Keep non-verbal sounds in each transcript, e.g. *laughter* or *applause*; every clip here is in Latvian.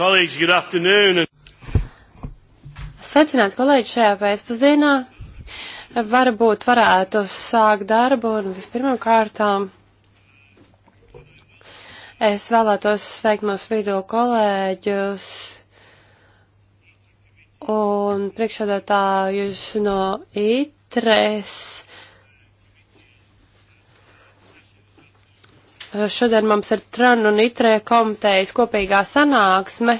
Colleagues, good afternoon. Sveicināt kolēģi šajā pēcpusdienā. Varbūt varētu sākt darbu un vispirmām kārtām es vēlētos sveikt mūsu vidū kolēģus un priekšādātājus no ITRES Eh, šodien mums ir Tran un Itrē komitejas kopīgā sanāksme.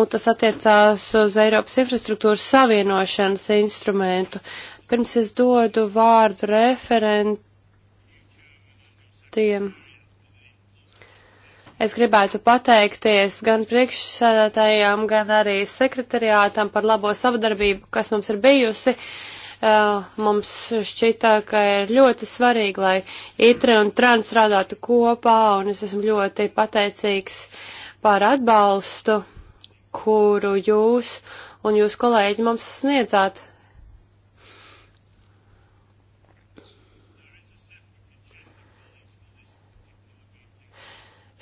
Un tas attiecās uz Eiropas infrastruktūras savienošanas instrumentu. Pirms es dodu vārdu referentiem. Es gribētu pateikties gan priekšsēdētājām, gan arī sekretariātam par labo savdarbību, kas mums ir bijusi. Uh, Mums šķita, ka ir ļoti svarīgi, lai ITRE un TRAN strādātu kopā, un es esmu ļoti pateicīgs par atbalstu, kuru jūs un jūs kolēģi mums sniedzāt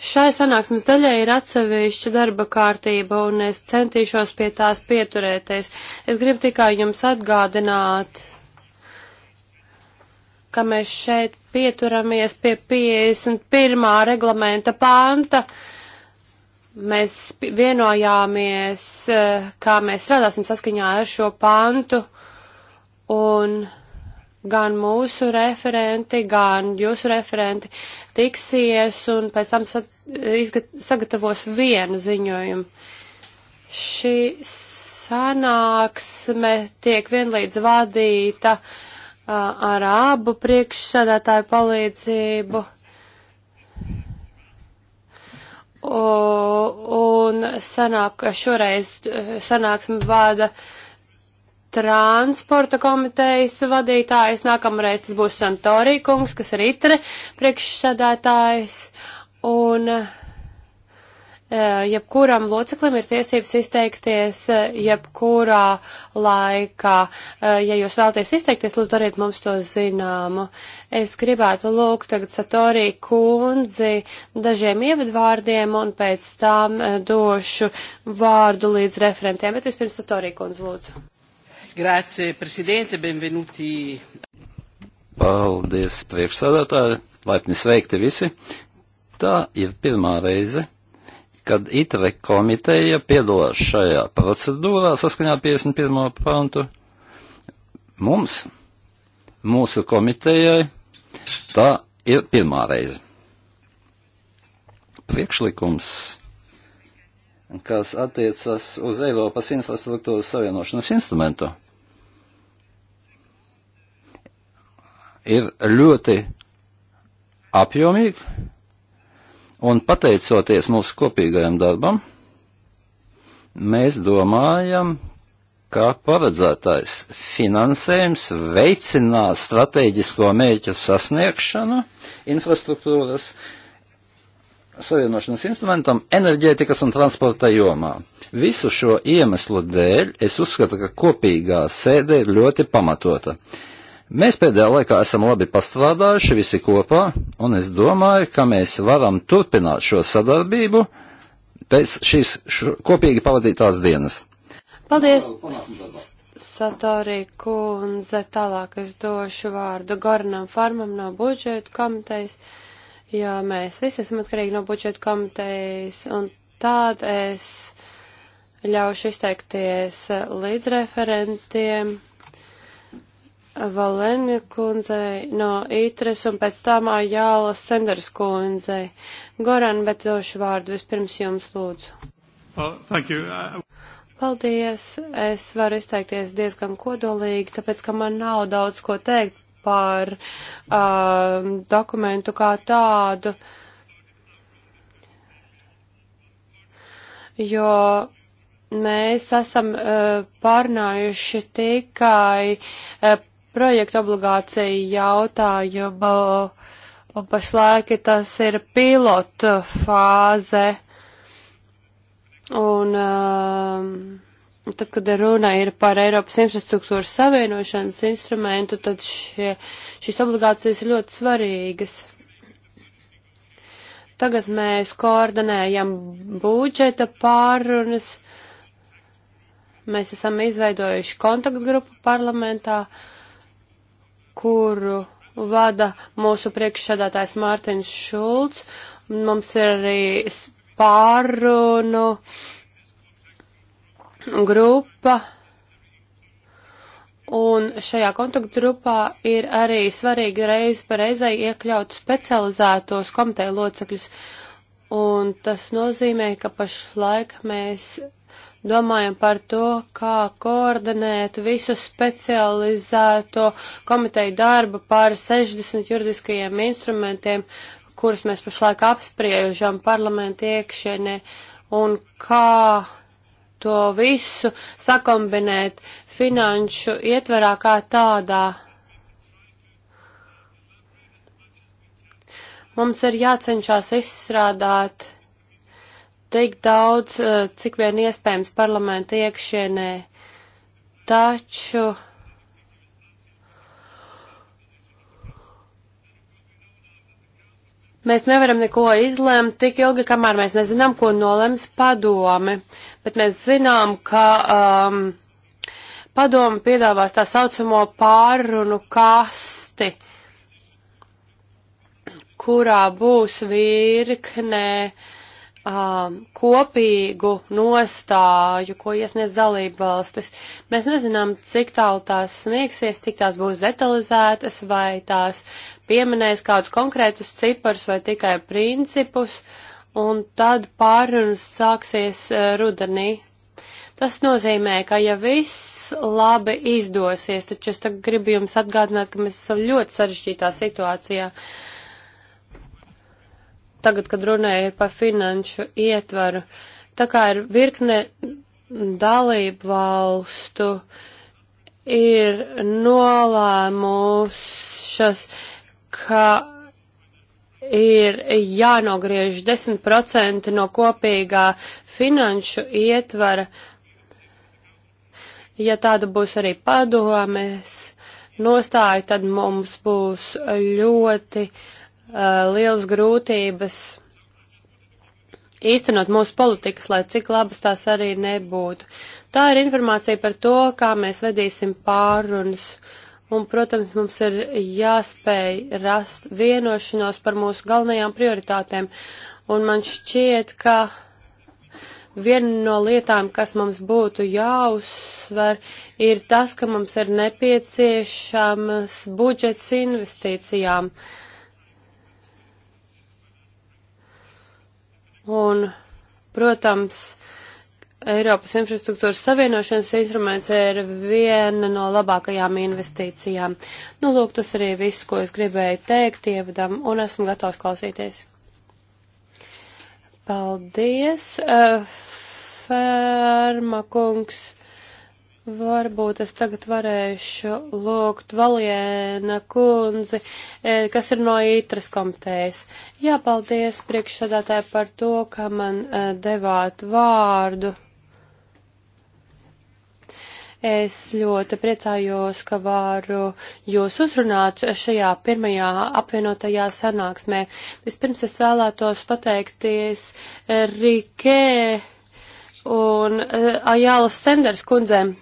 Šai sanāksmes daļai ir atsevišķa darba kārtība, un es centīšos pie tās pieturēties. Es gribu tikai jums atgādināt, ka mēs šeit pieturamies pie 51. reglamenta panta. Mēs vienojāmies, eh, kā mēs strādāsim saskaņā ar šo pantu, un gan mūsu referenti, gan jūsu referenti tiksies un pēc tam sagatavos vienu ziņojumu. Šī sanāksme tiek vienlīdz vadīta uh, ar abu priekšsēdētāju palīdzību. O, un sanāk, šoreiz e, sanāksme vada uh, transporta komitejas vadītājs, nākamreiz tas būs Santorī kungs, kas ir itre priekšsēdētājs, un e, jebkuram loceklim ir tiesības izteikties e, jebkurā laikā. E, ja jūs vēlaties izteikties, lūdzu, dariet mums to zināmu. Es gribētu lūgt tagad Satorī kundzi dažiem ievadvārdiem un pēc tam došu vārdu līdz referentiem, bet vispirms Satorī kundzi lūdzu. Grācie, prezidente, benvenuti. Paldies, priekšsādātāji, laipni sveikti visi. Tā ir pirmā reize, kad ITRE komiteja piedalās šajā procedūrā saskaņā 51. pantu. Mums, mūsu komitejai, tā ir pirmā reize. Priekšlikums kas attiecas uz Eiropas infrastruktūras savienošanas instrumentu. ir ļoti apjomīga, un pateicoties mūsu kopīgajam darbam, mēs domājam, ka paredzētais finansējums veicinās strateģisko mērķu sasniegšanu infrastruktūras savienošanas instrumentam enerģētikas un transporta jomā. Visu šo iemeslu dēļ es uzskatu, ka kopīgā sēde ir ļoti pamatota. Uh, Mēs pēdējā laikā esam labi pastrādājuši visi kopā, un es domāju, ka mēs varam turpināt šo sadarbību pēc šīs šo, kopīgi pavadītās dienas. Paldies, Satorī kundze. Tālāk es došu vārdu Gornam Farmam no budžeta komitejas, jo mēs visi esam atkarīgi no budžeta komitejas, un tād es ļaušu izteikties līdz referentiem Valēnija kundzei no Ītres un pēc tam Ajāla Senders kundzei. Goran, bet došu vārdu vispirms jums lūdzu. Well, thank you. Uh... Paldies. Es varu izteikties diezgan kodolīgi, tāpēc, ka man nav daudz ko teikt par uh, dokumentu kā tādu, jo mēs esam uh, pārnājuši tikai uh, projektu obligāciju jautājumu, un pašlaik tas ir pilotu fāze. Un um, tad, kad runa ir par Eiropas infrastruktūras savienošanas instrumentu, tad šie, šīs obligācijas ir ļoti svarīgas. Tagad mēs koordinējam budžeta pārunas. Mēs esam izveidojuši kontaktgrupu parlamentā. Uh, kuru vada mūsu priekšsēdētājs Mārtiņš Šulcs. Mums ir arī pārrunu grupa. Un šajā kontaktgrupā ir arī svarīgi reizi pa reizai iekļaut specializētos komiteju locekļus. Un tas nozīmē, ka pašlaik mēs domājam par to, kā koordinēt visu specializēto komiteju darbu par 60 juridiskajiem instrumentiem, kurus mēs pašlaik apspriežam parlamentu iekšienē, un kā to visu sakombinēt finanšu ietverā kā tādā. Mums ir jācenšas izstrādāt tik daudz, eh, cik vien iespējams parlamenta iekšienē, taču Mēs nevaram neko izlemt tik ilgi, kamēr mēs nezinām, ko nolems padome, bet mēs zinām, ka um, padome piedāvās tā saucamo pārrunu kasti, kurā būs virkne uh, um, kopīgu nostāju, ko iesniedz dalība valstis. Mēs nezinām, cik tālu tās sniegsies, cik tās būs detalizētas, vai tās pieminēs kādus konkrētus ciparus vai tikai principus, un tad pārunas sāksies uh, rudenī. Tas nozīmē, ka ja viss labi izdosies, taču es tagad gribu jums atgādināt, ka mēs esam ļoti sarežģītā situācijā. Uh, tagad, kad runēja par finanšu ietvaru. Tā kā ir virkne dalību valstu, ir nolēmušas, ka ir jānogriež 10% no kopīgā finanšu ietvara. Ja tāda būs arī padomēs nostāja, tad mums būs ļoti uh, Uh, liels grūtības īstenot mūsu politikas, lai cik labas tās arī nebūtu. Tā ir informācija par to, kā mēs vedīsim pārunas. Un, protams, mums ir jāspēj rast vienošanos par mūsu galvenajām prioritātēm. Un man šķiet, ka viena no lietām, kas mums būtu jāuzsver, ir tas, ka mums ir nepieciešams budžets investīcijām. Uh, Un, protams, Eiropas infrastruktūras savienošanas instruments ir viena no labākajām investīcijām. Nu, lūk, tas arī viss, ko es gribēju teikt ievadam, un esmu gatavs klausīties. Paldies, uh, Ferma kungs. Varbūt es tagad varēšu lūgt Valiena kundzi, e, kas ir no ītras komitejas. Jā, paldies priekšsādātāji par to, ka man e, devāt vārdu. Es ļoti priecājos, ka varu jūs uzrunāt šajā pirmajā apvienotajā sanāksmē. Vispirms es vēlētos pateikties e, Rikē un Ajālas Senders kundzēm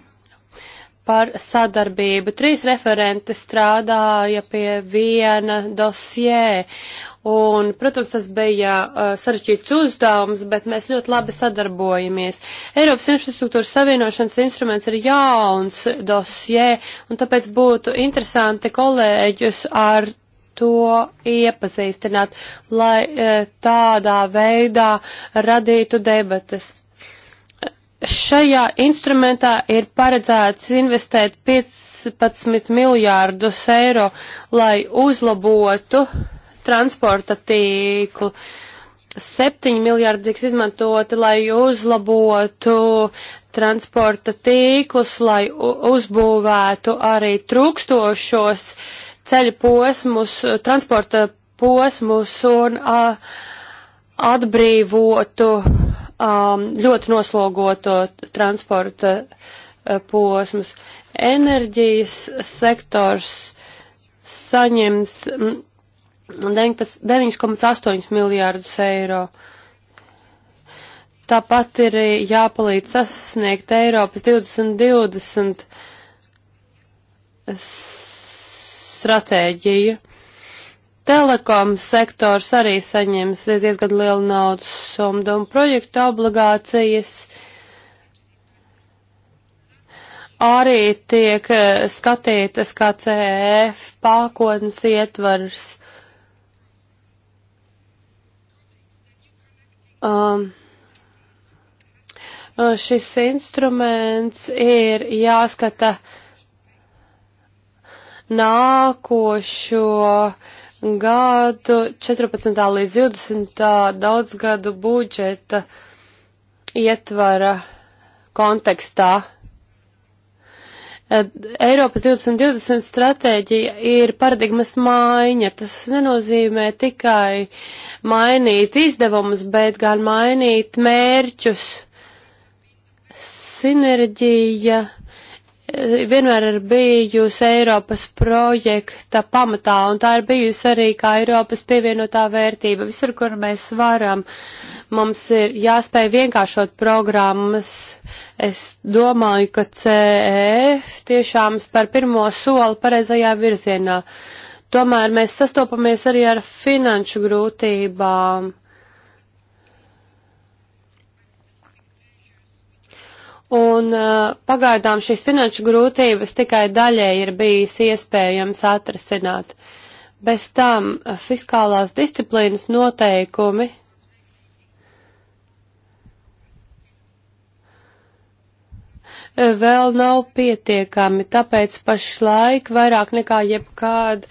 par sadarbību. Trīs referenti strādāja pie viena dosjē. Un, protams, tas bija uh, sarežģīts uzdevums, bet mēs ļoti labi sadarbojamies. Eiropas infrastruktūras savienošanas instruments ir jauns dosjē, un tāpēc būtu interesanti kolēģus ar to iepazīstināt, lai uh, tādā veidā radītu debatas šajā instrumentā ir paredzēts investēt 15 miljārdus eiro, lai uzlabotu transporta tīklu. 7 miljārdi tiks izmantoti, lai uzlabotu transporta tīklus, lai uzbūvētu arī trūkstošos ceļu posmus, transporta posmus un a, atbrīvotu um, ļoti noslogoto uh, transporta uh, posmus. Enerģijas sektors saņems 9,8 mm, miljārdus eiro. Tāpat ir jāpalīdz sasniegt Eiropas 2020 stratēģiju. Telekom sektors arī saņems diezgan lielu naudas summu un projektu obligācijas arī tiek eh, skatītas kā CEF pakotnes ietvars. Um, uh, šis instruments ir jāskata nākošo uh, gadu 14. līdz 20. daudzgadu budžeta ietvara kontekstā. Eiropas 2020 stratēģija ir paradigmas maiņa. Tas nenozīmē tikai mainīt izdevumus, bet gan mainīt mērķus. Sinerģija Eh, vienmēr ir bijusi Eiropas projekta pamatā, un tā ir bijusi arī kā Eiropas pievienotā vērtība. Visur, kur mēs varam, mums ir jāspēj vienkāršot programmas. Es domāju, ka CEF tiešām spēr pirmo soli pareizajā virzienā. Tomēr mēs sastopamies arī ar finanšu grūtībām. un uh, pagaidām šīs finanšu grūtības tikai daļai ir bijis iespējams atrasināt. Bez tam uh, fiskālās disciplīnas noteikumi uh, vēl nav pietiekami, tāpēc pašlaik vairāk nekā jebkād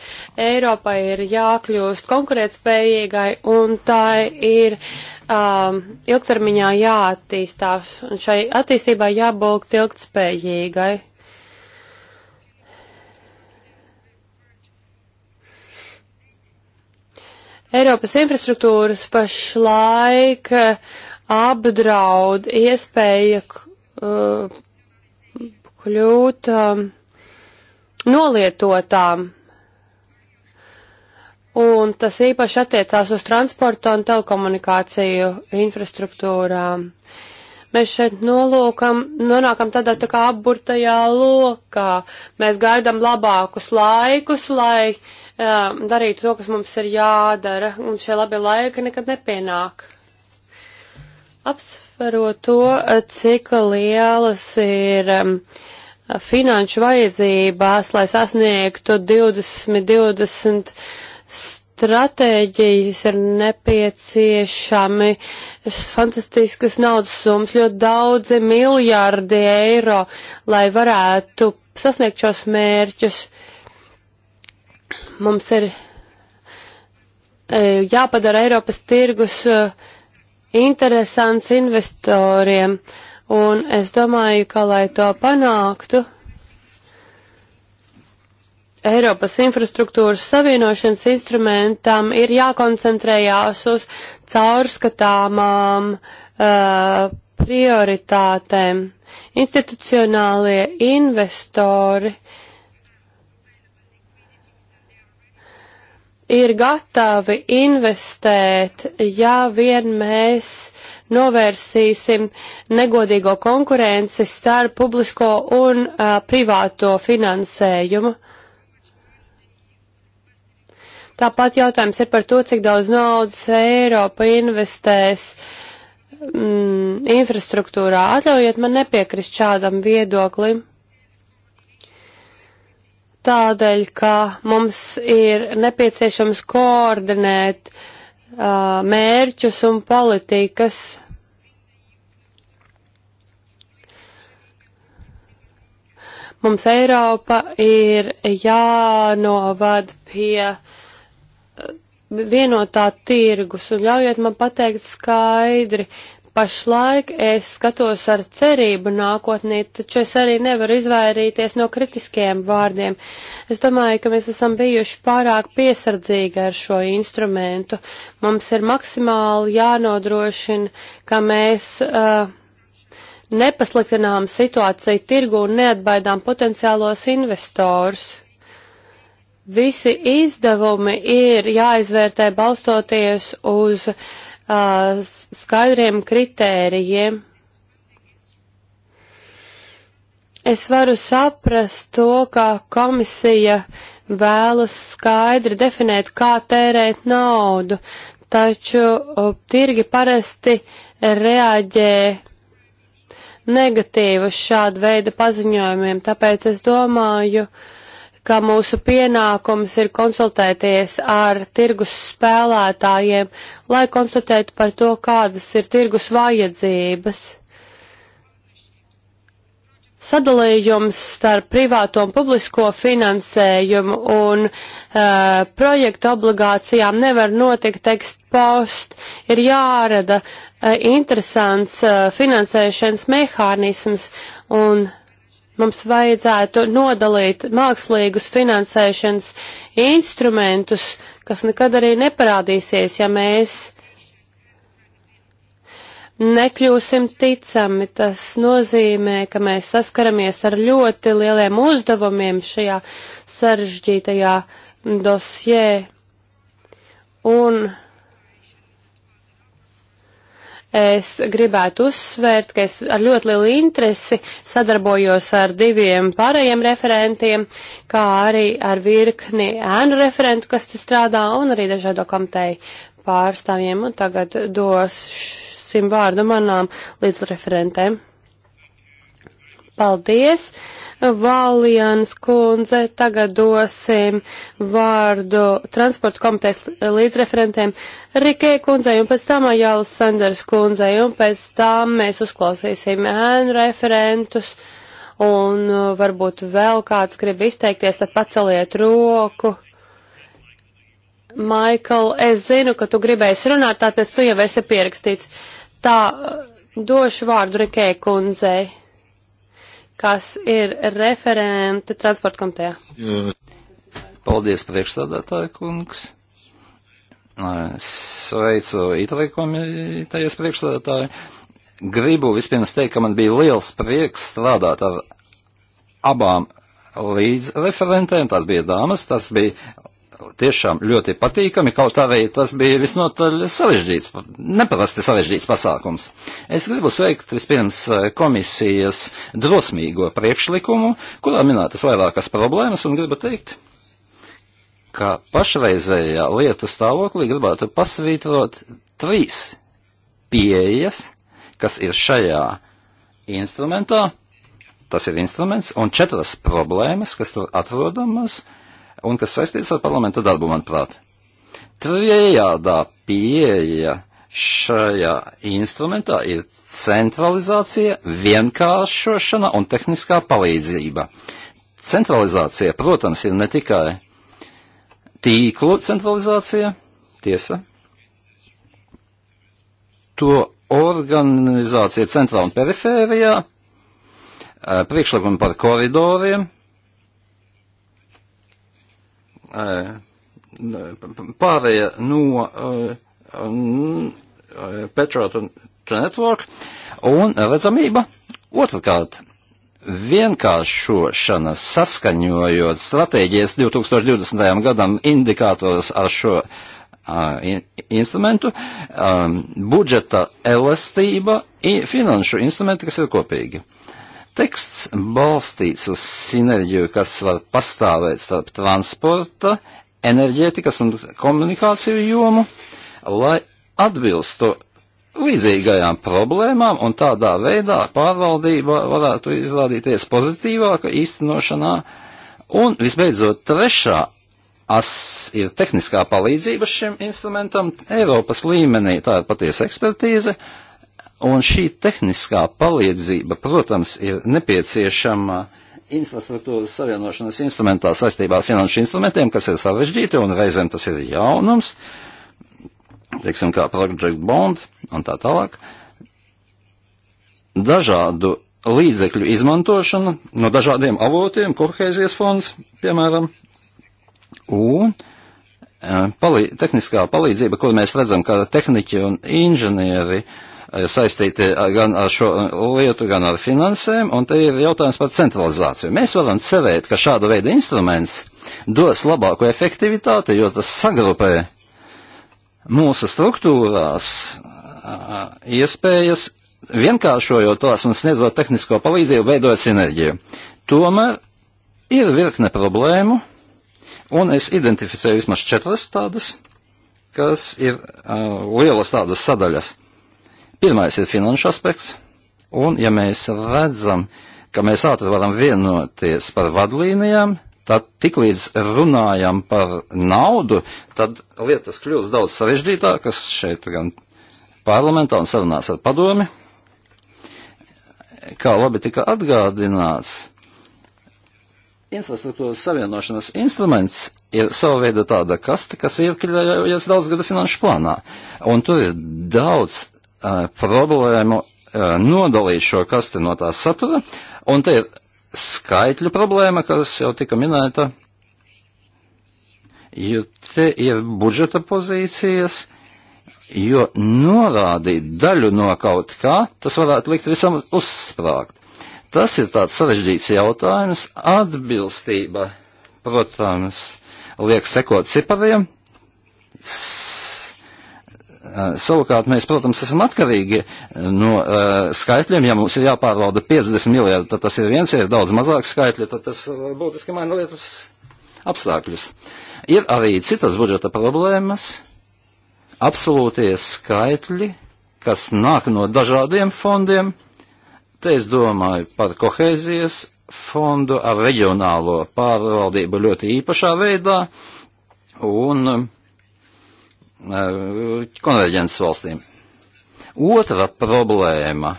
Eiropai ir jākļūst konkurētspējīgai un tā ir uh, um, ilgtermiņā jāattīstās, un šai attīstībai jābūt ilgtspējīgai. Eiropas infrastruktūras pašlaik apdraud iespēja uh, kļūt um, nolietotām un tas īpaši attiecās uz transportu un telekomunikāciju infrastruktūrām. Mēs šeit nolūkam, nonākam tādā tā kā apburtajā lokā. Mēs gaidām labākus laikus, lai jā, um, darītu to, kas mums ir jādara, un šie labie laiki nekad nepienāk. Apsverot to, cik lielas ir um, finanšu vajadzībās, lai sasniegtu 20, 20 stratēģijas ir nepieciešami fantastiskas naudas summas, ļoti daudzi miljārdi eiro, lai varētu sasniegt šos mērķus. Mums ir e, jāpadara Eiropas tirgus e, interesants investoriem, un es domāju, ka, lai to panāktu, Eiropas infrastruktūras savienošanas instrumentam ir jākoncentrējās uz caurskatāmām uh, prioritātēm. Institucionālie investori ir gatavi investēt, ja vien mēs novērsīsim negodīgo konkurenci starp publisko un uh, privāto finansējumu. Uh, Tāpat jautājums ir par to, cik daudz naudas Eiropa investēs mm, infrastruktūrā. Atļaujiet man nepiekrist šādam viedoklim. Tādēļ, ka mums ir nepieciešams koordinēt uh, mērķus un politikas mums Eiropa ir jānovad pie vienotā tirgus, un ļaujiet man pateikt skaidri, pašlaik es skatos ar cerību nākotnī, taču es arī nevaru izvairīties no kritiskiem vārdiem. Es domāju, ka mēs esam bijuši pārāk piesardzīgi ar šo instrumentu. Mums ir maksimāli jānodrošina, ka mēs uh, nepasliktinām situāciju tirgu un neatbaidām potenciālos investors visi izdevumi ir jāizvērtē balstoties uz uh, skaidriem kritērijiem. Es varu saprast to, ka komisija vēlas skaidri definēt, kā tērēt naudu, taču uh, tirgi parasti reaģē negatīvi uz šādu veidu paziņojumiem, tāpēc es domāju, uh, ka mūsu pienākums ir konsultēties ar tirgus spēlētājiem, lai konsultētu par to, kādas ir tirgus vajadzības. Sadalījums starp privāto un publisko finansējumu un e, projektu obligācijām nevar notikt tekst post, ir jārada e, interesants e, finansēšanas mehānisms un mums vajadzētu nodalīt mākslīgus finansēšanas instrumentus, kas nekad arī neparādīsies, ja mēs nekļūsim ticami. Tas nozīmē, ka mēs saskaramies ar ļoti lieliem uzdevumiem šajā sarežģītajā dosjē. Un Es gribētu uzsvērt, ka es ar ļoti lielu interesi sadarbojos ar diviem pārējiem referentiem, kā arī ar virkni ēnu referentu, kas te strādā, un arī dažādo komiteju pārstāvjiem. Un tagad dosim vārdu manām līdz referentēm. Paldies! Uh, Valjans kundze, tagad dosim vārdu transporta komitejas līdzreferentiem Rikē kundzei un pēc tam Jālas Sanders kundzei un pēc tam mēs uzklausīsim ēnu referentus un uh, varbūt vēl kāds grib izteikties, tad paceliet roku. Maikl, es zinu, ka tu gribēsi runāt, tāpēc tu jau esi pierakstīts. Tā, uh, došu vārdu Rikē kundzei kas ir referente transporta komitejā. Paldies, priekšstādātāja kungs. Sveicu Itālijas komitejas priekšstādātāju. Gribu vispirms teikt, ka man bija liels prieks strādāt ar abām līdz referentēm, tās bija dāmas, tas bija tiešām ļoti patīkami, kaut arī tas bija visnotaļ sarežģīts, neparasti sarežģīts pasākums. Es gribu sveikt vispirms eh, komisijas drosmīgo priekšlikumu, kurā minētas vairākas problēmas, un gribu teikt, ka pašreizējā lietu stāvoklī gribētu pasvītrot trīs pieejas, kas ir šajā instrumentā, tas ir instruments, un četras problēmas, kas tur atrodamas, uh, un kas saistīts ar parlamentu darbu, manuprāt. Trējādā pieeja šajā instrumentā ir centralizācija, vienkāršošana un tehniskā palīdzība. Centralizācija, protams, ir ne tikai tīklu centralizācija, tiesa, to organizācija centrā un perifērijā, eh, priekšlikumi par koridoriem, pārēja no Petrota Network un redzamība otrkārt vienkāršošana saskaņojot stratēģijas 2020. gadam indikātors ar šo uh, in, instrumentu, um, budžeta elastība, i, finanšu instrumenti, kas ir kopīgi. Uh, Teksts balstīts uz sinerģiju, kas var pastāvēt starp transporta, enerģētikas un komunikāciju jomu, lai atbilstu līdzīgajām problēmām, un tādā veidā pārvaldība varētu izrādīties pozitīvāka īstenošanā. Un visbeidzot, trešā as ir tehniskā palīdzība šim instrumentam Eiropas līmenī, tā ir patiesa ekspertīze, uh, Un šī tehniskā palīdzība, protams, ir nepieciešama infrastruktūras savienošanas instrumentā saistībā ar finanšu instrumentiem, kas ir sarežģīti un reizēm tas ir jaunums, teiksim, kā Project Bond un tā tālāk. Dažādu līdzekļu izmantošana no dažādiem avotiem, kohēzijas fonds, piemēram, un eh, palī tehniskā palīdzība, kur mēs redzam, ka tehniķi un inženieri uh, Eh, saistīti eh, gan ar šo eh, lietu, gan ar finansēm, un te ir jautājums par centralizāciju. Mēs varam cerēt, ka šāda veida instruments dos labāku efektivitāti, jo tas sagrupē mūsu struktūrās iespējas, vienkāršojot tās un sniedzot tehnisko palīdzību, veidojot sinerģiju. Tomēr ir virkne problēmu, un es identificēju vismaz četras tādas, kas ir uh, lielas tādas sadaļas. Pirmais ir finanšu aspekts, un ja mēs redzam, ka mēs ātri varam vienoties par vadlīnijām, tad tiklīdz runājam par naudu, tad lietas kļūst daudz sarežģītākas šeit gan parlamentā un sarunās ar padomi. Kā labi tika atgādināts, infrastruktūras savienošanas instruments ir sava veida tāda kaste, kas iekļaujas daudzgada finanšu plānā. Un tur ir daudz Eh, problēmu eh, nodalīt šo kasti no tā satura, un te ir skaitļu problēma, kas jau tika minēta, jo te ir budžeta pozīcijas, jo norādīt daļu no kaut kā, tas varētu likt visam uzsprāgt. Tas ir tāds sarežģīts jautājums. Atbilstība, protams, liek sekot cipariem, Eh, savukārt mēs, protams, esam atkarīgi eh, no uh, skaitļiem. Ja mums ir jāpārvalda 50 miljardi, tad tas ir viens, ja ir daudz mazāk skaitļi, tad tas būtiski maina lietas apstākļus. Ir arī citas budžeta problēmas, absolūtie skaitļi, kas nāk no dažādiem fondiem. Te es domāju par kohēzijas fondu ar reģionālo pārvaldību ļoti īpašā veidā. Un, uh, Eh, konverģences valstīm. Otra problēma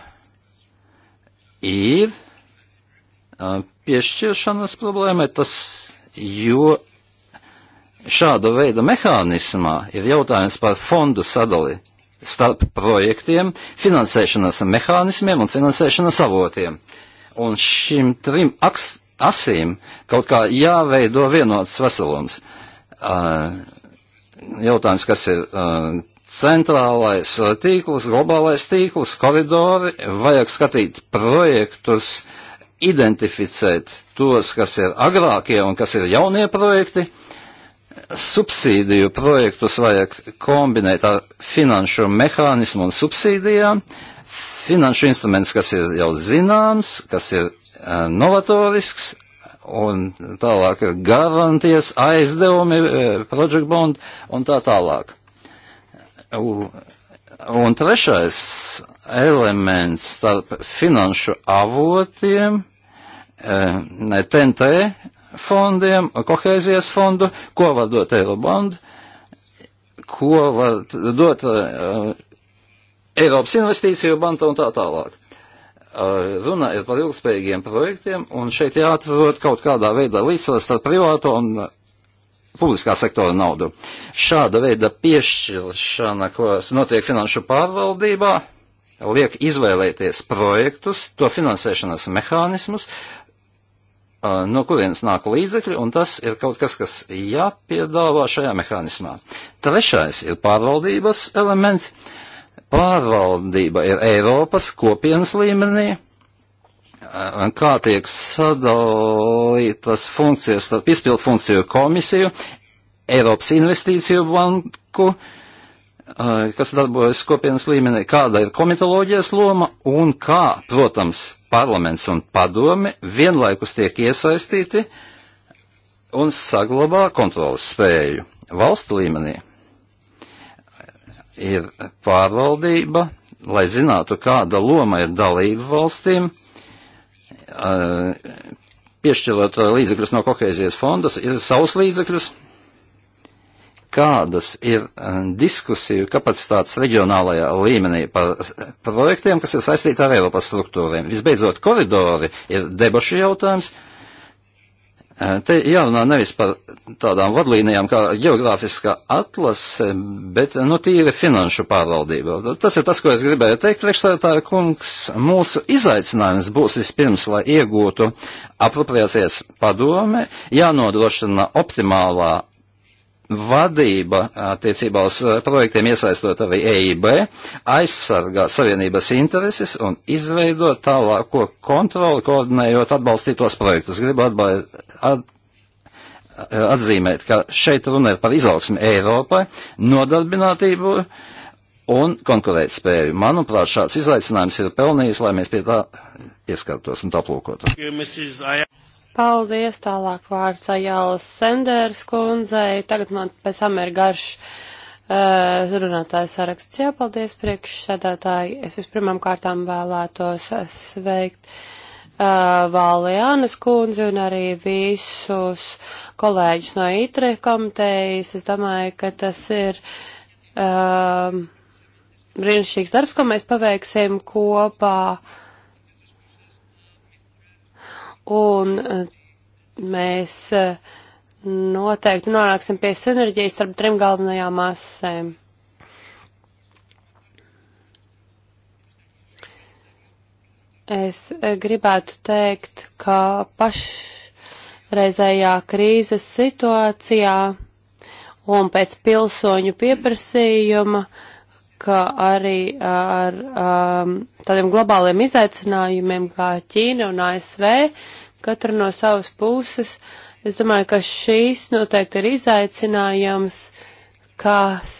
ir eh, piešķiršanas problēma, tas, jo šāda veida mehānismā ir jautājums par fondu sadali starp projektiem, finansēšanas mehānismiem un finansēšanas avotiem. Un šim trim aks, asīm kaut kā jāveido vienots veselums. Uh, jautājums, kas ir uh, centrālais tīkls, globālais tīkls, koridori, vajag skatīt projektus, identificēt tos, kas ir agrākie un kas ir jaunie projekti. Subsīdiju projektus vajag kombinēt ar finanšu mehānismu un subsīdijām. Finanšu instruments, kas ir jau zināms, kas ir uh, novatorisks, un tālāk garantijas, aizdevumi, eh, project bond un tā tālāk. U, un trešais elements starp finanšu avotiem, eh, ne TNT fondiem, kohēzijas fondu, ko var dot Eirobond, ko var dot uh, Eiropas investīciju banka un tā tālāk. Eh, runa ir par ilgspējīgiem projektiem, un šeit jāatrod kaut kādā veidā līdzsvars starp privāto un eh, publiskā sektora naudu. Šāda veida piešķiršana, kas notiek finanšu pārvaldībā, liek izvēlēties projektus, to finansēšanas mehānismus, eh, no kurienes nāk līdzekļi, un tas ir kaut kas, kas jāpiedāvā šajā mehānismā. Trešais ir pārvaldības elements. Uh, pārvaldība ir Eiropas kopienas līmenī, un kā tiek sadalītas funkcijas starp izpildu funkciju komisiju, Eiropas investīciju banku, kas darbojas kopienas līmenī, kāda ir komitoloģijas loma un kā, protams, parlaments un padome vienlaikus tiek iesaistīti un saglabā kontrolas spēju valstu līmenī ir pārvaldība, lai zinātu, kāda loma ir dalību valstīm, eh, piešķirot līdzekļus no kohēzijas fondas, ir savs līdzekļus, kādas ir eh, diskusiju kapacitātes reģionālajā līmenī par projektiem, kas ir saistīti ar Eiropas struktūriem. Visbeidzot, koridori ir debašu jautājums Te jārunā nevis par tādām vadlīnijām kā geogrāfiskā atlase, bet nu tīri finanšu pārvaldība. Tas ir tas, ko es gribēju teikt, priekšsētāja kungs. Mūsu izaicinājums būs vispirms, lai iegūtu apropriācijas padome, jānodrošina optimālā vadība attiecībā uz eh, projektiem iesaistot arī EIB, aizsargā savienības intereses un izveido tālāko kontroli, koordinējot atbalstītos projektus. Gribu atbal, at, atzīmēt, ka šeit runa ir par izaugsmi Eiropai, nodarbinātību un konkurētspēju. Manuprāt, šāds izaicinājums ir pelnījis, lai mēs pie tā ieskartos un aplūkotu. Paldies, tālāk vārds Ajālas Sendēras kundzei. Tagad man pēc tam ir garš uh, runātājs saraksts. Jā, paldies priekšsēdētāji. Es vispirmām kārtām vēlētos sveikt uh, eh, Vālijānas kundzi un arī visus kolēģus no ITRE komitejas. Es domāju, ka tas ir. Uh, Brīnišķīgs darbs, ko mēs paveiksim kopā uh, Un eh, mēs eh, noteikti nonāksim pie sinerģijas starp trim galvenajām masēm. Es eh, gribētu teikt, ka pašreizējā krīzes situācijā un pēc pilsoņu pieprasījuma uh, kā arī ar um, tādiem globāliem izaicinājumiem kā Ķīna un ASV, katru no savas puses. Es domāju, ka šīs noteikti ir izaicinājums, kas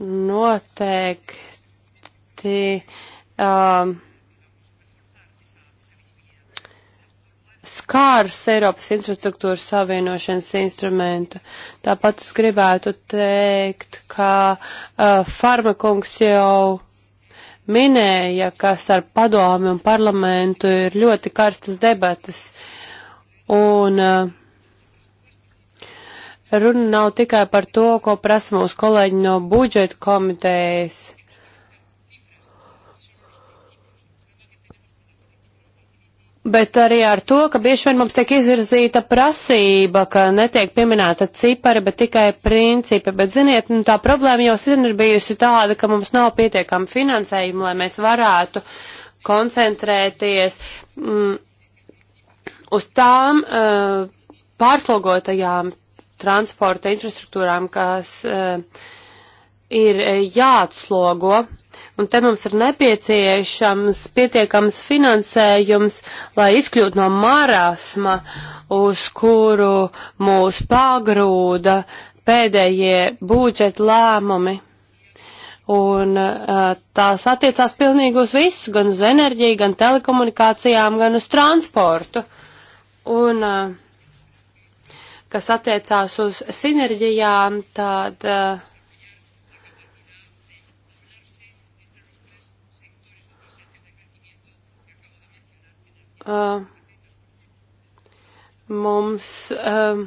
noteikti um, skārs Eiropas infrastruktūras savienošanas instrumentu. Tāpat es gribētu teikt, ka uh, farmakungs jau minēja, ka starp padomi un parlamentu ir ļoti karstas debatas. Un uh, runa nav tikai par to, ko prasa mūsu kolēģi no budžeta komitejas bet arī ar to, ka bieži vien mums tiek izvirzīta prasība, ka netiek pieminēta cipari, bet tikai principi. Bet, ziniet, nu, tā problēma jau sen ir bijusi tāda, ka mums nav pietiekama finansējuma, lai mēs varētu koncentrēties mm, uz tām uh, pārslogotajām transporta infrastruktūrām, kas uh, ir eh, jāatslogo. Uh, Un te mums ir nepieciešams pietiekams finansējums, lai izkļūtu no marasma, uz kuru mūs pagrūda pēdējie budžeta lēmumi. Un tās attiecās pilnīgi uz visu, gan uz enerģiju, gan telekomunikācijām, gan uz transportu. Un kas attiecās uz sinerģijām, tad uh, uh, mums. Uh,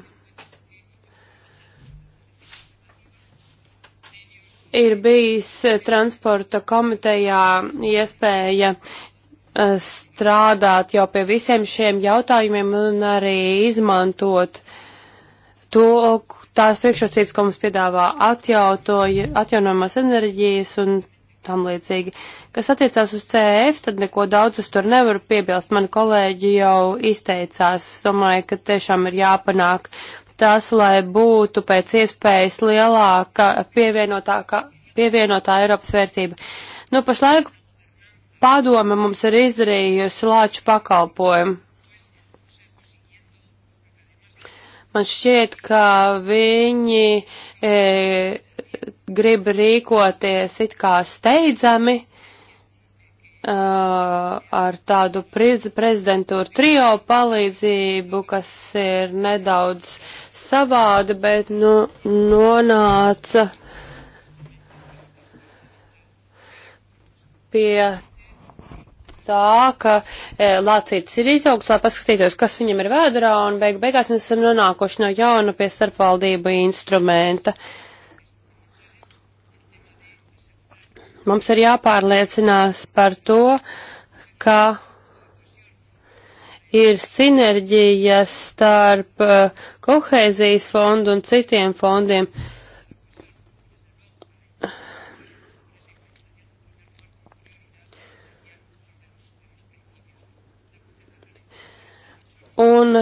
ir bijis transporta komitejā iespēja uh, strādāt jau pie visiem šiem jautājumiem un arī izmantot to, tās priekšrocības, ko mums piedāvā atjautoja, atjaunamās enerģijas un tam līdzīgi. Kas attiecās uz CF, tad neko daudz uz tur nevaru piebilst. Mani kolēģi jau izteicās. Es domāju, ka tiešām ir jāpanāk tas, lai būtu pēc iespējas lielāka pievienotāka, pievienotā Eiropas vērtība. Nu, pašlaik padome mums ir izdarījusi lāču pakalpojumu. Man šķiet, ka viņi e, grib rīkoties it kā steidzami uh, ar tādu prezidentūru trio palīdzību, kas ir nedaudz savāda, bet nu, nonāca pie tā, ka e, lācītis ir izaugs, lai paskatītos, kas viņam ir vēdrā, un beig beigās mēs esam nonākuši no jauna pie starpvaldību instrumenta. Uh, Mums ir jāpārliecinās par to, ka ir sinerģija starp eh, kohēzijas fondu un citiem fondiem. Un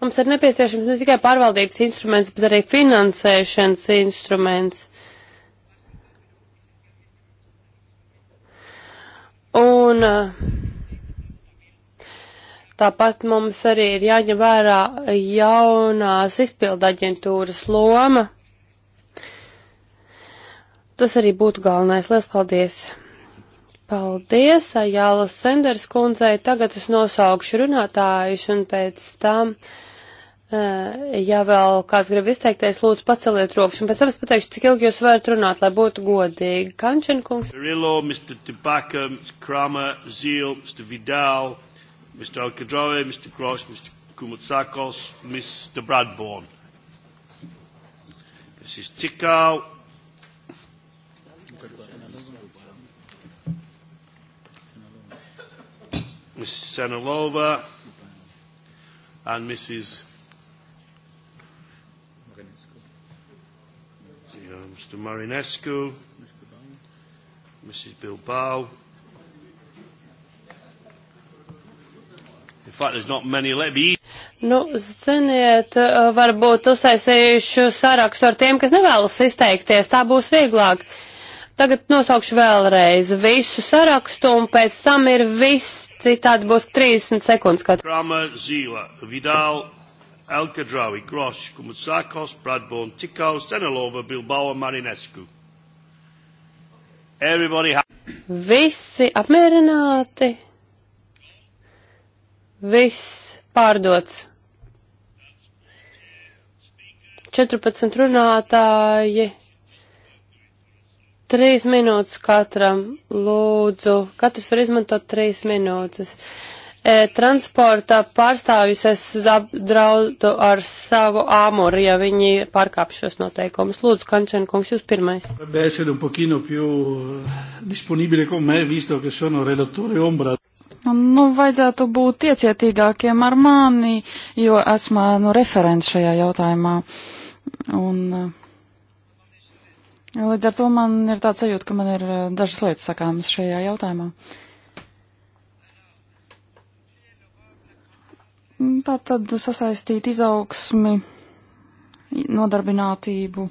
mums ir nepieciešams ne tikai pārvaldības instruments, bet arī finansēšanas instruments. Un eh, tāpat mums arī ir jāņem vērā jaunās izpilda aģentūras loma. Tas arī būtu galvenais. Lielas paldies! Paldies, Ajāla Senders kundzei. Tagad es nosaukšu runātājus un pēc tam. Tā Eh, ja vēl kāds grib izteikties, lūdzu paceliet rokas, un pēc tam es pateikšu, cik ilgi jūs varat runāt, lai būtu godīgi. Kančenkungs. Rillo, Mr. Tobacco, Mr. Kramer, Zīl, Mr. Vidal, Mr. Alkadrove, Mr. Grosh, Mr. Kumutsakos, Mr. Bradbourne. Mrs. Tikau. Mrs. Senilova and Mrs. Mr. Marinescu, Mrs. Bilbao. In fact, there's not many. Let me. Nu, ziniet, eh, varbūt uzsaisījuši sarakstu ar tiem, kas nevēlas izteikties. Tā būs vieglāk. Tagad nosaukšu vēlreiz visu sarakstu, un pēc tam ir viss, citādi būs 30 sekundes. Kad... Krama, Zīla, Vidal, El Khadraoui, Grosh, Koumoutsakos, Bradbourne, Tikau, Senelova, Bilbao un Marinescu. Everybody ha- Visi apmierināti. Viss pārdots. 14 runātāji. 3 minūtes katram. Lūdzu, katrs var izmantot 3 minūtes. Uh, E, transporta pārstāvjus es draudu ar savu āmuru, ja viņi pārkāp šos noteikumus. Lūdzu, Kančēn kungs, jūs pirmais. Eh, nu, nu, vajadzētu būt iecietīgākiem ar mani, jo esmu nu, referents šajā jautājumā. Un, eh, līdz ar to man ir tāds sajūta, ka man ir eh, dažas lietas sakāmas šajā jautājumā. Uh, Mm, tā tad sasaistīt izaugsmi, nodarbinātību.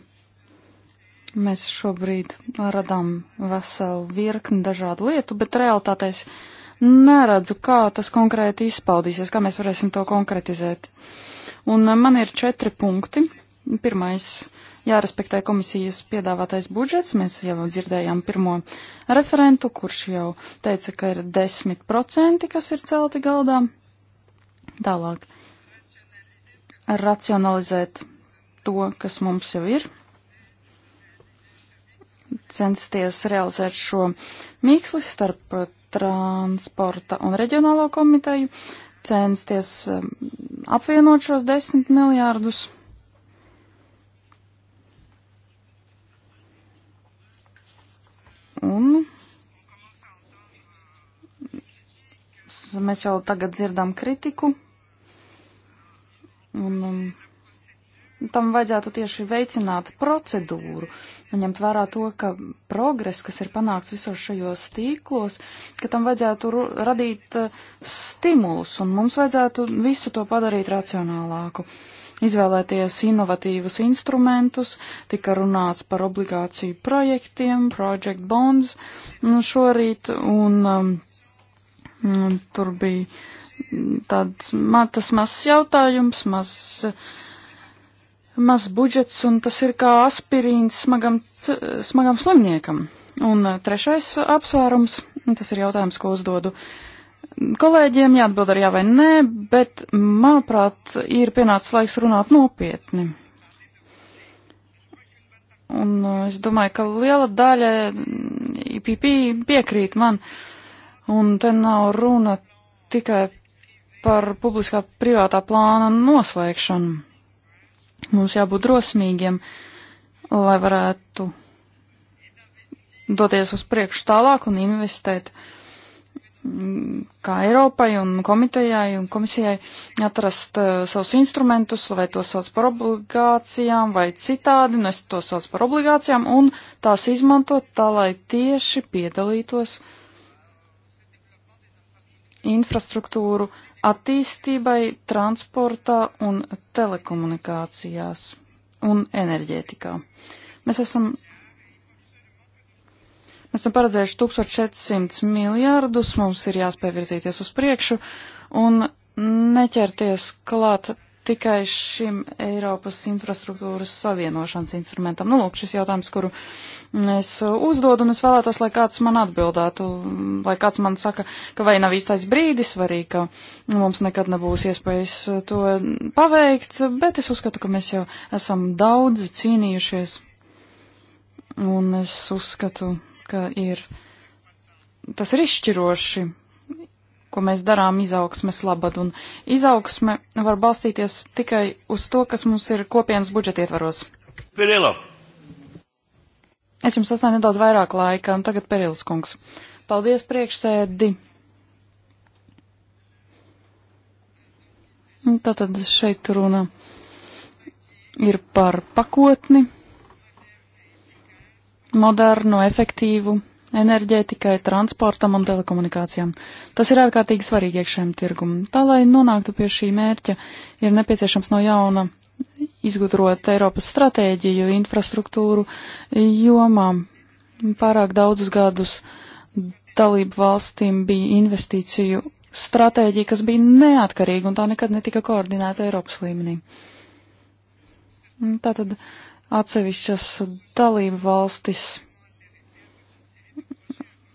Mēs šobrīd radām veselu virkni dažādu lietu, bet realtātē es neredzu, kā tas konkrēti izpaudīsies, kā mēs varēsim to konkretizēt. Un eh, man ir četri punkti. Pirmais jārespektē komisijas piedāvātais budžets. Mēs jau dzirdējām pirmo referentu, kurš jau teica, ka ir 10%, kas ir celti galdā. Tālāk. Racionalizēt to, kas mums jau ir. Censties realizēt šo mīksli starp eh, transporta un reģionālo komiteju. Censties eh, apvienot šos desmit miljārdus. Un mēs jau tagad dzirdam kritiku Un, un um, tam vajadzētu tieši veicināt procedūru, ņemt vērā to, ka progress, kas ir panākts visos šajos tīklos, ka tam vajadzētu radīt uh, stimulus, un mums vajadzētu visu to padarīt racionālāku. Izvēlēties inovatīvus instrumentus, tika runāts par obligāciju projektiem, project bonds nu, šorīt, un um, Tur bija tāds, tas mazs jautājums, mazs maz budžets, un tas ir kā aspirīns smagam, smagam slimniekam. Un eh, trešais apsvērums, tas ir jautājums, ko uzdodu kolēģiem, jāatbild ar jā vai nē, bet, manuprāt, ir pienācis laiks runāt nopietni. Un eh, es domāju, ka liela daļa mm, IPP piekrīt man, un te nav runa tikai par publiskā privātā plāna noslēgšanu. Mums jābūt drosmīgiem, lai varētu doties uz priekšu tālāk un investēt mm, kā Eiropai un komitejai un komisijai atrast uh, savus instrumentus, vai to sauc par obligācijām vai citādi, un es to sauc par obligācijām, un tās izmantot tā, lai tieši piedalītos infrastruktūru uh, attīstībai transportā un telekomunikācijās un enerģētikā. Mēs esam, mēs esam paredzējuši 1400 miljārdus, mums ir jāspēj virzīties uz priekšu un neķerties klāt tikai šim Eiropas infrastruktūras savienošanas instrumentam? Nu, lūk, šis jautājums, kuru es uzdodu, un es vēlētos, lai kāds man atbildētu, lai kāds man saka, ka vai nav īstais brīdis, vai arī, ka mums nekad nebūs iespējas to paveikt, bet es uzskatu, ka mēs jau esam daudz cīnījušies, un es uzskatu, ka ir. Tas ir izšķiroši ko mēs darām izaugsmes labad, un izaugsme var balstīties tikai uz to, kas mums ir kopienas budžeta ietvaros. Pirilo. Es jums atstāju nedaudz vairāk laika, un tagad Perilis kungs. Paldies priekšsēdi. Tātad šeit runa ir par pakotni, modernu, efektīvu enerģētikai, transportam un telekomunikācijām. Tas ir ārkārtīgi svarīgi iekšējiem tirgumam. Tā, lai nonāktu pie šī mērķa, ir nepieciešams no jauna izgudrot Eiropas stratēģiju infrastruktūru jomām. Pārāk daudzus gadus dalību valstīm bija investīciju stratēģija, kas bija neatkarīga un tā nekad netika koordinēta Eiropas līmenī. Tātad atsevišķas dalību valstis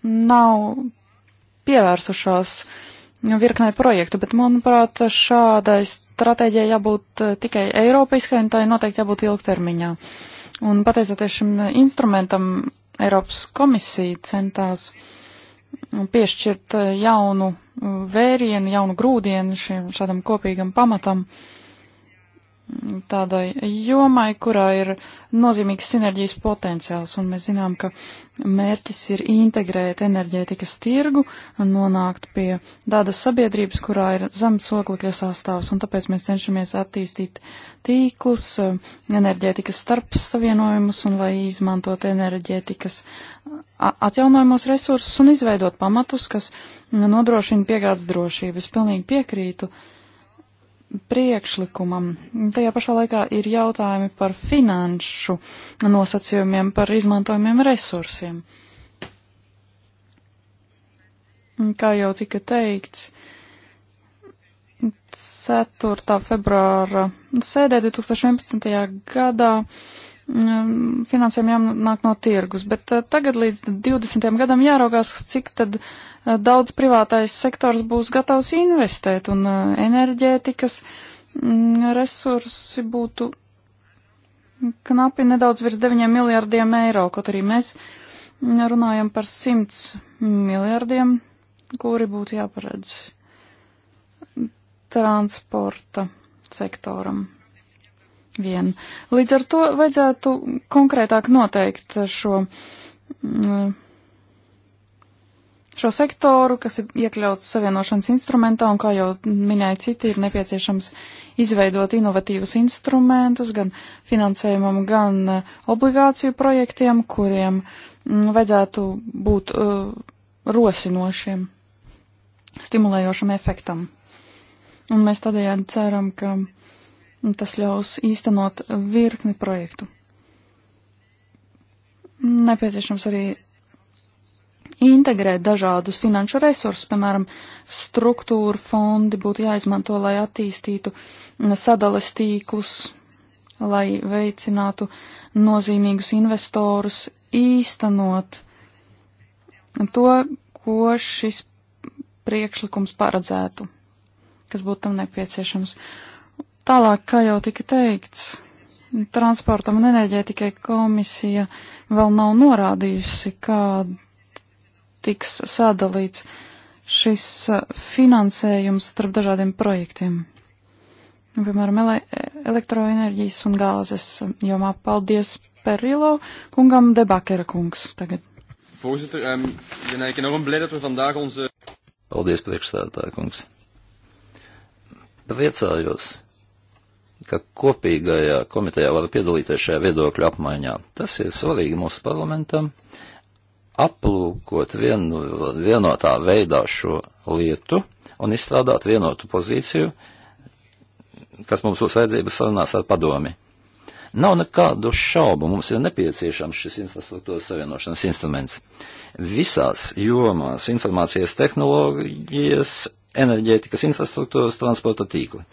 nav pievērsušās virknē projektu, bet, manuprāt, šādai stratēģijai jābūt eh, tikai Eiropiskai un tai noteikti jābūt ilgtermiņā. Un pateicoties šim instrumentam, Eiropas komisija centās piešķirt eh, jaunu eh, vērienu, jaunu grūdienu šim šādam kopīgam pamatam. Uh, tādai jomai, kurā ir nozīmīgs sinerģijas potenciāls, un mēs zinām, ka mērķis ir integrēt enerģētikas tirgu un nonākt pie tādas sabiedrības, kurā ir zemes oglekļa sastāvs, un tāpēc mēs cenšamies attīstīt tīklus, enerģētikas starpsavienojumus, un lai izmantot enerģētikas atjaunojumos resursus un izveidot pamatus, kas nodrošina piegādes drošības. Pilnīgi piekrītu. Uh, priekšlikumam. Tajā pašā laikā ir jautājumi par finanšu nosacījumiem, par izmantojumiem resursiem. Kā jau tika teikts, 4. februāra sēdē 2011. gadā mm, finansēm jānāk no tirgus, bet eh, tagad līdz 20. gadam jāraugās, cik tad daudz privātais sektors būs gatavs investēt un uh, enerģētikas mm, resursi būtu knapi nedaudz virs 9 miljārdiem eiro, kaut arī mēs runājam par 100 miljārdiem, kuri būtu jāparedz transporta sektoram. Vien. Līdz ar to vajadzētu konkrētāk noteikt šo mm, šo sektoru, kas ir iekļauts savienošanas instrumentā, un kā jau minēja citi, ir nepieciešams izveidot inovatīvus instrumentus gan finansējumam, gan eh, obligāciju projektiem, kuriem mm, vajadzētu būt uh, rosinošiem, stimulējošam efektam. Un mēs tādējādi ceram, ka mm, tas ļaus īstenot virkni projektu. Nepieciešams arī integrēt dažādus finanšu resursus, piemēram, struktūra fondi būtu jāizmanto, lai attīstītu sadales tīklus, lai veicinātu nozīmīgus investorus īstenot to, ko šis priekšlikums paredzētu, kas būtu tam nepieciešams. Tālāk, kā jau tika teikts, transportam un enerģētikai komisija vēl nav norādījusi, kāda tiks sadalīts šis uh, finansējums starp dažādiem projektiem. Nu, piemēram, ele elektroenerģijas un gāzes jomā. Paldies Perilo kungam, debakera kungs tagad. Voorzitter, um, ben ik enorm blij dat we vandaag onze. Paldies, priekšstādātāja kungs. Priecājos, ka kopīgajā komitejā var piedalīties šajā viedokļu apmaiņā. Tas ir svarīgi mūsu parlamentam, aplūkot vien, vienotā veidā šo lietu un izstrādāt vienotu pozīciju, kas mums būs vajadzība sarunās ar padomi. Nav nekādu šaubu, mums ir nepieciešams šis infrastruktūras savienošanas instruments. Visās jomās - informācijas tehnoloģijas, enerģētikas infrastruktūras, transporta tīkli.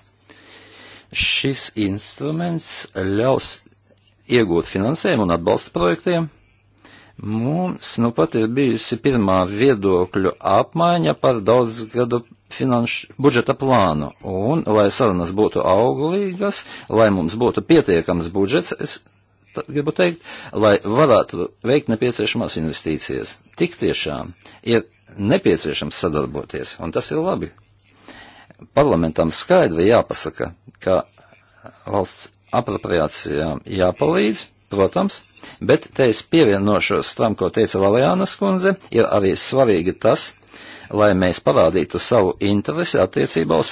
Šis instruments ļaus iegūt finansējumu un atbalstu projektiem Mums nu pat ir bijusi pirmā viedokļu apmaiņa par daudzgadu finanšu budžeta plānu, un, lai sarunas būtu auglīgas, lai mums būtu pietiekams budžets, es gribu teikt, lai varētu veikt nepieciešamās investīcijas. Tik tiešām ir nepieciešams sadarboties, un tas ir labi. Parlamentam skaidri jāpasaka, ka valsts apropriācijām jāpalīdz, protams, bet te es pievienošos tam, ko teica Valēnas kundze, ir arī svarīgi tas, lai mēs parādītu savu interesi attiecībā uz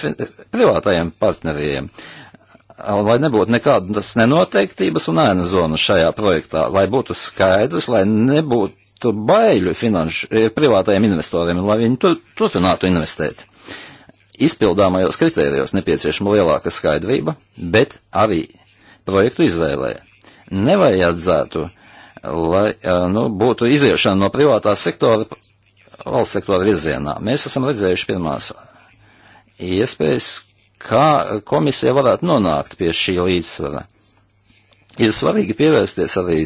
privātajiem partneriem. Lai nebūtu nekādas nenoteiktības un ēna zonas šajā projektā, lai būtu skaidrs, lai nebūtu baiļu finanšu, eh, privātajiem investoriem, lai viņi tur, turpinātu investēt izpildāmajos kritērijos nepieciešama lielāka skaidrība, bet arī projektu izvēlē nevajadzētu, lai nu, būtu iziešana no privātā sektora valsts sektora virzienā. Mēs esam redzējuši pirmās iespējas, kā komisija varētu nonākt pie šī līdzsvara. Ir svarīgi pievērsties arī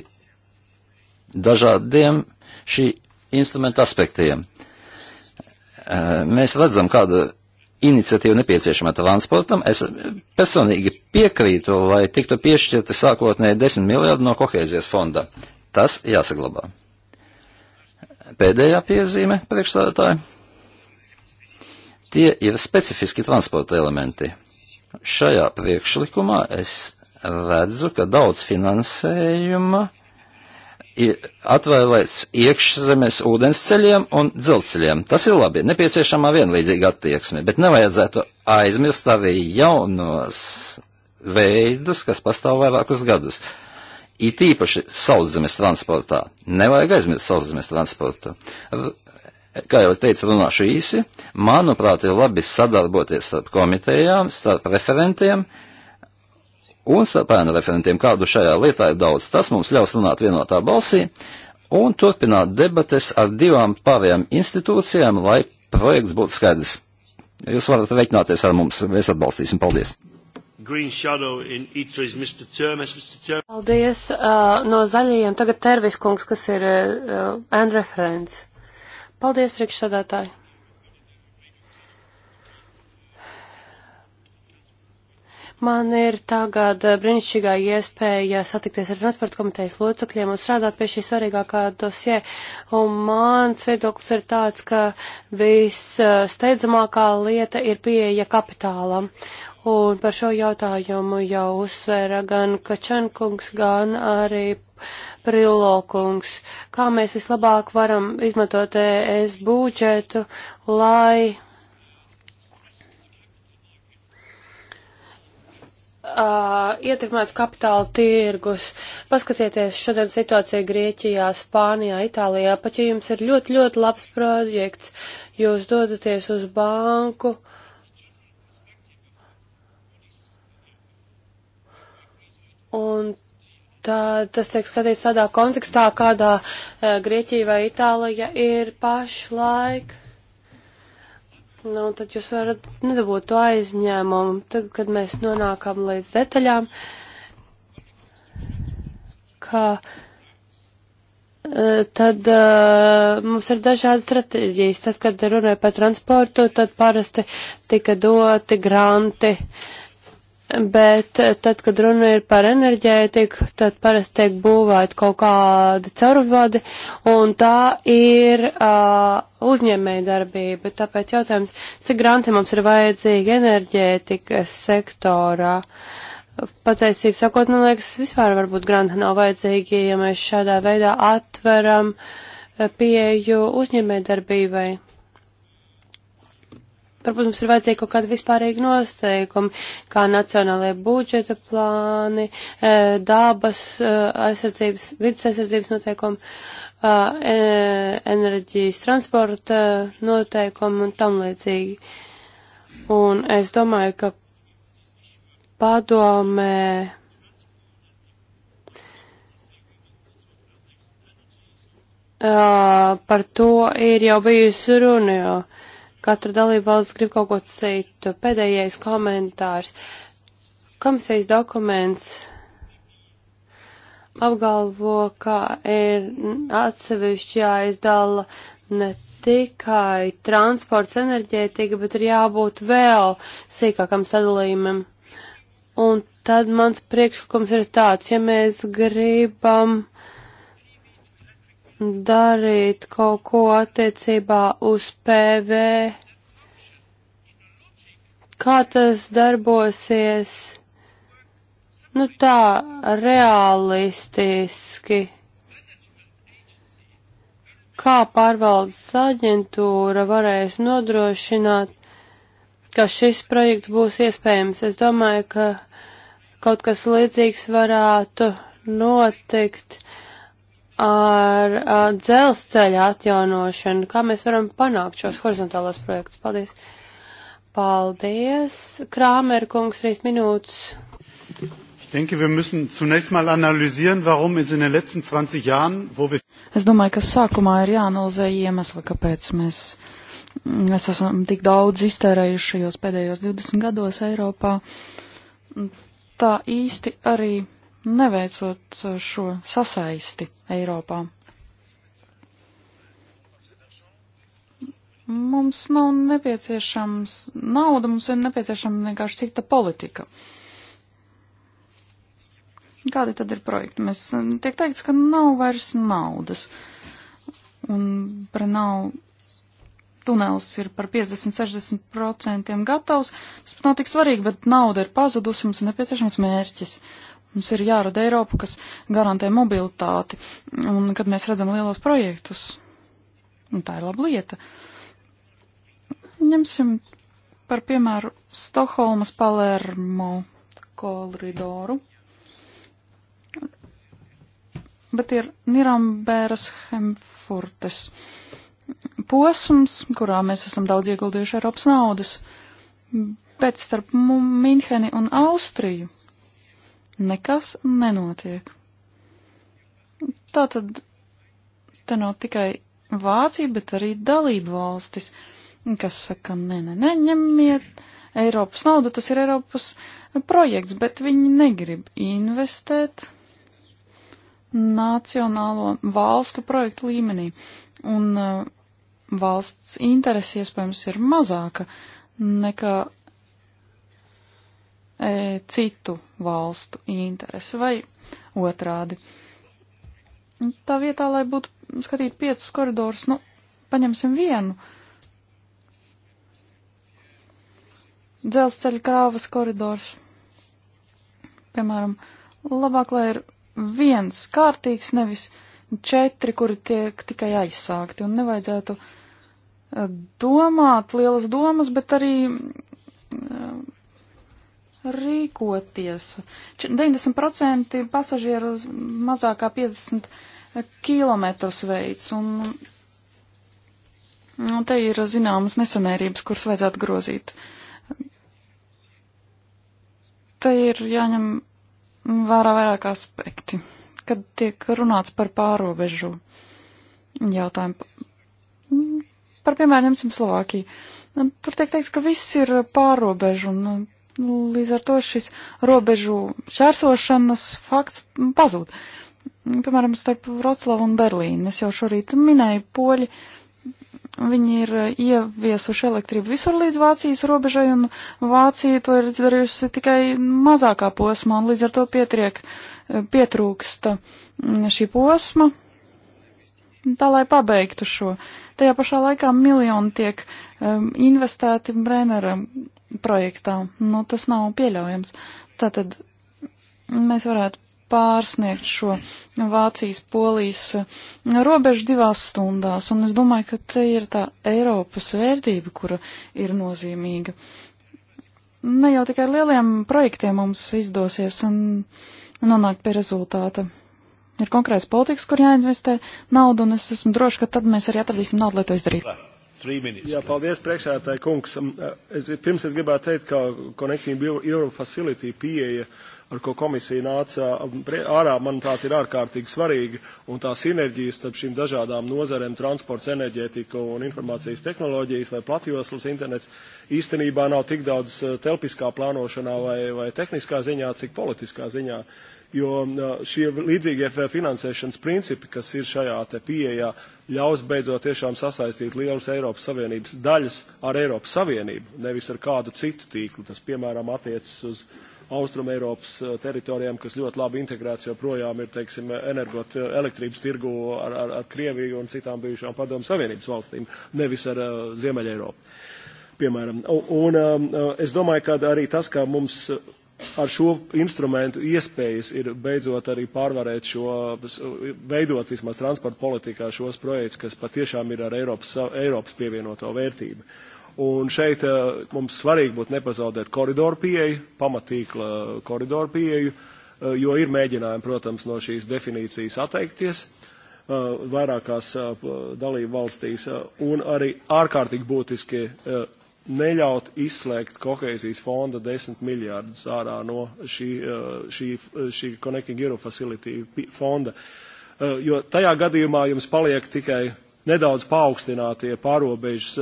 dažādiem šī instrumenta aspektiem. Mēs redzam, kāda iniciatīva nepieciešama transportam. Es personīgi piekrītu, lai tiktu piešķirti sākotnēji 10 miljardi no kohēzijas fonda. Tas jāsaglabā. Pēdējā piezīme priekšstādātāji. Tie ir specifiski transporta elementi. Šajā priekšlikumā es redzu, ka daudz finansējuma uh, atvēlēs iekšzemes ūdensceļiem un dzelzceļiem. Tas ir labi, nepieciešamā vienlīdzīga attieksme, bet nevajadzētu aizmirst arī jaunos veidus, kas pastāv vairākus gadus. It īpaši sauszemes transportā. Nevajag aizmirst sauszemes transportu. R kā jau teicu, runāšu īsi. Manuprāt, ir labi sadarboties starp komitejām, starp referentiem. Uh, un sapēna referentiem, kādu šajā lietā ir daudz. Tas mums ļaus runāt vienotā balsī un turpināt debates ar divām pārējām institūcijām, lai projekts būtu skaidrs. Jūs varat reiķināties ar mums, mēs atbalstīsim. Paldies! Paldies uh, no zaļajiem. Tagad Tervis kungs, kas ir uh, uh Andreferents. Paldies, priekšsādātāji! Man ir tagad brīnišķīgā iespēja satikties ar transporta komitejas locekļiem un strādāt pie šī svarīgākā dosie. Un mans viedoklis ir tāds, ka vissteidzamākā lieta ir pieeja kapitālam. Un par šo jautājumu jau uzsvēra gan Kačankungs, gan arī Prilokungs. Kā mēs vislabāk varam izmantot ES budžetu, lai uh, ietekmētu kapitāla tirgus. Paskatieties šodien situāciju Grieķijā, Spānijā, Itālijā. Pat ja jums ir ļoti, ļoti labs projekts, jūs dodaties uz banku. Un tā, tas tiek skatīts tādā kontekstā, kādā uh, Grieķija vai Itālija ir pašlaik. Nu, tad jūs varat nedabūt to aizņēmumu. Tad, kad mēs nonākam līdz detaļām, kā eh, tad uh, mums ir dažādi stratēģijas. Tad, kad runāja par transportu, tad parasti tika doti granti bet eh, tad, kad runa ir par enerģētiku, tad parasti tiek būvēta kaut kāda caurvadi, un tā ir uh, uzņēmēja darbība. Tāpēc jautājums, cik granti mums ir vajadzīgi enerģētikas sektorā? Pateicību sakot, man liekas, vispār varbūt granti nav vajadzīgi, ja mēs šādā veidā atveram eh, pieju uzņēmēja darbībai varbūt mums ir vajadzīgi kaut kādi vispārīgi nosteikumi, kā nacionālajie budžeta plāni, eh, dabas eh, aizsardzības, vidas aizsardzības noteikumi, eh, e-, enerģijas transporta noteikumi un tam līdzīgi. Un es domāju, ka padomē. Uh, par to ir jau bijusi runa, jo uh, katra dalībvalsts grib kaut ko teikt. Pēdējais komentārs. Komisijas dokuments apgalvo, ka ir atsevišķi jāizdala ne tikai transports, enerģētika, bet ir jābūt vēl sīkākam sadalījumam. Un tad mans priekšlikums ir tāds, ja mēs gribam uh, darīt kaut ko attiecībā uz PV. Kā tas darbosies? Nu tā, realistiski. Kā pārvaldes aģentūra varēs nodrošināt, ka šis projekts būs iespējams? Es domāju, ka kaut kas līdzīgs varētu notikt ar uh, dzelzceļa atjaunošanu, kā mēs varam panākt šos horizontālos projektus. Paldies! Paldies! Krāmer kungs, trīs minūtes. Ich denke, wir müssen zunächst mal analysieren, warum es in den letzten 20 Jahren, wo wir. Es domāju, ka sākumā ir jāanalizē iemesli, kāpēc mēs, mēs esam tik daudz iztērējuši šajos pēdējos 20 gados Eiropā. Tā īsti arī neveicot eh, šo sasaisti Eiropā. Mums nav nepieciešams nauda, mums ir nepieciešama vienkārši cita politika. Kādi tad ir projekti? Mēs eh, tiek teikts, ka nav vairs naudas. Un Brenau tunels ir par 50-60% gatavs. Tas pat nav tik svarīgi, bet nauda ir pazudusi, mums ir nepieciešams mērķis. Mums ir jārada Eiropa, kas garantē mobilitāti, un kad mēs redzam lielos projektus, un nu, tā ir laba lieta. Ņemsim par piemēru Stokholmas Palermo koridoru, bet ir Nirambēras Hemfurtes posms, kurā mēs esam daudz ieguldījuši Eiropas naudas, bet starp Minheni un Austriju nekas nenotiek. Tātad te nav tikai Vācija, bet arī dalību valstis, kas saka, nē, nē, neņemiet Eiropas naudu, tas ir Eiropas projekts, bet viņi negrib investēt nacionālo valstu projektu līmenī. Un uh, valsts interesi iespējams ir mazāka nekā e, citu valstu interesi vai otrādi. Tā vietā, lai būtu skatīt piecus koridorus, nu, paņemsim vienu. Dzelzceļa krāvas koridors. Piemēram, labāk, lai ir viens kārtīgs, nevis četri, kuri tiek tikai aizsākti, un nevajadzētu e, domāt lielas domas, bet arī rīkoties. 90% pasažieru mazākā 50 eh, km veids, un, un te ir zināmas nesamērības, kuras vajadzētu grozīt. Te ir jāņem vērā vairāk aspekti, kad tiek runāts par pārobežu jautājumu. Par piemēru ņemsim Slovākiju. Tur tiek teikts, ka viss ir pārobežu un Līdz ar to šis robežu šērsošanas fakts pazūd. Piemēram, starp Vroclavu un Berlīnu. Es jau šorīt minēju, poļi, viņi ir ieviesuši elektrību visur līdz Vācijas robežai, un Vācija to ir darījusi tikai mazākā posmā, un līdz ar to pietriek, pietrūksta šī posma, tā lai pabeigtu šo. Tajā pašā laikā miljoni tiek um, investēti Brenneram projektā. Nu, tas nav pieļaujams. Tātad mēs varētu pārsniegt šo Vācijas-Polijas robežu divās stundās, un es domāju, ka te ir tā Eiropas vērtība, kura ir nozīmīga. Ne jau tikai ar lieliem projektiem mums izdosies un nonākt pie rezultāta. Ir konkrēts politikas, kur jāinvestē naudu, un es esmu droši, ka tad mēs arī atradīsim naudu, lai to izdarītu. Jā, paldies priekšētāji kungs. Um, uh, pirms es gribētu teikt, ka Connecting Europe Facility pieeja ar ko komisija nāca um, ārā, manuprāt, ir ārkārtīgi svarīga, un tā sinerģija starp šīm dažādām nozarēm - transports, enerģētika un informācijas tehnoloģijas vai platjoslas internets - īstenībā nav tik daudz uh, telpiskā plānošanā vai, vai tehniskā ziņā, cik politiskā ziņā. Uh, jo šie līdzīgie finansēšanas principi, kas ir šajā te pieejā, ļaus beidzot tiešām sasaistīt lielas Eiropas Savienības daļas ar Eiropas Savienību, nevis ar kādu citu tīklu. Tas, piemēram, attiecas uz Austrum Eiropas teritorijām, kas ļoti labi integrēts joprojām ir, teiksim, energot elektrības tirgu ar, ar, ar Krieviju un citām bijušām padomu Savienības valstīm, nevis ar uh, Ziemeļa Eiropu piemēram. Un, un es domāju, ka arī tas, ka mums ar šo instrumentu iespējas ir beidzot arī pārvarēt šo, veidot vismaz transporta politikā šos projekts, kas patiešām ir ar Eiropas, Eiropas pievienoto vērtību. Un šeit uh, mums svarīgi būtu nepazaudēt koridoru pieeju, pamatīkla eh, koridoru pieeju, uh, jo ir mēģinājumi, protams, no šīs definīcijas atteikties uh, vairākās dalību valstīs, un arī ārkārtīgi būtiski neļaut izslēgt kohēzijas fonda 10 miljārdus ārā no šī, eh, šī, eh, šī Connecting Europe Facility fonda, eh, jo tajā gadījumā jums paliek tikai nedaudz paaugstinātie pārobežas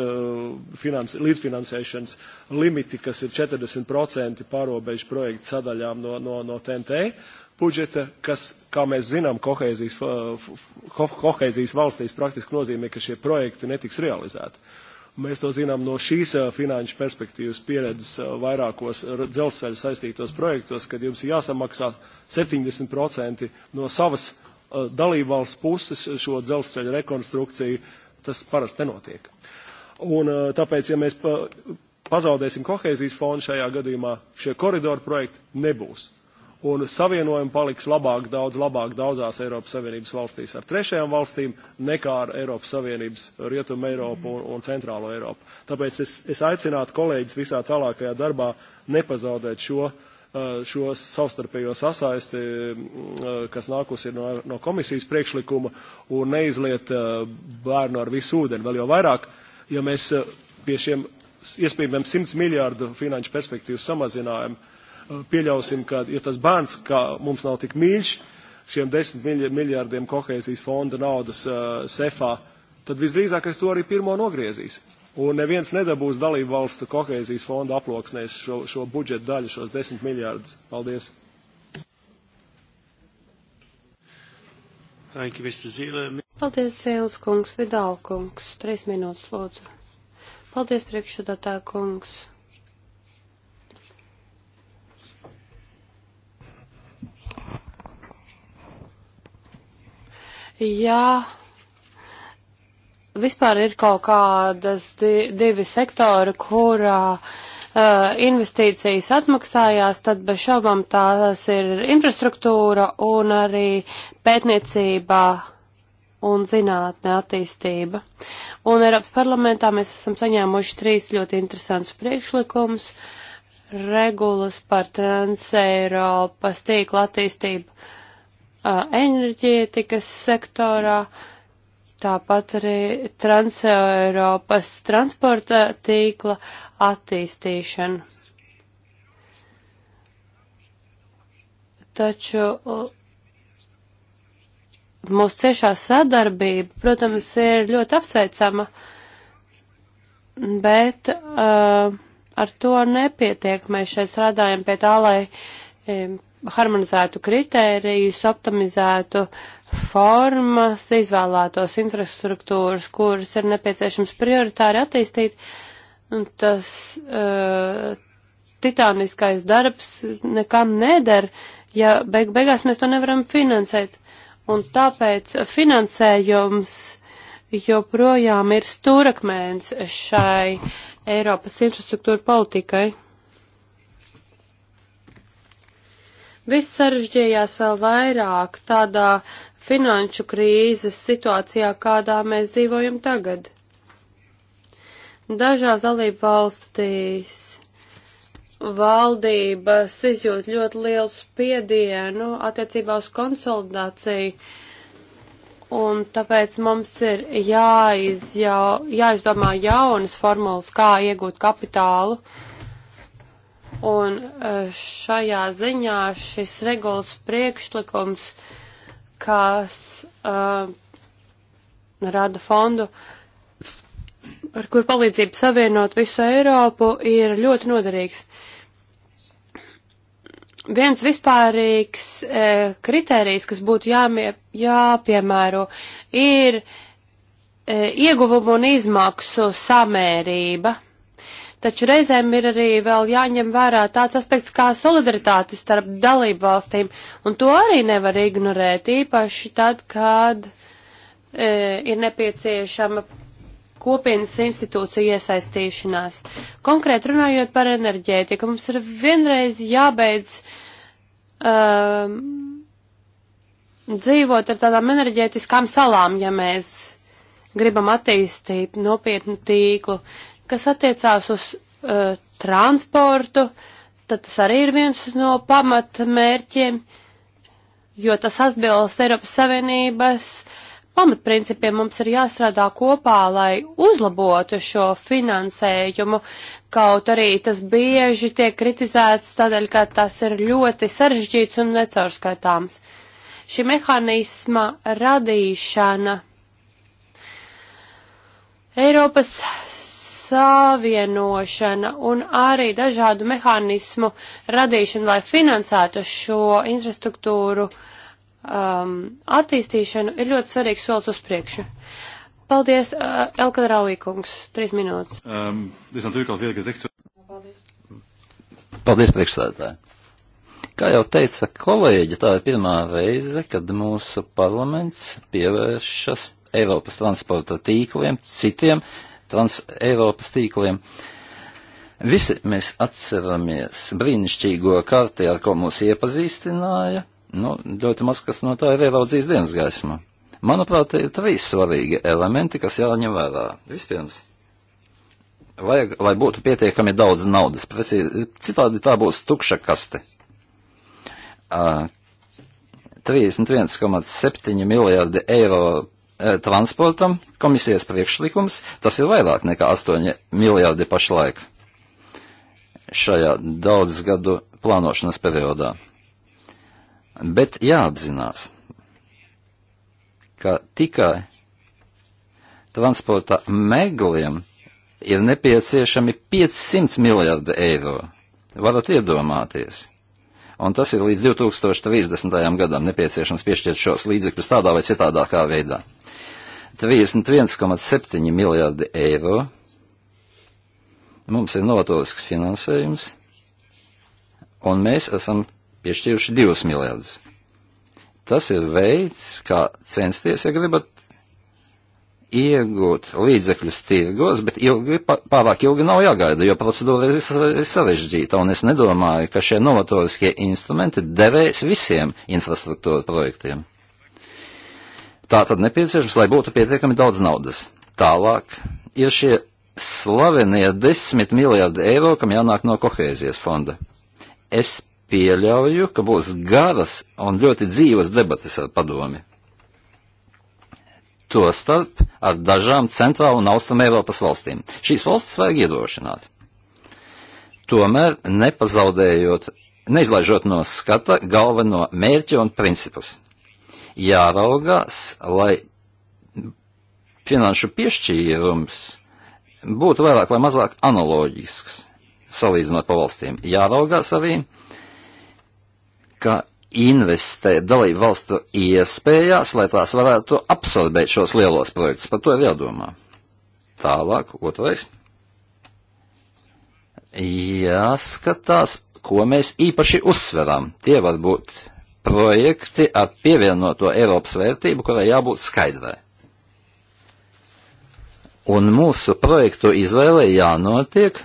finans, līdzfinansēšanas limiti, kas ir 40% pārobežu projektu sadaļām no, no, no TNT budžeta, kas, kā mēs zinām, kohēzijas, kohēzijas valstīs praktiski nozīmē, ka šie projekti netiks realizēti. Uh, Mēs to zinām no šīs finanšu perspektīvas pieredzes vairākos dzelzceļa saistītos projektos, kad jums jāsamaksā 70% no savas dalībvalsts puses šo dzelzceļa rekonstrukciju. Tas parasti nenotiek. Un tāpēc, ja mēs pa, pazaudēsim kohēzijas fondu šajā gadījumā, šie koridoru projekti nebūs un savienojumi paliks labāk, daudz labāk daudzās Eiropas Savienības valstīs ar trešajām valstīm nekā ar Eiropas Savienības Rietumu Eiropu un, un Centrālo Eiropu. Tāpēc es, es aicinātu kolēģis visā tālākajā darbā nepazaudēt šo eh, šo savstarpējo sasaisti, mm, eh, kas nākusi no, no komisijas priekšlikuma, un neizliet eh, bērnu ar visu ūdeni. Vēl jau vairāk, ja mēs pie šiem iespējamiem 100 miljārdu finanšu perspektīvu samazinājumu, pieļausim, ka ja tas bērns, kā mums nav tik mīļš, šiem desmit miljārdiem kohēzijas fonda naudas uh, sefā, tad visdrīzāk es to arī pirmo nogriezīs. Un neviens nedabūs dalību valstu kohēzijas fonda aploksnēs šo, šo budžetu daļu, šos desmit miljārdus. Paldies! Thank you, Mr. Zīle. Paldies, Zīles kungs, Vidāl kungs, trīs minūtes lūdzu. Paldies, priekšsēdētā kungs. Jā. Vispār ir kaut kādas di divi sektori, kurā uh, investīcijas atmaksājās, tad bez šaubām tās ir infrastruktūra un arī pētniecība un zinātne attīstība. Un Eiropas parlamentā mēs esam saņēmuši trīs ļoti interesantus priekšlikumus regulas par transeiropas tīkla attīstību enerģētikas sektorā, tāpat arī Transeiropas transporta tīkla attīstīšana. Taču mūsu ciešā sadarbība, protams, ir ļoti apsveicama, bet uh, ar to nepietiek. Mēs šeit strādājam pie tā, lai harmonizētu kritērijus, optimizētu formas, izvēlētos infrastruktūras, kuras ir nepieciešams prioritāri attīstīt. Un tas uh, titāniskais darbs nekam neder, ja beig beigās mēs to nevaram finansēt. Un tāpēc finansējums joprojām ir stūrakmēns šai Eiropas infrastruktūra politikai. Viss sarežģījās vēl vairāk tādā finanšu krīzes situācijā, kādā mēs dzīvojam tagad. Dažās dalību valstīs valdības izjūt ļoti lielu spiedienu attiecībā uz konsolidāciju, un tāpēc mums ir jāizjau, jāizdomā jaunas formulas, kā iegūt kapitālu. Uh, Un eh, šajā ziņā šis regulas priekšlikums, kas uh, rada fondu, ar kur palīdzību savienot visu Eiropu, ir ļoti noderīgs. Viens vispārīgs e, eh, kriterijs, kas būtu jāmie, jāpiemēro, ir e, ieguvumu un izmaksu samērība taču reizēm ir arī vēl jāņem vērā tāds aspekts kā solidaritāte starp dalību valstīm, un to arī nevar ignorēt, īpaši tad, kad e, ir nepieciešama kopienas institūciju iesaistīšanās. Konkrēt runājot par enerģētiku, mums ir vienreiz jābeidz um, dzīvot ar tādām enerģētiskām salām, ja mēs gribam attīstīt nopietnu tīklu. Uh, Kas attiecās uz uh, transportu, tad tas arī ir viens no pamatmērķiem, jo tas atbilst Eiropas Savienības pamatprincipiem. Mums ir jāstrādā kopā, lai uzlabotu šo finansējumu, kaut arī tas bieži tiek kritizēts tādēļ, ka tas ir ļoti sarežģīts un necaurskatāms. Šī mehānisma radīšana Eiropas savienošana un arī dažādu mehānismu radīšana, lai finansētu šo infrastruktūru um, attīstīšanu, ir ļoti svarīgs solis uz priekšu. Paldies, uh, Elka Raujkungs, trīs minūtes. Um, Paldies, Paldies priekšstādātāji. Kā jau teica kolēģi, tā ir pirmā reize, kad mūsu parlaments pievēršas Eiropas transporta tīkliem, citiem trans Eiropas tīkliem. Visi mēs atceramies brīnišķīgo karti, ar ko mūs iepazīstināja. Nu, ļoti maz kas no tā ir ieraudzījis dienas gaismu. Manuprāt, ir trīs svarīgi elementi, kas jāņem vērā. Vispirms, vajag, lai būtu pietiekami daudz naudas, precīzi, citādi tā būs tukša kaste. Uh, 31,7 miljardi eiro Eh, transportam komisijas priekšlikums, tas ir vairāk nekā 8 miljārdi pašlaik šajā daudzgadu plānošanas periodā. Bet jāapzinās, ka tikai transporta megliem ir nepieciešami 500 miljardi eiro. Varat iedomāties. Un tas ir līdz 2030. gadam nepieciešams piešķirt šos līdzekļus tādā vai citādākā veidā. 31,7 miljārdi eiro. Mums ir novatorisks finansējums, un mēs esam piešķīruši 2 miljārdus. Tas ir veids, kā censties, ja gribat iegūt līdzekļus tirgos, bet ilgi, pārāk ilgi nav jāgaida, jo procedūra ir sarežģīta, un es nedomāju, ka šie novatoriskie instrumenti devēs visiem infrastruktūra projektiem. Tā tad nepieciešams, lai būtu pietiekami daudz naudas. Tālāk ir šie slavenie desmit miljardi eiro, kam jānāk no kohēzijas fonda. Es pieļauju, ka būs garas un ļoti dzīvas debatas ar padomi. Tostarp ar dažām centrālu un austrumu Eiropas valstīm. Šīs valstis vajag iedrošināt. Tomēr nepazaudējot, neizlaižot no skata galveno mērķi un principus jāraugās, lai finanšu piešķīrums būtu vairāk vai mazāk analoģisks, salīdzinot pa valstīm. Jāraugās arī, ka investē dalību valstu iespējās, lai tās varētu absorbēt šos lielos projektus. Par to ir jādomā. Tālāk, otrais. Jāskatās, ko mēs īpaši uzsveram. Tie var būt projekti ar pievienoto Eiropas vērtību, kurai jābūt skaidrai. Un mūsu projektu izvēle jānotiek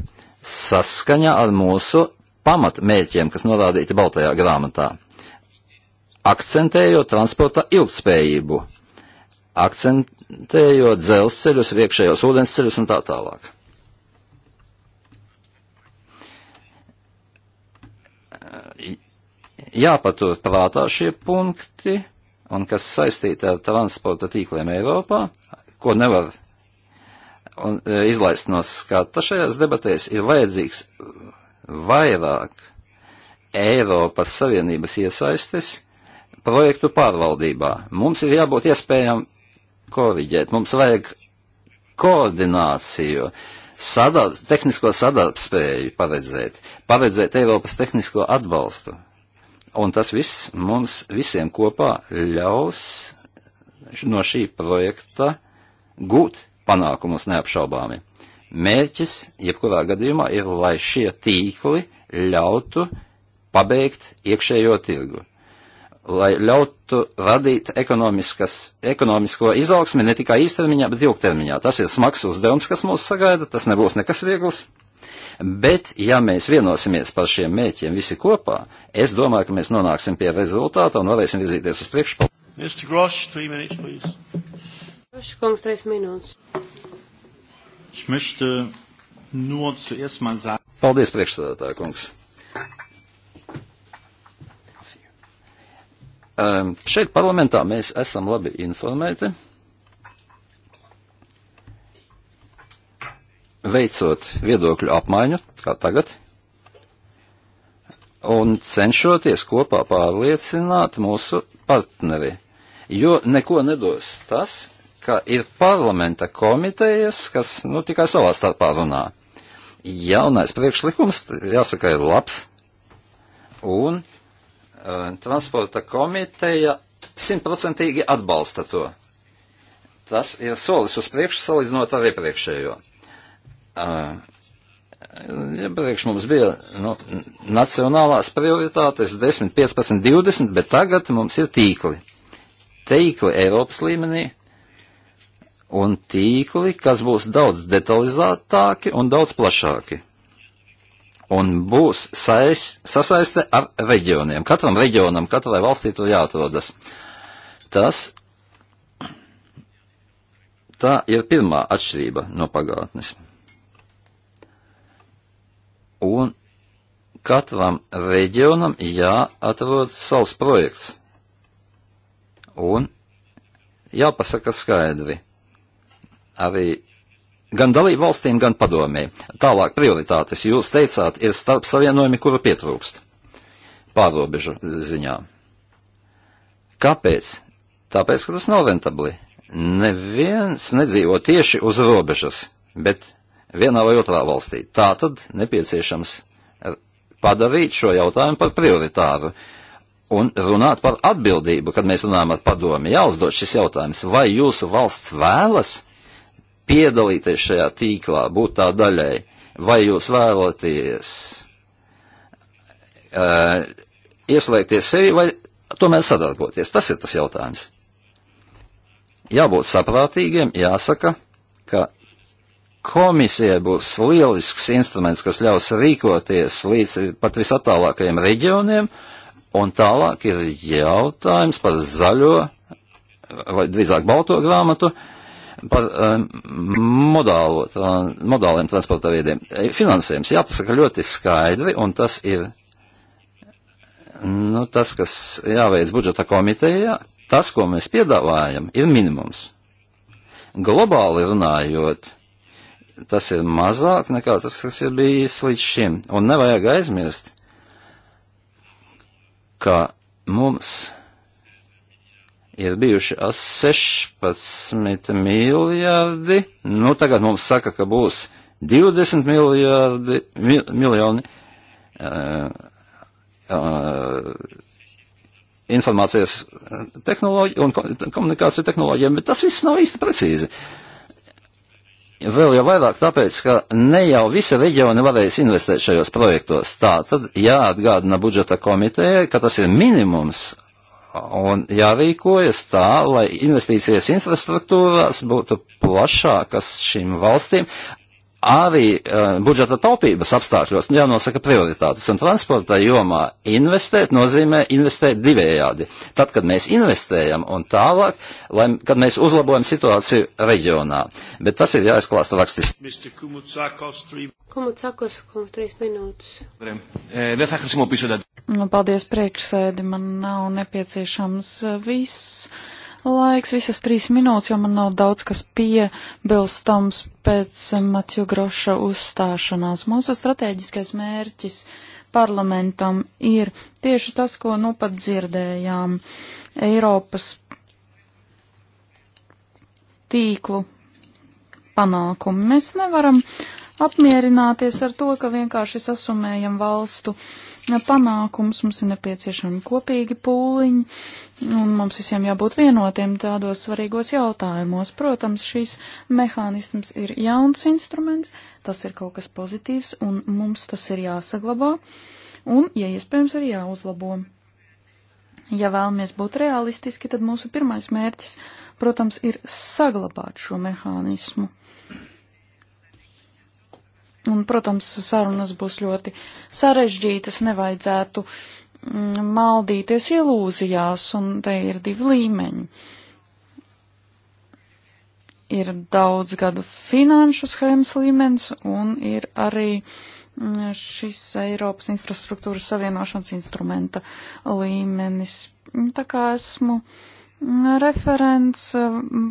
saskaņā ar mūsu pamatmērķiem, kas norādīti Baltajā grāmatā, akcentējot transporta ilgspējību, akcentējot dzelzceļus, iekšējos ūdensceļus un tā tālāk. jāpatur prātā šie punkti, un kas saistīti ar transporta tīkliem Eiropā, ko nevar un, e, izlaist no skata šajās debatēs, ir vajadzīgs vairāk Eiropas Savienības iesaistes projektu pārvaldībā. Mums ir jābūt iespējām koriģēt, mums vajag koordināciju, sadar, tehnisko sadarbspēju paredzēt, paredzēt Eiropas tehnisko atbalstu. Un tas viss mums visiem kopā ļaus no šī projekta gūt panākumus neapšaubāmi. Mērķis, jebkurā gadījumā, ir, lai šie tīkli ļautu pabeigt iekšējo tirgu, lai ļautu radīt ekonomisko izaugsmi ne tikai īstermiņā, bet ilgtermiņā. Tas ir smags uzdevums, kas mūs sagaida, tas nebūs nekas viegls. Bet, ja mēs vienosimies par šiem mēķiem visi kopā, es domāju, ka mēs nonāksim pie rezultāta un varēsim virzīties uz priekšu. Mr. Grosh, three minutes, please. Grosh, kungs, trīs minūtes. Ich möchte nur zuerst mal sagen. Paldies, priekšstādātāja kungs. Um, šeit parlamentā mēs esam labi informēti veicot viedokļu apmaiņu, kā tagad, un cenšoties kopā pārliecināt mūsu partneri. Jo neko nedos tas, ka ir parlamenta komitejas, kas nu, tikai savā starpā runā. Jaunais priekšlikums, jāsaka, ir labs, un uh, transporta komiteja simtprocentīgi atbalsta to. Tas ir solis uz priekšu salīdzinot ar iepriekšējo. Uh, Ja priekš mums bija nu, nacionālās prioritātes 10, 15, 20, bet tagad mums ir tīkli. Tīkli Eiropas līmenī un tīkli, kas būs daudz detalizētāki un daudz plašāki. Un būs sais, sasaiste ar reģioniem. Katram reģionam, katrai valstī tur jāatrodas. Tas tā ir pirmā atšķirība no pagātnes un katram reģionam jāatrod savs projekts. Un jāpasaka skaidri arī gan dalību valstīm, gan padomē. Tālāk prioritātes, jūs teicāt, ir starp savienojumi, kuru pietrūkst pārobežu ziņā. Kāpēc? Tāpēc, ka tas nav rentabli. Neviens nedzīvo tieši uz robežas, bet vienā vai otrā valstī. Tā tad nepieciešams eh, padarīt šo jautājumu par prioritāru un runāt par atbildību, kad mēs runājam ar padomi. Jāuzdod šis jautājums, vai jūsu valsts vēlas piedalīties šajā tīklā, būt tā daļai, vai jūs vēlaties uh, ieslēgties sevi vai tomēr sadarboties. Tas ir tas jautājums. Jābūt saprātīgiem, jāsaka, ka komisijai būs lielisks instruments, kas ļaus rīkoties līdz pat visatālākajiem reģioniem, un tālāk ir jautājums par zaļo, vai drīzāk balto grāmatu, par um, modālo, tā, modāliem transporta veidiem. Finansējums jāpasaka ļoti skaidri, un tas ir nu, tas, kas jāveic budžeta komitejā, tas, ko mēs piedāvājam, ir minimums. Globāli runājot, tas ir mazāk nekā tas, kas ir bijis līdz šim. Un nevajag aizmirst, ka mums ir bijuši 16 miljardi, nu tagad mums saka, ka būs 20 miljardi, mi, miljoni uh, uh, informācijas tehnoloģija un komunikāciju tehnoloģijām, bet tas viss nav īsti precīzi. Uh, Vēl jau vairāk tāpēc, ka ne jau visa reģiona varēs investēt šajos projektos. Tā tad jāatgādina budžeta komitejai, ka tas ir minimums un jārīkojas tā, lai investīcijas infrastruktūrās būtu plašākas šīm valstīm arī uh, budžeta taupības apstākļos jānosaka prioritātes, un transporta jomā investēt nozīmē investēt divējādi. Tad, kad mēs investējam un tālāk, lai, kad mēs uzlabojam situāciju reģionā. Bet tas ir jāizklāsta rakstiski. Kumutsakos, kungs, trīs minūtes. E, nu, paldies priekšsēdi, man nav nepieciešams viss laiks, visas trīs minūtes, jo man nav daudz kas piebilstams pēc eh, Matju Groša uzstāšanās. Mūsu strateģiskais mērķis parlamentam ir tieši tas, ko nu pat dzirdējām Eiropas tīklu panākumi. Mēs nevaram apmierināties ar to, ka vienkārši sasumējam valstu panākums, mums ir nepieciešami kopīgi pūliņi, Un mums visiem jābūt vienotiem tādos svarīgos jautājumos. Protams, šīs mehānisms ir jauns instruments, tas ir kaut kas pozitīvs, un mums tas ir jāsaglabā, un, ja iespējams, arī jāuzlabo. Ja vēlamies būt realistiski, tad mūsu pirmais mērķis, protams, ir saglabāt šo mehānismu. Un, protams, sarunas būs ļoti sarežģītas, nevajadzētu uh, Mm, maldīties ilūzijās, un te ir divi līmeņi. Ir daudz gadu finanšu schēmas līmenis, un ir arī mm, šis Eiropas infrastruktūras savienošanas instrumenta līmenis. Tā kā esmu mm, referents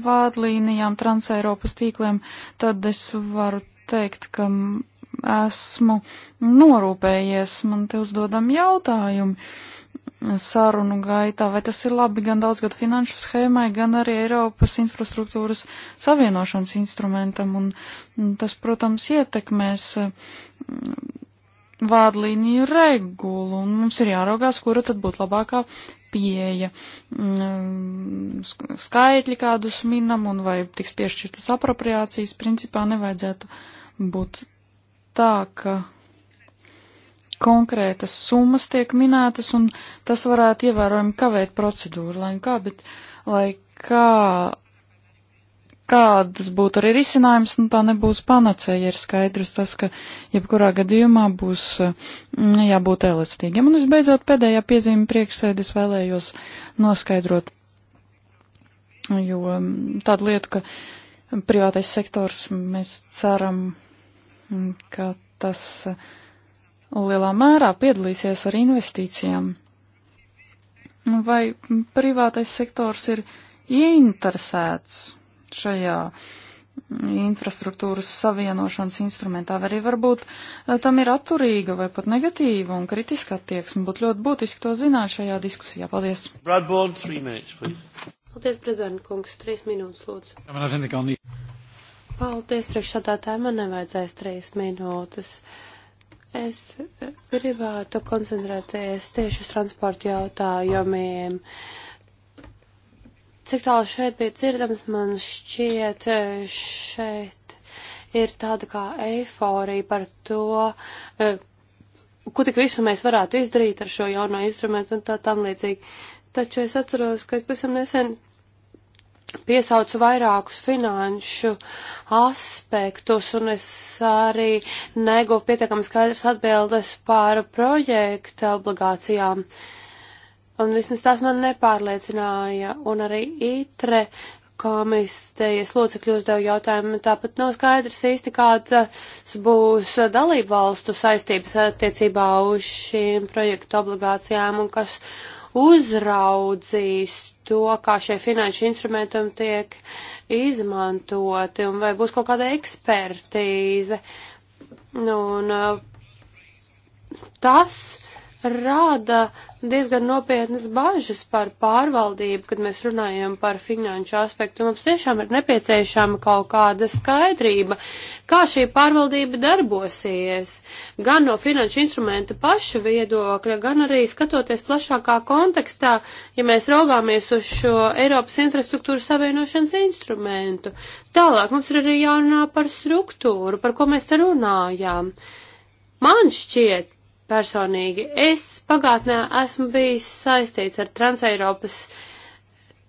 vārdlīnijām, transeiropas tīkliem, tad es varu teikt, ka esmu norūpējies, man te uzdodam jautājumu sarunu gaitā, vai tas ir labi gan daudzgad finanšu schēmai, gan arī Eiropas infrastruktūras savienošanas instrumentam, un tas, protams, ietekmēs mm, vādlīniju regulu, un mums ir jāraugās, kura tad būtu labākā pieeja, mm, skaitļi kādus minam, un vai tiks piešķirtas apropriācijas, principā nevajadzētu būt tā, ka konkrētas summas tiek minētas, un tas varētu ievērojami kavēt procedūru, lai kā, bet lai kā, kādas būtu arī risinājums, nu tā nebūs panacēja, ir skaidrs tas, ka jebkurā gadījumā būs mm, jābūt elastīgiem. Un visbeidzot pēdējā piezīme priekšsēdis vēlējos noskaidrot, jo mm, tādu lietu, ka privātais sektors mēs ceram ka tas eh, lielā mērā piedalīsies ar investīcijām. Nu, vai privātais sektors ir ieinteresēts šajā mm, infrastruktūras savienošanas instrumentā, vai arī varbūt eh, tam ir atturīga vai pat negatīva un kritiska attieksme. Būtu ļoti būtiski to zināt šajā diskusijā. Paldies! Bradborn, minutes, Paldies, Bradborn kungs, trīs minūtes, lūdzu. Paldies, priekšsādātāji, man nevajadzēs trīs minūtes. Es gribētu koncentrēties tieši uz transporta jautājumiem. Cik tālu šeit bija dzirdams, man šķiet šeit ir tāda kā eiforija par to, eh, ko tik visu mēs varētu izdarīt ar šo jauno instrumentu un tā tam līdzīgi. Taču es atceros, ka es pavisam nesen piesaucu vairākus finanšu aspektus, un es arī neguvu pietiekami skaidrs atbildes par projekta obligācijām. Un vismaz tās man nepārliecināja, un arī itre komitejas locekļos devu jautājumu, tāpat nav skaidrs īsti, kādas būs dalību valstu saistības attiecībā uz šīm projektu obligācijām un kas uzraudzīs to, kā šie finanšu instrumenti tiek izmantoti un vai būs kaut kāda ekspertīze. Nu, un uh, tas rāda diezgan nopietnas bažas par pārvaldību, kad mēs runājam par finanšu aspektu. Mums tiešām ir nepieciešama kaut kāda skaidrība, kā šī pārvaldība darbosies, gan no finanšu instrumenta paša viedokļa, gan arī skatoties plašākā kontekstā, ja mēs raugāmies uz šo Eiropas infrastruktūras savienošanas instrumentu. Tālāk mums ir arī jārunā par struktūru, par ko mēs te runājām. Man šķiet, personīgi. Es pagātnē esmu bijis saistīts ar Transeiropas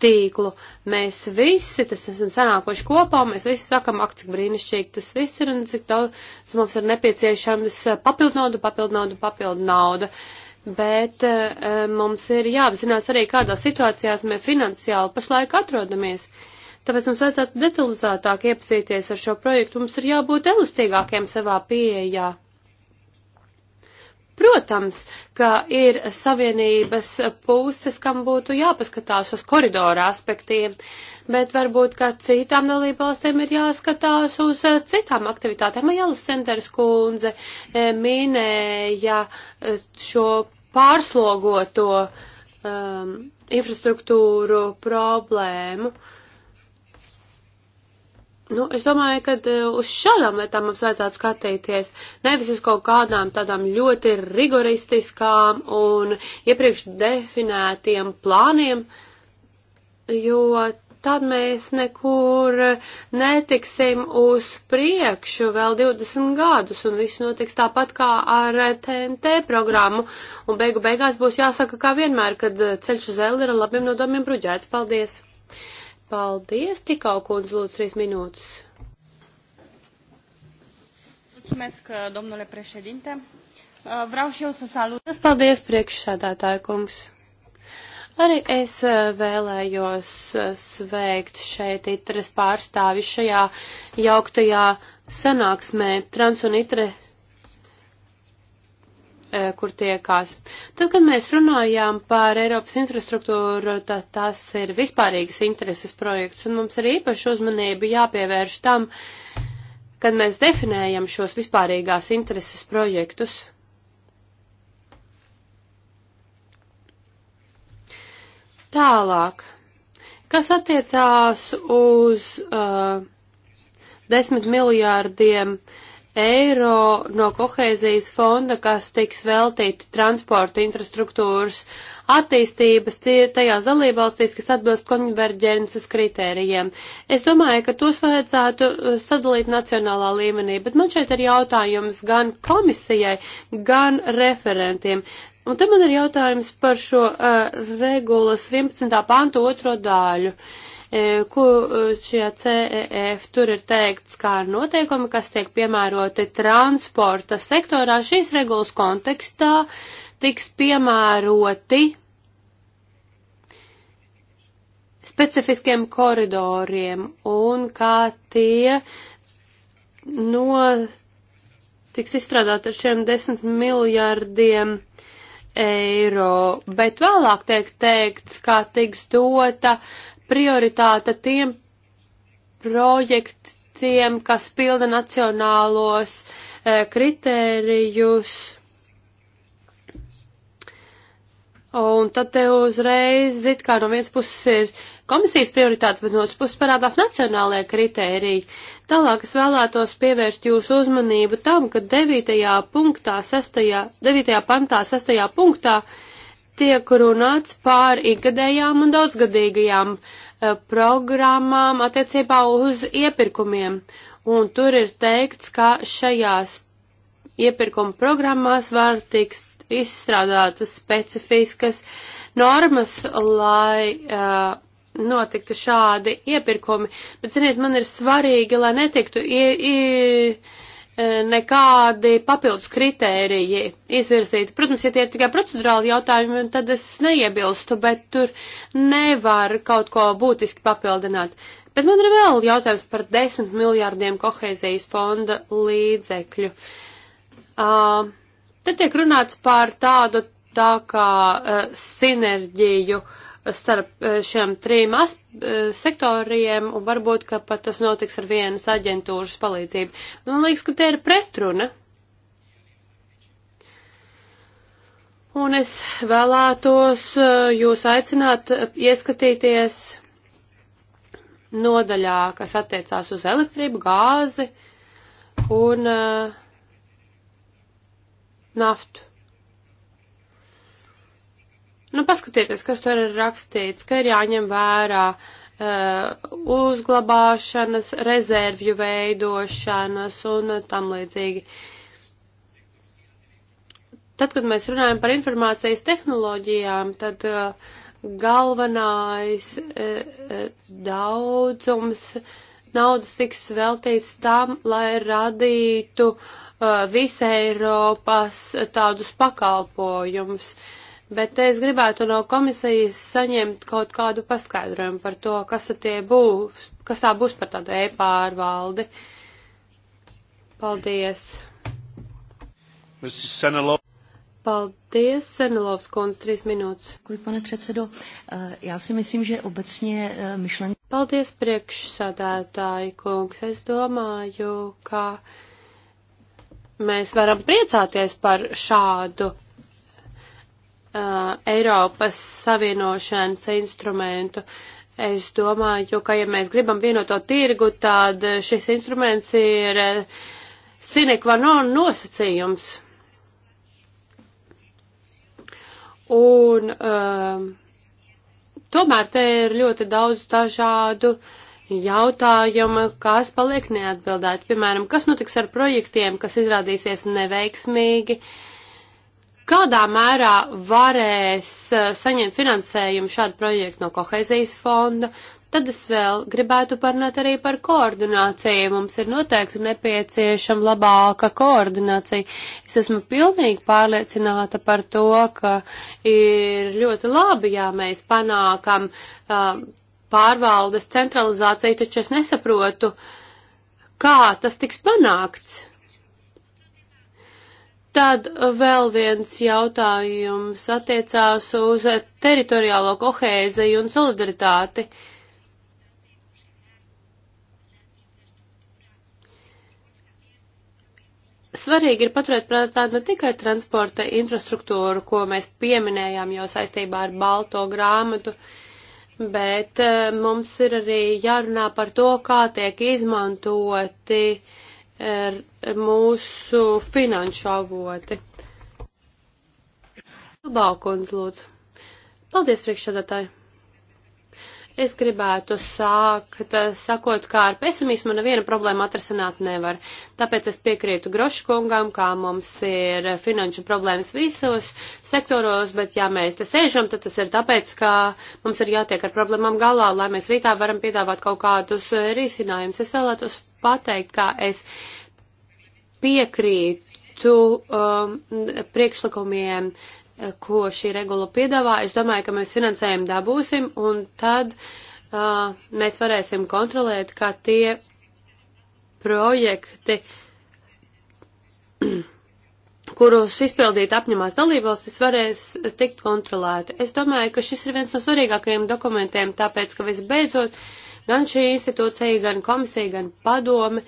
tīklu. Mēs visi, tas esam sanākuši kopā, mēs visi sakam, ak, cik brīnišķīgi tas viss ir un cik daudz mums ir nepieciešams papildu naudu, papildu naudu, papildu naudu. Bet uh, mums ir jāapzinās arī, kādā situācijā mēs finansiāli pašlaik atrodamies. Tāpēc mums vajadzētu detalizētāk iepazīties ar šo projektu. Mums ir jābūt elastīgākiem savā pieejā. Protams, ka ir savienības puses, kam būtu jāpaskatās uz koridoru aspektiem, bet varbūt, ka citām dalībvalstīm ir jāskatās uz eh, citām aktivitātēm. Jālis Senders kundze eh, minēja eh, šo pārslogoto um, infrastruktūru problēmu. Uh, Nu, es domāju, ka e, uz šādām lietām mums vajadzētu skatīties, nevis uz kaut kādām tādām ļoti rigoristiskām un iepriekš definētiem plāniem, jo tad mēs nekur netiksim uz priekšu vēl 20 gadus, un viss notiks tāpat kā ar TNT programmu, un beigu beigās būs jāsaka, kā vienmēr, kad e, ceļš uz Elli ir labiem nodomiem bruģēts. Paldies! Paldies, tikau kundz lūdzu trīs minūtes. Mulțumesc, domnule președinte. Vreau și eu să salut. Paldies, priekšsādātāja kungs. Arī es eh, vēlējos eh, sveikt šeit itres pārstāvi šajā jauktajā sanāksmē. Trans un itre E, kur tiekās. Tad, kad mēs runājām par Eiropas infrastruktūru, tā, tas ir vispārīgas intereses projekts, un mums ir īpaši uzmanība jāpievērš tam, kad mēs definējam šos vispārīgās intereses projektus. Tālāk, kas attiecās uz uh, desmit miljārdiem uh, eiro no kohēzijas fonda, kas tiks veltīti transporta infrastruktūras attīstības tajās dalībvalstīs, kas atbilst konverģences kritērijiem. Es domāju, ka tos vajadzētu uh, sadalīt nacionālā līmenī, bet man šeit ir jautājums gan komisijai, gan referentiem. Un te man ir jautājums par šo uh, regulas 11. pantu otro daļu. Uh, E, e, šajā CEF tur ir teikts, kā ir noteikumi, kas tiek piemēroti transporta sektorā, šīs regulas kontekstā tiks piemēroti specifiskiem koridoriem un kā tie no tiks izstrādāt ar šiem desmit miljārdiem eiro, bet vēlāk tiek teikts, kā tiks dota prioritāte tiem projektiem, kas pilda nacionālos e, kritērijus. Un tad te uzreiz, it kā no vienas puses ir komisijas prioritātes, bet no otras puses parādās nacionālajie kritēriji. Tālāk es vēlētos pievērst jūsu uzmanību tam, ka 9. punktā, 6. 9. pantā, 6. punktā uh, tiek runāts pār ikgadējām un daudzgadīgajām uh, programmām attiecībā uz iepirkumiem. Un tur ir teikts, ka šajās iepirkuma programmās var tiks izstrādātas specifiskas normas, lai uh, notiktu šādi iepirkumi. Bet, ziniet, man ir svarīgi, lai netiktu ie, ie, E, nekādi papildus kritēriji izvirzīti. Protams, ja tie ir tikai procedurāli jautājumi, tad es neiebilstu, bet tur nevar kaut ko būtiski papildināt. Bet man ir vēl jautājums par 10 miljārdiem kohēzijas fonda līdzekļu. Uh, tad tiek runāts par tādu tā kā uh, sinerģiju uh, starp eh, šiem trim eh, sektoriem, un varbūt, ka pat tas notiks ar vienas aģentūras palīdzību. Nu, man liekas, ka te ir pretruna. Un es vēlētos eh, jūs aicināt ieskatīties nodaļā, kas attiecās uz elektrību, gāzi un uh, naftu. Nu, paskatieties, kas tur ir rakstīts, ka ir jāņem vērā uh, uzglabāšanas, rezervju veidošanas un tam līdzīgi. Tad, kad mēs runājam par informācijas tehnoloģijām, tad uh, galvenais uh, uh daudzums naudas tiks veltīts tam, lai radītu uh, visai Eiropas tādus pakalpojumus. Uh, bet es gribētu no komisijas saņemt kaut kādu paskaidrojumu par to, kas tie būs, kas tā būs par tādu e-pārvaldi. Paldies! Paldies, Senelov skundz, trīs minūtes. Kuj, pane predsedo, eh, jā si myslím, že obecně eh, myšlenka. Paldies, priekšsādātāji kungs. Es domāju, ka mēs varam priecāties par šādu uh, Eiropas savienošanas instrumentu. Es domāju, ka ja mēs gribam vienoto tirgu, tad šis instruments ir uh, sine qua non nosacījums. Un uh, tomēr te ir ļoti daudz dažādu jautājumu, kas paliek neatbildēti. Piemēram, kas notiks ar projektiem, kas izrādīsies neveiksmīgi, uh, Kādā mērā varēs eh, saņemt finansējumu šādu projektu no kohezijas fonda? Tad es vēl gribētu parunāt arī par koordināciju. Mums ir noteikti nepieciešama labāka koordinācija. Es esmu pilnīgi pārliecināta par to, ka ir ļoti labi, ja mēs panākam uh, pārvaldes centralizāciju, taču es nesaprotu, kā tas tiks panākts. Tad vēl viens jautājums attiecās uz teritoriālo kohēziju un solidaritāti. Svarīgi ir paturēt prātā ne tikai transporta infrastruktūru, ko mēs pieminējām jau saistībā ar balto grāmatu, bet eh, mums ir arī jārunā par to, kā tiek izmantoti eh, mūsu finanšu avoti. Nu, Balkons, lūdzu. Paldies, priekšsēdētāji. Es gribētu sākt, eh, sakot, kā ar pesimismu neviena problēma atrasināt nevar. Tāpēc es piekrītu Groškungam, kā mums ir finanšu problēmas visos sektoros, bet ja mēs te sēžam, tad tas ir tāpēc, ka mums ir jātiek ar problēmām galā, lai mēs rītā varam piedāvāt kaut kādus eh, risinājumus. Es vēlētos pateikt, kā es piekrītu um, priekšlikumiem, eh, ko šī regula piedāvā. Es domāju, ka mēs finansējumu dabūsim, un tad uh, mēs varēsim kontrolēt, kā tie projekti, *clears throat* kurus izpildīt apņemās dalībvalstis, varēs tikt kontrolēti. Es domāju, ka šis ir viens no svarīgākajiem dokumentiem, tāpēc, ka visbeidzot Gan šī institūcija, gan komisija, gan padome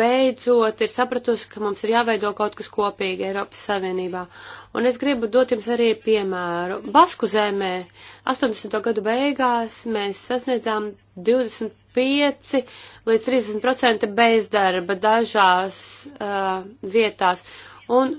beidzot ir sapratusi, ka mums ir jāveido kaut kas kopīgi Eiropas Savienībā. Un es gribu dot jums arī piemēru. Basku zemē 80. gadu beigās mēs sasniedzām 25 līdz 30% bezdarba dažās uh, vietās. Un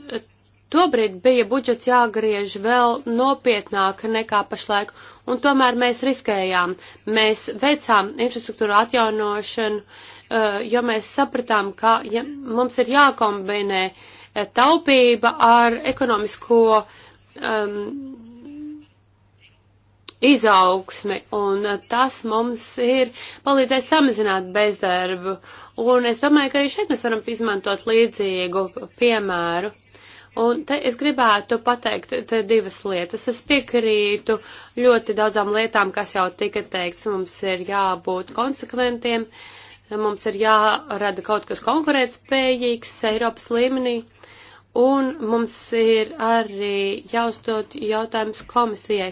Tobrīd bija budžets jāgriež vēl nopietnāk nekā pašlaik, un tomēr mēs riskējām. Mēs veicām infrastruktūru atjaunošanu, eh, jo mēs sapratām, ka ja mums ir jākombinē eh, taupība ar ekonomisko um, izaugsmi, un eh, tas mums ir palīdzējis samazināt bezdarbu. Un es domāju, ka arī šeit mēs varam izmantot līdzīgu piemēru. Un te es gribētu pateikt te divas lietas. Es piekrītu ļoti daudzām lietām, kas jau tika teikts. Mums ir jābūt konsekventiem, mums ir jārada kaut kas konkurētspējīgs Eiropas līmenī. Un mums ir arī jāuzdod jautājums komisijai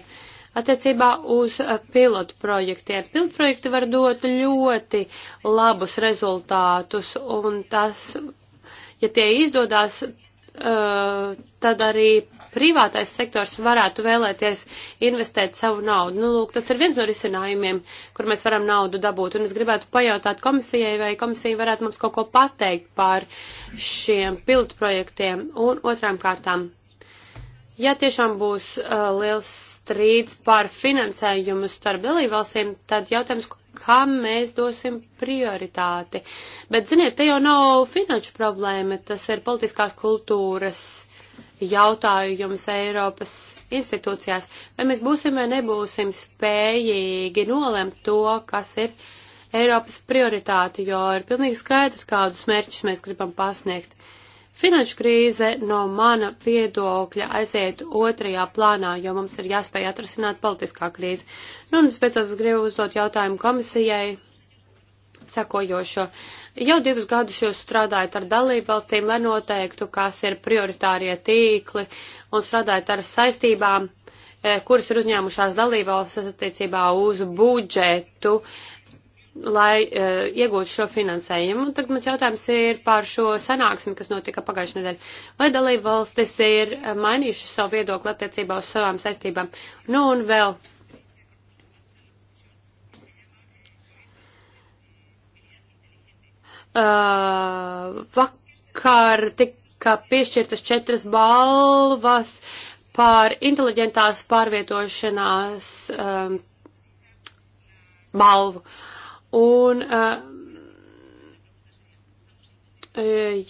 attiecībā uz pilotu projektiem. Pilotu projekti var dot ļoti labus rezultātus, un tas, ja tie izdodās, Eh, tad arī privātais sektors varētu vēlēties investēt savu naudu. Nu, lūk, tas ir viens no risinājumiem, kur mēs varam naudu dabūt. Un es gribētu pajautāt komisijai, vai komisija varētu mums kaut ko pateikt par šiem pilotprojektiem un otrām kārtām. Ja tiešām būs uh, liels strīds par finansējumu starp dalībvalstīm, tad jautājums, kam mēs dosim prioritāti. Bet, ziniet, te jau nav finanšu problēma, tas ir politiskās kultūras jautājums Eiropas institūcijās. Vai mēs būsim vai nebūsim spējīgi nolemt to, kas ir Eiropas prioritāte, jo ir pilnīgi skaidrs, kādus mērķus mēs gribam pasniegt. Finanšu krīze no mana viedokļa aiziet otrajā plānā, jo mums ir jāspēj atrasināt politiskā krīze. Nu, un pēc tam es gribu uzdot jautājumu komisijai sekojošo. Jau divus gadus jūs strādājat ar dalību valstīm, lai noteiktu, kas ir prioritārie tīkli un strādājat ar saistībām, eh, kuras ir uzņēmušās dalību valsts attiecībā uz budžetu. Uh, lai uh, iegūtu šo finansējumu. Un tagad mans jautājums ir par šo sanāksmi, kas notika pagājušajā nedēļā. Vai dalība valstis ir eh, mainījuši savu viedokli attiecībā uz savām saistībām? Nu un vēl. Uh, vakar tika piešķirtas četras balvas par inteliģentās pārvietošanās um, balvu. Uh, Un uh,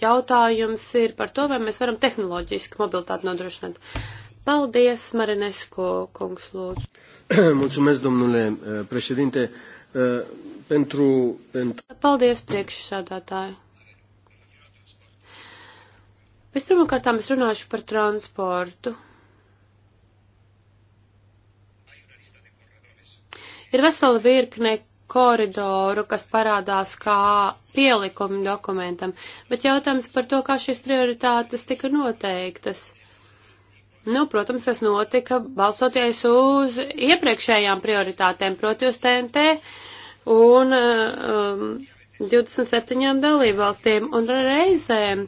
jautājums ir par to, vai mēs varam tehnoloģiski mobilitāti nodrošināt. Paldies, Marinesko kungs, lūdzu. *clears throat* Mulțumesc, domnule eh, președinte, eh, pentru... pentru... Paldies, priekšsādātāji. Vispirmkārt, es runāšu par transportu. Ir vesela virkne koridoru, kas parādās kā pielikumi dokumentam, bet jautājums par to, kā šīs prioritātes tika noteiktas. Nu, protams, tas notika balsoties uz iepriekšējām prioritātēm, proti uz TNT un um, 27 dalībvalstīm, un reizēm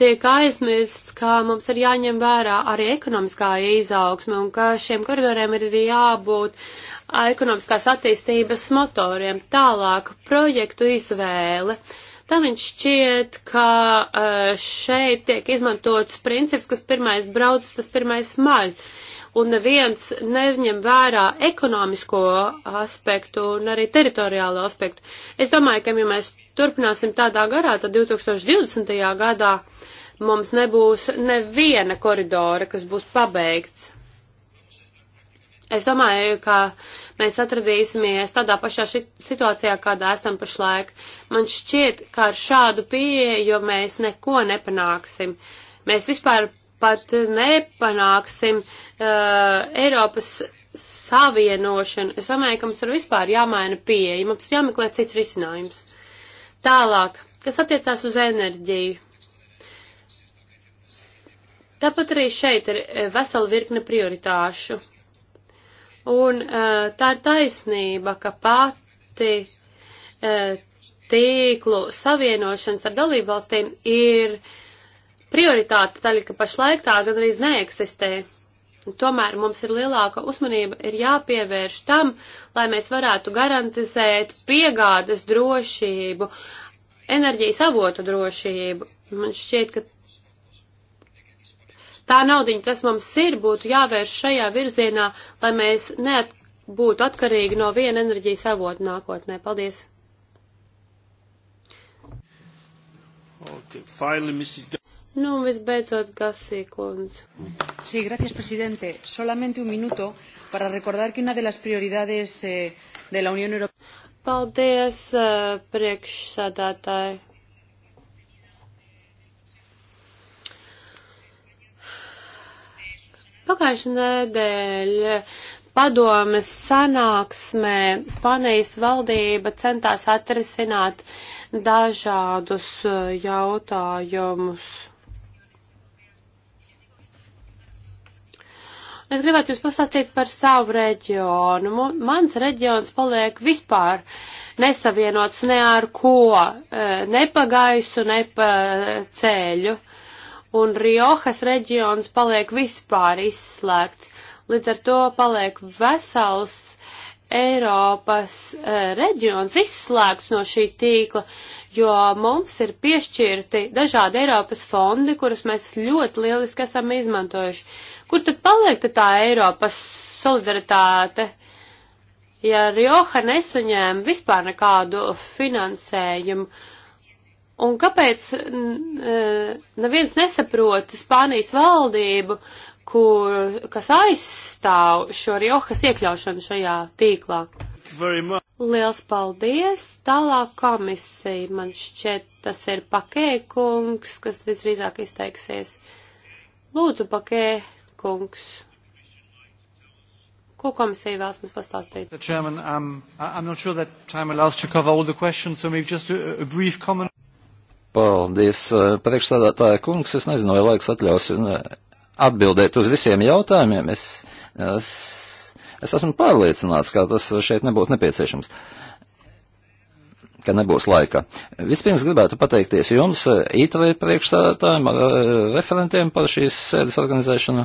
tiek aizmirsts, ka mums ir jāņem vērā arī ekonomiskā izaugsme un ka šiem koridoriem ir arī jābūt ekonomiskās attīstības motoriem. Tālāk projektu izvēle. Tā viņš šķiet, ka šeit tiek izmantots princips, kas pirmais brauc, tas pirmais maļ un neviens neņem vērā ekonomisko aspektu un arī teritoriālo aspektu. Es domāju, ka, ja mēs turpināsim tādā garā, tad 2020. gadā mums nebūs neviena koridora, kas būs pabeigts. Es domāju, ka mēs atradīsimies tādā pašā situācijā, kādā esam pašlaik. Man šķiet, ka ar šādu pieeju mēs neko nepanāksim. Mēs vispār pat nepanāksim uh, Eiropas savienošanu. Es domāju, ka mums ir vispār jāmaina pieeja, mums ir jāmeklē cits risinājums. Tālāk, kas attiecās uz enerģiju. Tāpat arī šeit ir eh, vesela virkne prioritāšu. Un eh, tā ir taisnība, ka pati eh, tīklu savienošanas ar dalību valstīm ir prioritāte, tā ka pašlaik tā gan arī neeksistē. Tomēr mums ir lielāka uzmanība ir jāpievērš tam, lai mēs varētu garantizēt piegādes drošību, enerģijas avotu drošību. Man šķiet, ka tā naudiņa, kas mums ir, būtu jāvērš šajā virzienā, lai mēs neat būtu atkarīgi no viena enerģijas avota nākotnē. Paldies! Okay, finally, Mrs. Nu, visbeidzot, Gasī kundze. Sí, gracias, presidente. Solamente un minuto para recordar que una de las prioridades eh, de la Unión Europea. Paldies, uh, eh, priekšsādātāji. Pagājušajā nedēļā padomes sanāksmē Spānijas valdība centās atrisināt dažādus eh, jautājumus. Es gribētu jums pastāstīt par savu reģionu. Mans reģions paliek vispār nesavienots ne ar ko, e, ne pa gaisu, ne pa ceļu. Un Riohas reģions paliek vispār izslēgts. Līdz ar to paliek vesels Eiropas uh, reģions izslēgts no šī tīkla, jo mums ir piešķirti dažādi Eiropas fondi, kurus mēs ļoti lieliski esam izmantojuši. Kur tad paliek tad tā Eiropas solidaritāte, ja Rioja nesaņēma vispār nekādu finansējumu? Un kāpēc e, neviens nesaprot Spānijas valdību, kur, kas aizstāv šo Riohas iekļaušanu šajā tīklā. Liels paldies! Tālāk komisija, man šķiet, tas ir pakēkungs, kas visdrīzāk izteiksies. Lūdzu, pakēkungs! Ko komisija vēlas mums pastāstīt? Chairman, um, sure questions, so Paldies, uh, priekšstādātāja kungs. Es nezinu, vai laiks atļaus uh, atbildēt uz visiem jautājumiem. Es, es, es esmu pārliecināts, ka tas šeit nebūtu nepieciešams ka nebūs laika. Vispirms gribētu pateikties jums, ITV priekšstādātājiem, referentiem par šīs sēdes organizēšanu.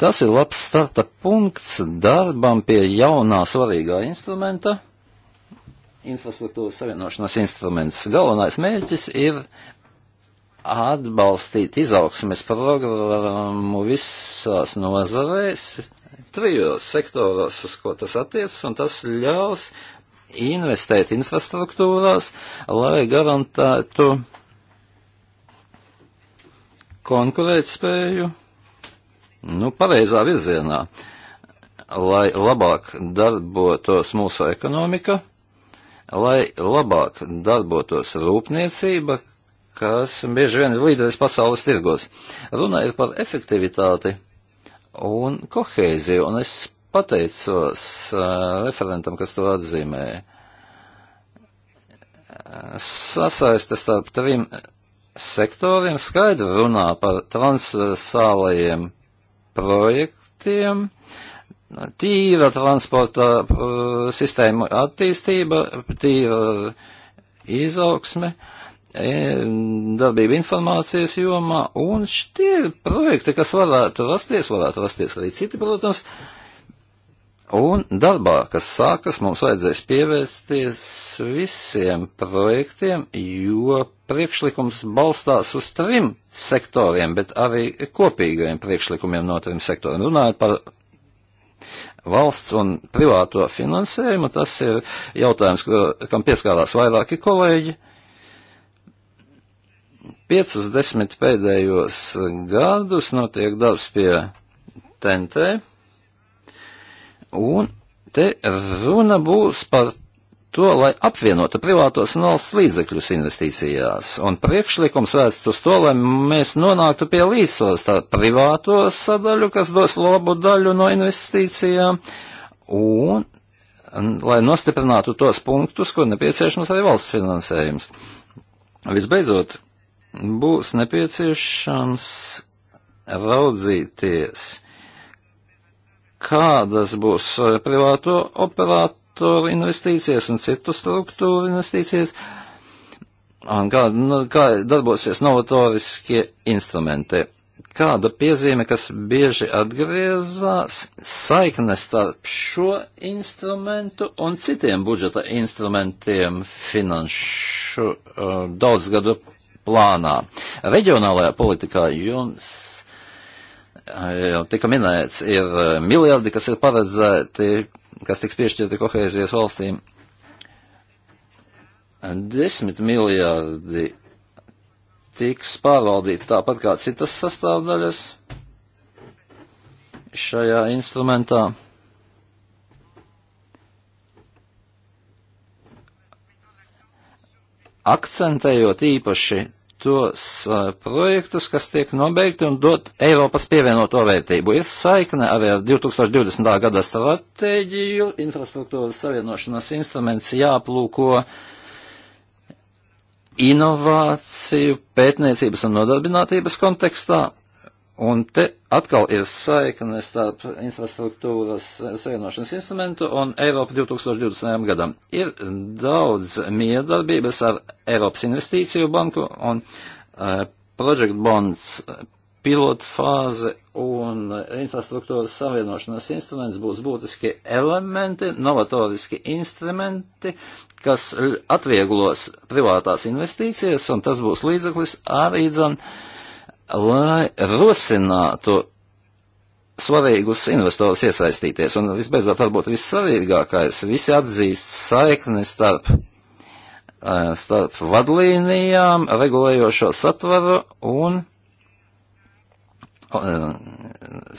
Tas ir labs starta punkts darbam pie jaunā svarīgā instrumenta infrastruktūras savienošanās instruments. Galvenais mērķis ir atbalstīt izaugsmes programmu visās nozarēs, trijos sektoros, uz ko tas attiecas, un tas ļaus investēt infrastruktūrās, lai garantētu konkurētspēju, nu, pareizā virzienā, lai labāk darbotos mūsu ekonomika, lai labāk darbotos rūpniecība, kas bieži vien ir līderis pasaules tirgos. Runa ir par efektivitāti un kohēziju, un es pateicos uh, referentam, kas to atzīmēja. Sasaiste starp trim sektoriem skaidri runā par transversālajiem projektiem, tīra transporta uh, sistēma attīstība, tīra izaugsme. Uh, darbību informācijas jomā, un tie projekti, kas varētu rasties, varētu rasties arī citi, protams, un darbā, kas sākas, mums vajadzēs pievērsties visiem projektiem, jo priekšlikums balstās uz trim sektoriem, bet arī kopīgajiem priekšlikumiem no trim sektoriem. Runājot par valsts un privāto finansējumu, tas ir jautājums, kam pieskārās vairāki kolēģi. Uh, Piecus desmit pēdējos gadus notiek darbs pie TNT, un te runa būs par to, lai apvienotu privātos un valsts līdzekļus investīcijās, un priekšlikums vērsts uz to, lai mēs nonāktu pie līdzsvaras starp privāto sadaļu, kas dos labu daļu no investīcijām, un lai nostiprinātu tos punktus, kur nepieciešams arī valsts finansējums. Visbeidzot, būs nepieciešams raudzīties, kādas būs eh, privāto operatoru investīcijas un citu struktūru investīcijas, un kā, nu, kā darbosies novatoriskie instrumenti. Kāda piezīme, kas bieži atgriezās, saikne starp šo instrumentu un citiem budžeta instrumentiem finanšu uh, daudzgadu plānā. Reģionālajā politikā jums jau tika minēts, ir eh, miljardi, kas ir paredzēti, kas tiks piešķirti kohēzijas valstīm. Desmit miljardi tiks pārvaldīti tāpat kā citas sastāvdaļas šajā instrumentā. akcentējot īpaši tos uh, projektus, kas tiek nobeigti un dot Eiropas pievienoto vērtību. Ir saikne arī ar 2020. gada stratēģiju, infrastruktūras savienošanas instruments jāplūko inovāciju pētniecības un nodarbinātības kontekstā, Un te atkal ir saikne starp infrastruktūras savienošanas instrumentu un Eiropa 2020. gadam. Ir daudz miedarbības ar Eiropas investīciju banku un uh, Project Bonds pilotfāze un infrastruktūras savienošanas instruments būs būtiski elementi, novatoriski instrumenti, kas atvieglos privātās investīcijas, un tas būs līdzeklis arī dzan. Uh, lai rosinātu svarīgus investorus iesaistīties. Un visbeidzot, varbūt vissvarīgākais, visi atzīst saikni starp, eh, starp vadlīnijām, regulējošo satvaru un eh,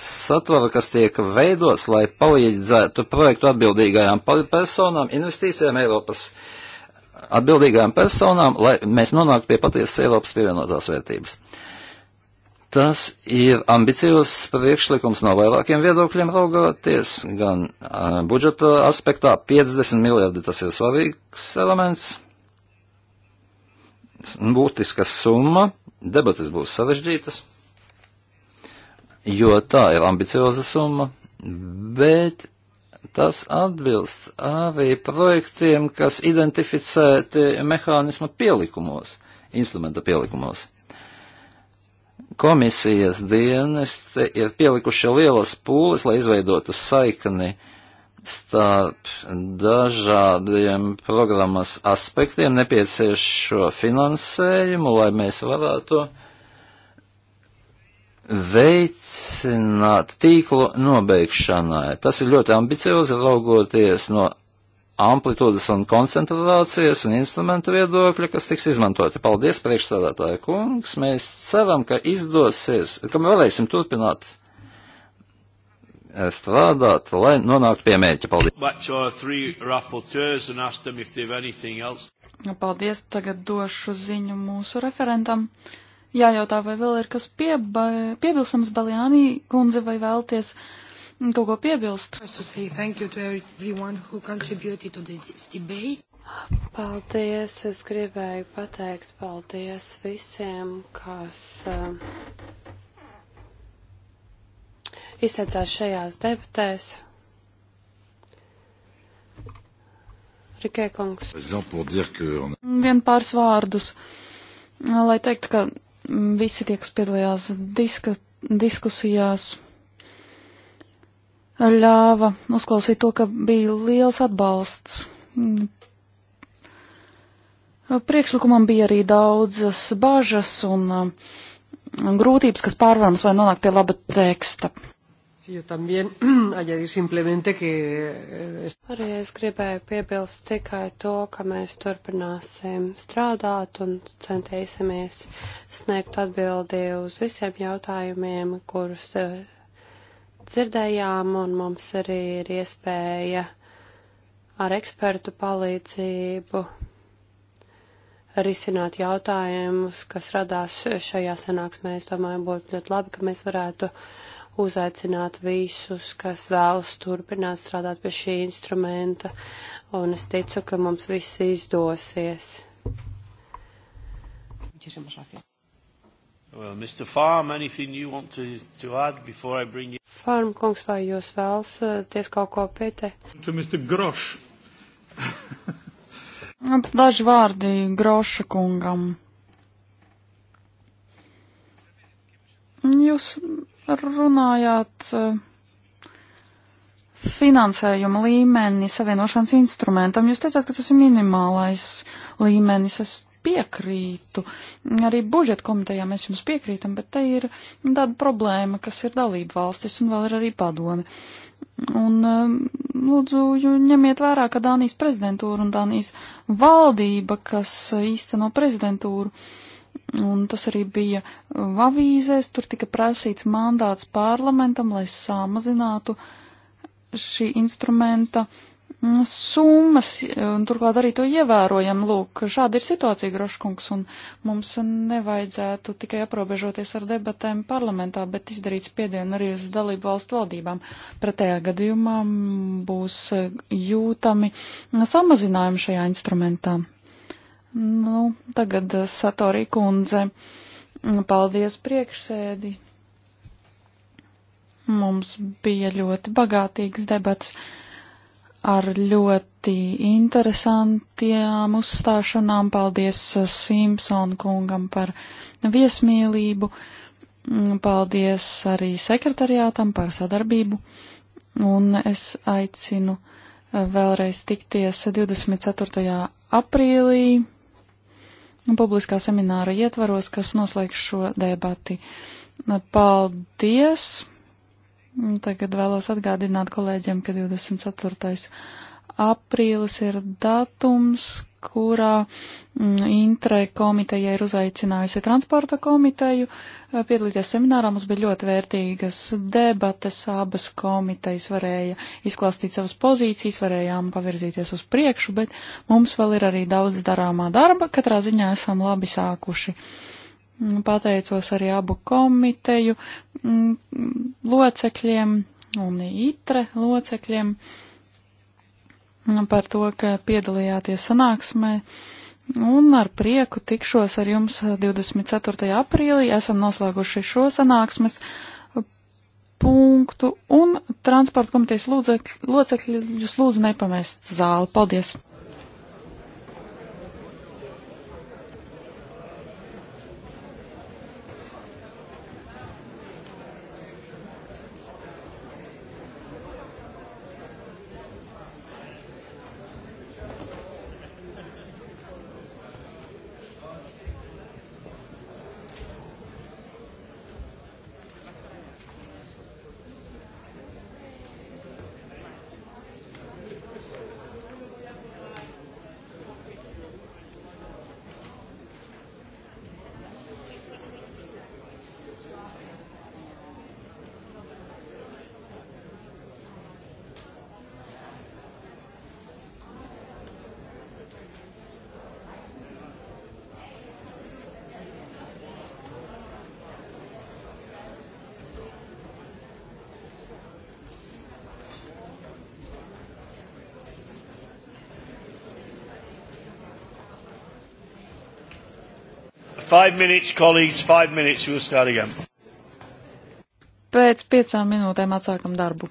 satvaru, kas tiek veidots, lai palīdzētu projektu atbildīgajām personām, investīcijām Eiropas atbildīgajām personām, lai mēs nonāktu pie patiesas Eiropas pievienotās vērtības. Uh, Tas ir ambiciozs priekšlikums no vairākiem viedokļiem raugoties, gan uh, budžeta aspektā 50 miljardi tas ir svarīgs elements, būtiska summa, debatas būs sarežģītas, jo tā ir ambicioza summa, bet tas atbilst arī projektiem, kas identificēti mehānisma pielikumos, instrumenta pielikumos. Komisijas dienesti ir pielikuši lielas pūles, lai izveidotu saikni starp dažādiem programmas aspektiem, nepieciešo finansējumu, lai mēs varētu veicināt tīklu nobeigšanai. Tas ir ļoti ambiciozi raugoties no amplitūdas un koncentrācijas un instrumentu viedokļa, kas tiks izmantoti. Paldies, priekšstādātāja kungs. Mēs ceram, ka izdosies, ka mēs varēsim turpināt eh, strādāt, lai nonāktu pie mērķa. Paldies. Paldies, tagad došu ziņu mūsu referentam. Jājautā, vai vēl ir kas piebilstams, Baliānī kundze, vai vēlties kaut ko piebilst? Paldies! Es gribēju pateikt paldies visiem, kas uh, izteicās šajās debatēs. Rikē kungs. Vien pāris vārdus, lai teikt, ka visi tie, kas piedalījās diska, diskusijās, ļāva uzklausīt to, ka bija liels atbalsts. Priekšlikumam bija arī daudzas bažas un uh, grūtības, kas pārvarams, lai nonāktu pie laba teksta. *clears throat* Eh, arī es gribēju piebilst tikai to, ka mēs turpināsim strādāt un centīsimies sniegt atbildi uz visiem jautājumiem, kurus eh, dzirdējām, un mums arī ir iespēja ar ekspertu palīdzību risināt jautājumus, kas radās šajā sanāksmē. Es domāju, būtu ļoti labi, ka mēs varētu uzaicināt visus, kas vēlas turpināt strādāt pie šī instrumenta, un es ticu, ka mums viss izdosies. Muchísimas gracias. Well, Mr. Farm, anything you want to, to add before I bring you? Farm kungs, vai jūs vēlsties eh, kaut ko pieteikt? To Mr. Groš. Nu, daži vārdi Groša kungam. Jūs runājāt eh, finansējuma līmeni savienošanas instrumentam. Jūs teicāt, ka tas ir minimālais līmenis. Es piekrītu. Arī budžeta komitejā mēs jums piekrītam, bet te ir tāda problēma, kas ir dalība valstis un vēl ir arī padomi. Un um, lūdzu, ņemiet vērā, ka Dānijas prezidentūra un Dānijas valdība, kas īsteno prezidentūru, un tas arī bija avīzēs, tur tika prasīts mandāts parlamentam, lai samazinātu šī instrumenta uh, Mm, summas, e, un turklāt arī to ievērojam. Lūk, šāda ir situācija, Groškungs, un mums nevajadzētu tikai aprobežoties ar debatēm parlamentā, bet izdarīt spiedienu arī uz dalību valstu valdībām. Pretējā gadījumā būs e, jūtami samazinājumi šajā instrumentā. Nu, tagad e, Satorī kundze. Paldies priekšsēdi. Mums bija ļoti bagātīgs debats ar ļoti interesantiem uzstāšanām. Paldies eh, Simpson kungam par viesmīlību. Mm, paldies arī sekretariātam par sadarbību. Un es aicinu eh, vēlreiz tikties 24. aprīlī publiskā semināra ietvaros, kas noslēgs šo debati. Paldies! Mm, tagad vēlos atgādināt kolēģiem, ka 24. aprīlis ir datums, kurā mm, Intre komiteja ir uzaicinājusi transporta komiteju eh, piedalīties seminārā. Mums bija ļoti vērtīgas debates, abas komitejas varēja izklāstīt savas pozīcijas, varējām pavirzīties uz priekšu, bet mums vēl ir arī daudz darāmā darba. Katrā ziņā esam labi sākuši Mm, pateicos arī abu komiteju mm, locekļiem un itre locekļiem mm, par to, ka piedalījāties sanāksmē. Un ar prieku tikšos ar jums 24. aprīlī. Esam noslēguši šo sanāksmes punktu un transporta komitejas locekļus lūdzu nepamest zāli. Paldies! Five minutes, colleagues, five minutes, we'll start again. Pēc piecām minūtēm atsākam darbu.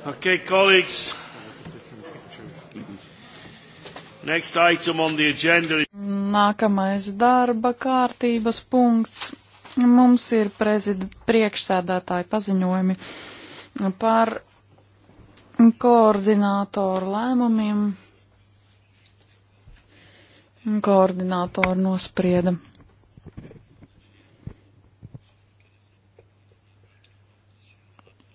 Okay, colleagues. Next item on the agenda. Nākamais darba kārtības punkts. Mums ir priekšsēdētāji paziņojumi par koordinātoru lēmumiem. Koordinātori nosprieda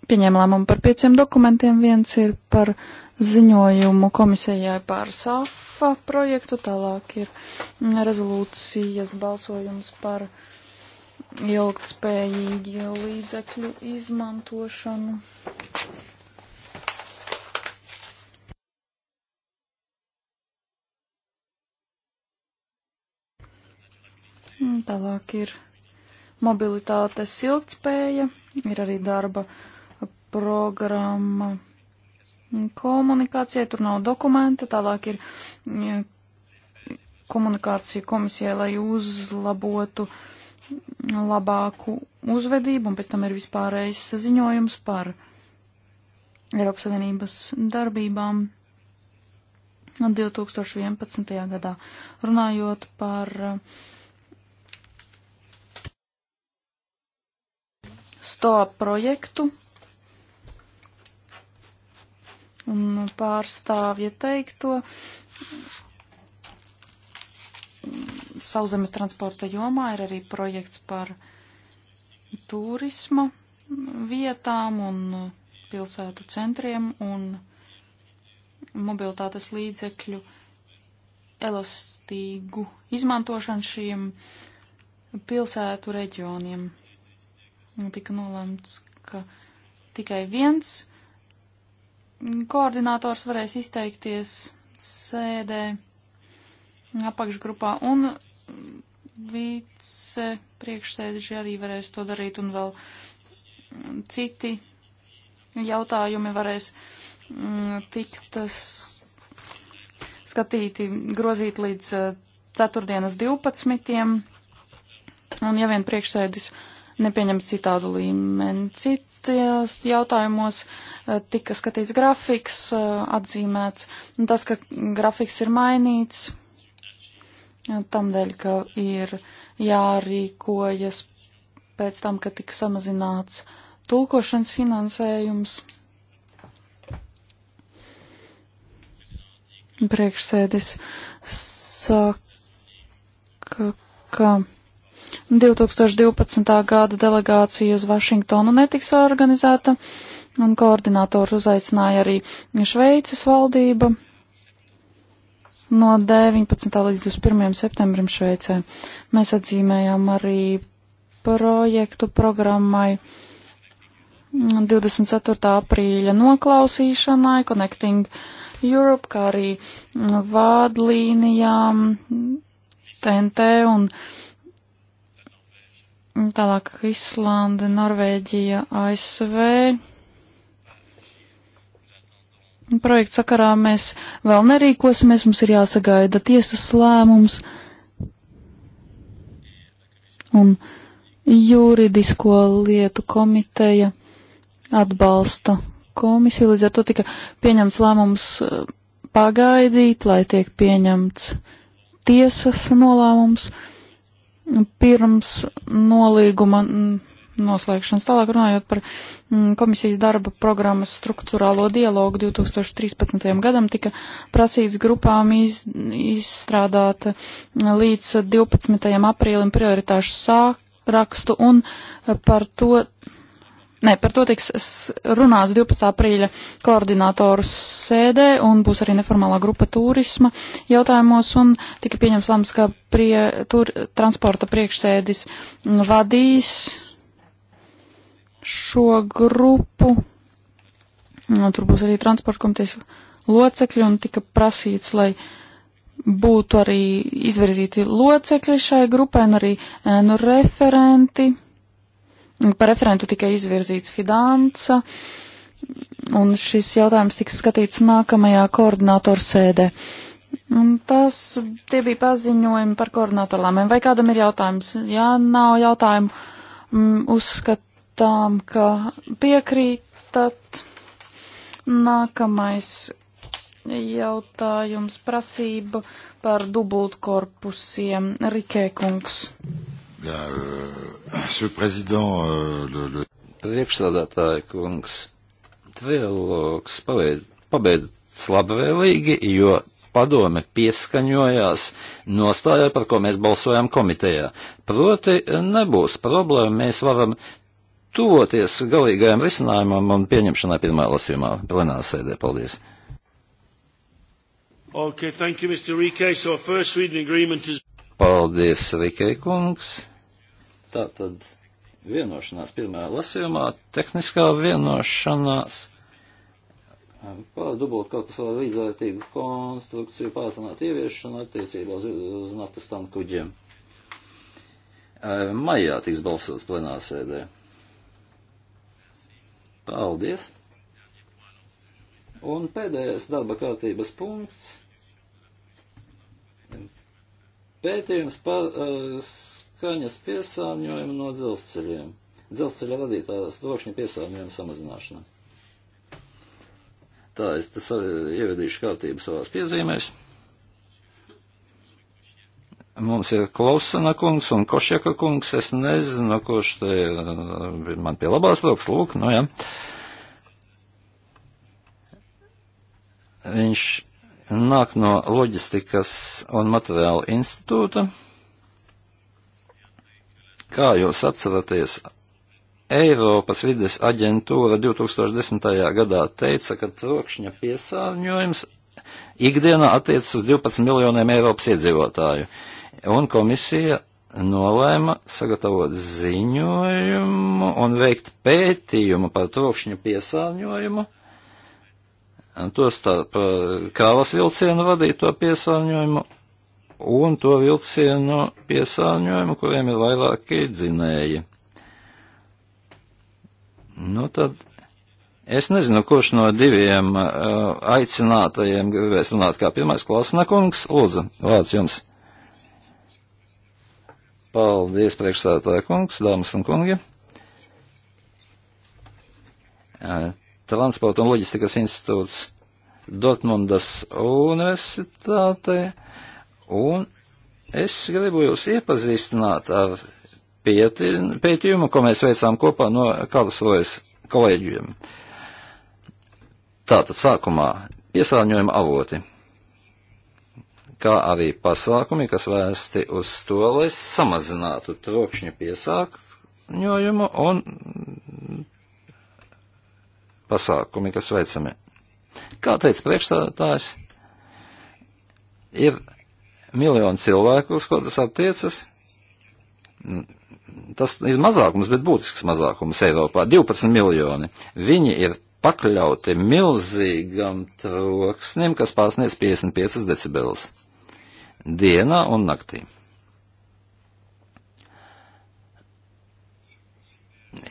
pieņēma lēmumu par pieciem dokumentiem. Viens ir par ziņojumu komisijai par SAFA projektu, tālāk ir rezolūcijas balsojums par ilgtspējīgu līdzekļu izmantošanu. Tālāk ir mobilitātes ilgtspēja, ir arī darba uh, programma komunikācijai, tur nav dokumenta, tālāk ir komunikācija komisijai, lai uzlabotu labāku uzvedību, un pēc tam ir vispārējais saziņojums par Eiropas Savienības darbībām 2011. gadā. Runājot par eh, STO projektu, un pārstāvja teikto sauszemes transporta jomā ir arī projekts par turisma vietām un pilsētu centriem un mobilitātes līdzekļu elastīgu izmantošanu šiem pilsētu reģioniem. Tika nolēmts, ka tikai viens Koordinators varēs izteikties sēdē apakšgrupā un vice priekšsēdiži arī varēs to darīt un vēl citi jautājumi varēs mm, tikt skatīti, grozīt līdz eh, ceturtdienas 12. Un ja vien priekšsēdis uh, nepieņems citādu līmeni. Citos jautājumos eh, tika skatīts grafiks, eh, atzīmēts tas, ka grafiks ir mainīts, eh, tamdēļ, ka ir jārīkojas pēc tam, kad tika samazināts tulkošanas finansējums. Priekšsēdis saka, ka. 2012. gada delegācija uz Vašingtonu netiks organizēta, un koordinātoru uzaicināja arī Šveices valdība no 19. līdz 21. septembrim Šveicē. Mēs atzīmējām arī projektu programmai 24. aprīļa noklausīšanai, Connecting Europe, kā arī vādlīnijām, TNT un. Uh, Mm, tālāk Islanda, Norvēģija, ASV. Projekta sakarā mēs vēl nerīkosimies, mums ir jāsagaida tiesas lēmums un juridisko lietu komiteja atbalsta komisiju. Līdz ar to tika pieņemts lēmums eh, pagaidīt, lai tiek pieņemts tiesas nolēmums. Uh, pirms nolīguma noslēgšanas. Tālāk runājot par mm, komisijas darba programmas struktūrālo dialogu 2013. gadam, tika prasīts grupām iz, izstrādāt līdz 12. aprīlim prioritāšu sākrakstu un par to Nē, par to tiks runāts 12. aprīļa koordinātoru sēdē un būs arī neformālā grupa turisma jautājumos un tika pieņems lēmums, ka prie, tur, transporta priekšsēdis vadīs šo grupu. Nu, tur būs arī transporta komitejas locekļi un tika prasīts, lai būtu arī izvirzīti locekļi šai grupai un arī e, nu, referenti Par referentu tika izvirzīts Fidansa, un šis jautājums tiks skatīts nākamajā koordinātoru sēdē. Un tas tie bija paziņojumi par koordinātoru lēmēm. Vai kādam ir jautājums? Jā, nav jautājumu. Mm, uzskatām, ka piekrītat. Nākamais jautājums prasība par dubultkorpusiem. Rikē kungs. Jā, šo prezidentu. Priekšsādātāja kungs, dialogs pabeidz labvēlīgi, jo padome pieskaņojās nostājai, par ko mēs balsojām komitejā. Proti nebūs problēma, mēs varam tuvoties galīgajam risinājumam un pieņemšanai pirmā lasījumā plenārā sēdē. Paldies! Okay, thank you, Mr. Rike. So our first reading agreement is... Paldies, Rike kungs! Tātad vienošanās pirmajā lasījumā, tehniskā vienošanās um, par dubult korpusā līdzvērtīgu konstrukciju pātrināt ieviešanu attiecībā uz, uz naftas tanku kuģiem. Um, maijā tiks balsots plenārsēdē. Paldies! Un pēdējais darba kārtības punkts. Pētījums par uh, kaņas piesārņojumu no dzelzceļiem. Dzelzceļa radītās trokšņa piesārņojuma samazināšana. Tā es tas ievedīšu kārtību savās piezīmēs. Mums ir Klausana kungs un Košjaka kungs, es nezinu, kurš te eh, ir man pie labās rokas, lūk, nu jā. Viņš nāk no Loģistikas un materiāla institūta. Kā jūs atceraties, Eiropas vides aģentūra 2010. gadā teica, ka trokšņa piesārņojums ikdienā attiecas uz 12 miljoniem Eiropas iedzīvotāju, un komisija nolēma sagatavot ziņojumu un veikt pētījumu par trokšņu piesārņojumu, tostarp eh, kravas vilcienu vadīto piesārņojumu un to vilcienu piesārņojumu, kuriem ir vairāki dzinēji. Nu tad es nezinu, kurš no diviem uh, aicinātajiem gribēs runāt kā pirmais klasnakungs. Lūdzu, vārds jums. Paldies, priekšstādātāja kungs, dāmas un kungi. Uh, Transporta un loģistikas institūts Dortmundas universitāte Un es gribu jūs iepazīstināt ar pieti, pētījumu, ko mēs veicām kopā no Karlsrojas kolēģiem. Tātad sākumā piesārņojuma avoti, kā arī pasākumi, kas vērsti uz to, lai samazinātu trokšņa piesārņojumu un pasākumi, kas veicami. Kā teica priekšstādātājs, ir miljonu cilvēku, uz ko tas attiecas. Tas ir mazākums, bet būtisks mazākums Eiropā - 12 miljoni. Viņi ir pakļauti milzīgam troksnim, kas pārsniec 55 decibels dienā un naktī.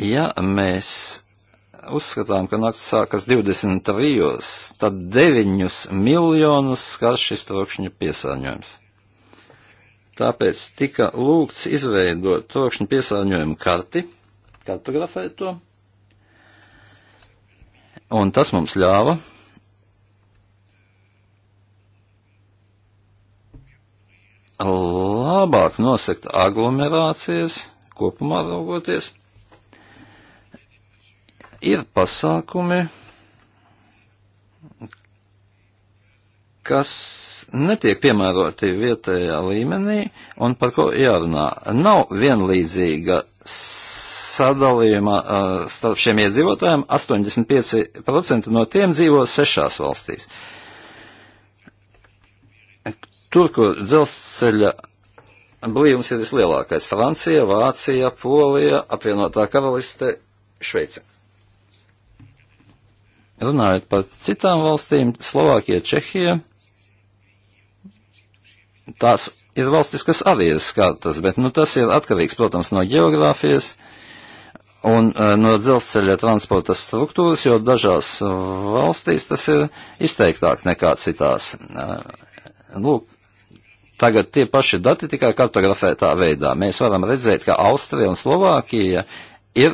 Ja mēs uzskatām, ka naktis sākas 23, tad 9 miljonus skar šis trokšņa piesāņojums. Tāpēc tika lūgts izveidot trokšņa piesārņojuma karti, kartografēt to, un tas mums ļāva labāk nosekt aglomerācijas kopumā raugoties. Ir pasākumi, kas netiek piemēroti vietējā līmenī un par ko jārunā. Nav vienlīdzīga sadalījuma uh, starp šiem iedzīvotājiem. 85% no tiem dzīvo sešās valstīs. Tur, kur dzelzceļa blīvums ir vislielākais - Francija, Vācija, Polija, apvienotā karaliste, Šveice. Runājot par citām valstīm, Slovākija, Čehija tās ir valstiskas avieskatas, bet nu, tas ir atkarīgs, protams, no geogrāfijas un e, no dzelzceļa transporta struktūras, jo dažās valstīs tas ir izteiktāk nekā citās. Lūk, e, nu, tagad tie paši dati tikai kartografētā veidā. Mēs varam redzēt, ka Austrija un Slovākija ir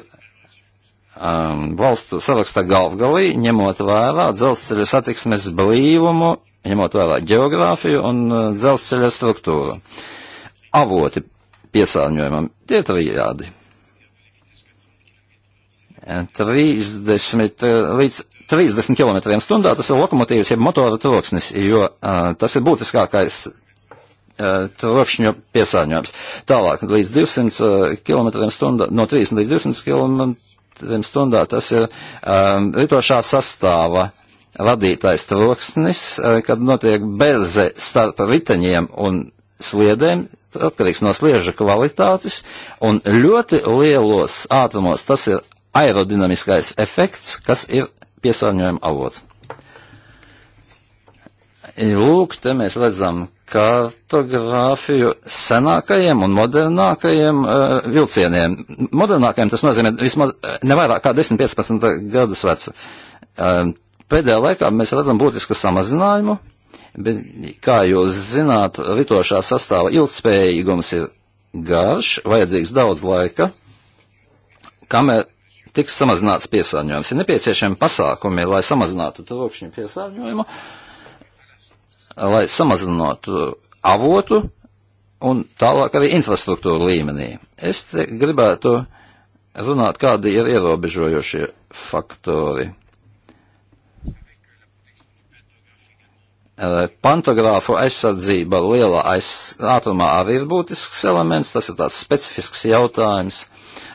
um, valstu saraksta galvgalī, ņemot vērā dzelzceļa satiksmes blīvumu ņemot vērā geogrāfiju un uh, dzelzceļa struktūru. Avoti piesārņojumam tie trījādi. 30 uh, līdz 30 km stundā tas ir lokomotīvas, jeb motora troksnis, jo uh, tas ir būtiskākais uh, trokšņu piesārņojums. Tālāk, līdz 200 uh, km stundā, no 30 līdz 200 km stundā tas ir um, ritošā sastāva vadītājs troksnis, eh, kad notiek berze starp riteņiem un sliedēm, atkarīgs no slieža kvalitātes, un ļoti lielos ātrumos tas ir aerodinamiskais efekts, kas ir piesārņojuma avots. Lūk, te mēs redzam kartogrāfiju senākajiem un modernākajiem uh, vilcieniem. Modernākajiem tas nozīmē vismaz eh, nevairāk kā 10-15 gadus vecu. Uh, Pēdējā laikā mēs redzam būtisku samazinājumu, bet, kā jūs zināt, ritošā sastāva ilgspējīgums ir garš, vajadzīgs daudz laika, kamēr tiks samazināts piesārņojums. Ir nepieciešami pasākumi, lai samazinātu trokšņu piesārņojumu, lai samazinātu avotu un tālāk arī infrastruktūru līmenī. Es gribētu runāt, kādi ir ierobežojošie faktori. Eh, pantogrāfu aizsardzība lielā aiz, ātrumā arī ir būtisks elements, tas ir tāds specifisks jautājums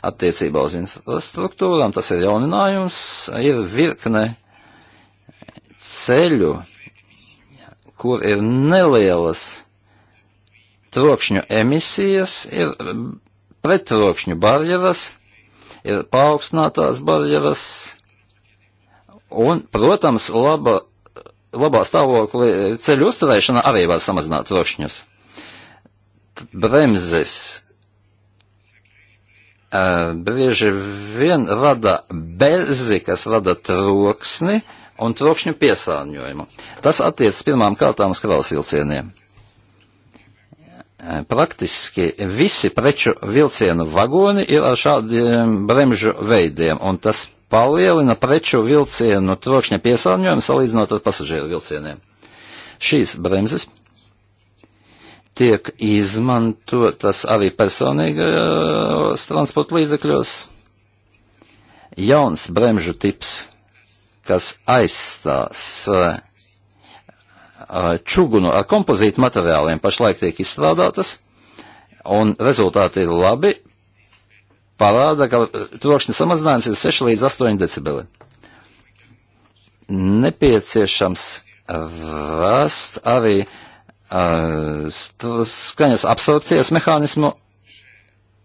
attiecībā uz infrastruktūrām, tas ir jauninājums, ir virkne ceļu, kur ir nelielas trokšņu emisijas, ir pretrokšņu barjeras, ir paaugstinātās barjeras, un, protams, laba labā stāvoklī ceļu uzturēšana arī var samazināt trokšņus. Bremzes bieži vien rada bezi, kas rada troksni un trokšņu piesārņojumu. Tas attiecas pirmām kārtām uz kravas vilcieniem. Praktiski visi preču vilcienu vagoni ir ar šādiem bremžu veidiem, un tas palielina preču vilcienu trokšņa piesārņojumu salīdzinot ar pasažieru vilcieniem. Šīs bremzes tiek izmantotas arī personīgajos transporta līdzekļos. Jauns bremžu tips, kas aizstās čugunu ar kompozītu materiāliem, pašlaik tiek izstrādātas, un rezultāti ir labi, parāda, ka trokšņa samazinājums ir 6 līdz 8 decibeli. Nepieciešams rast arī uh, skaņas absorpcijas mehānismu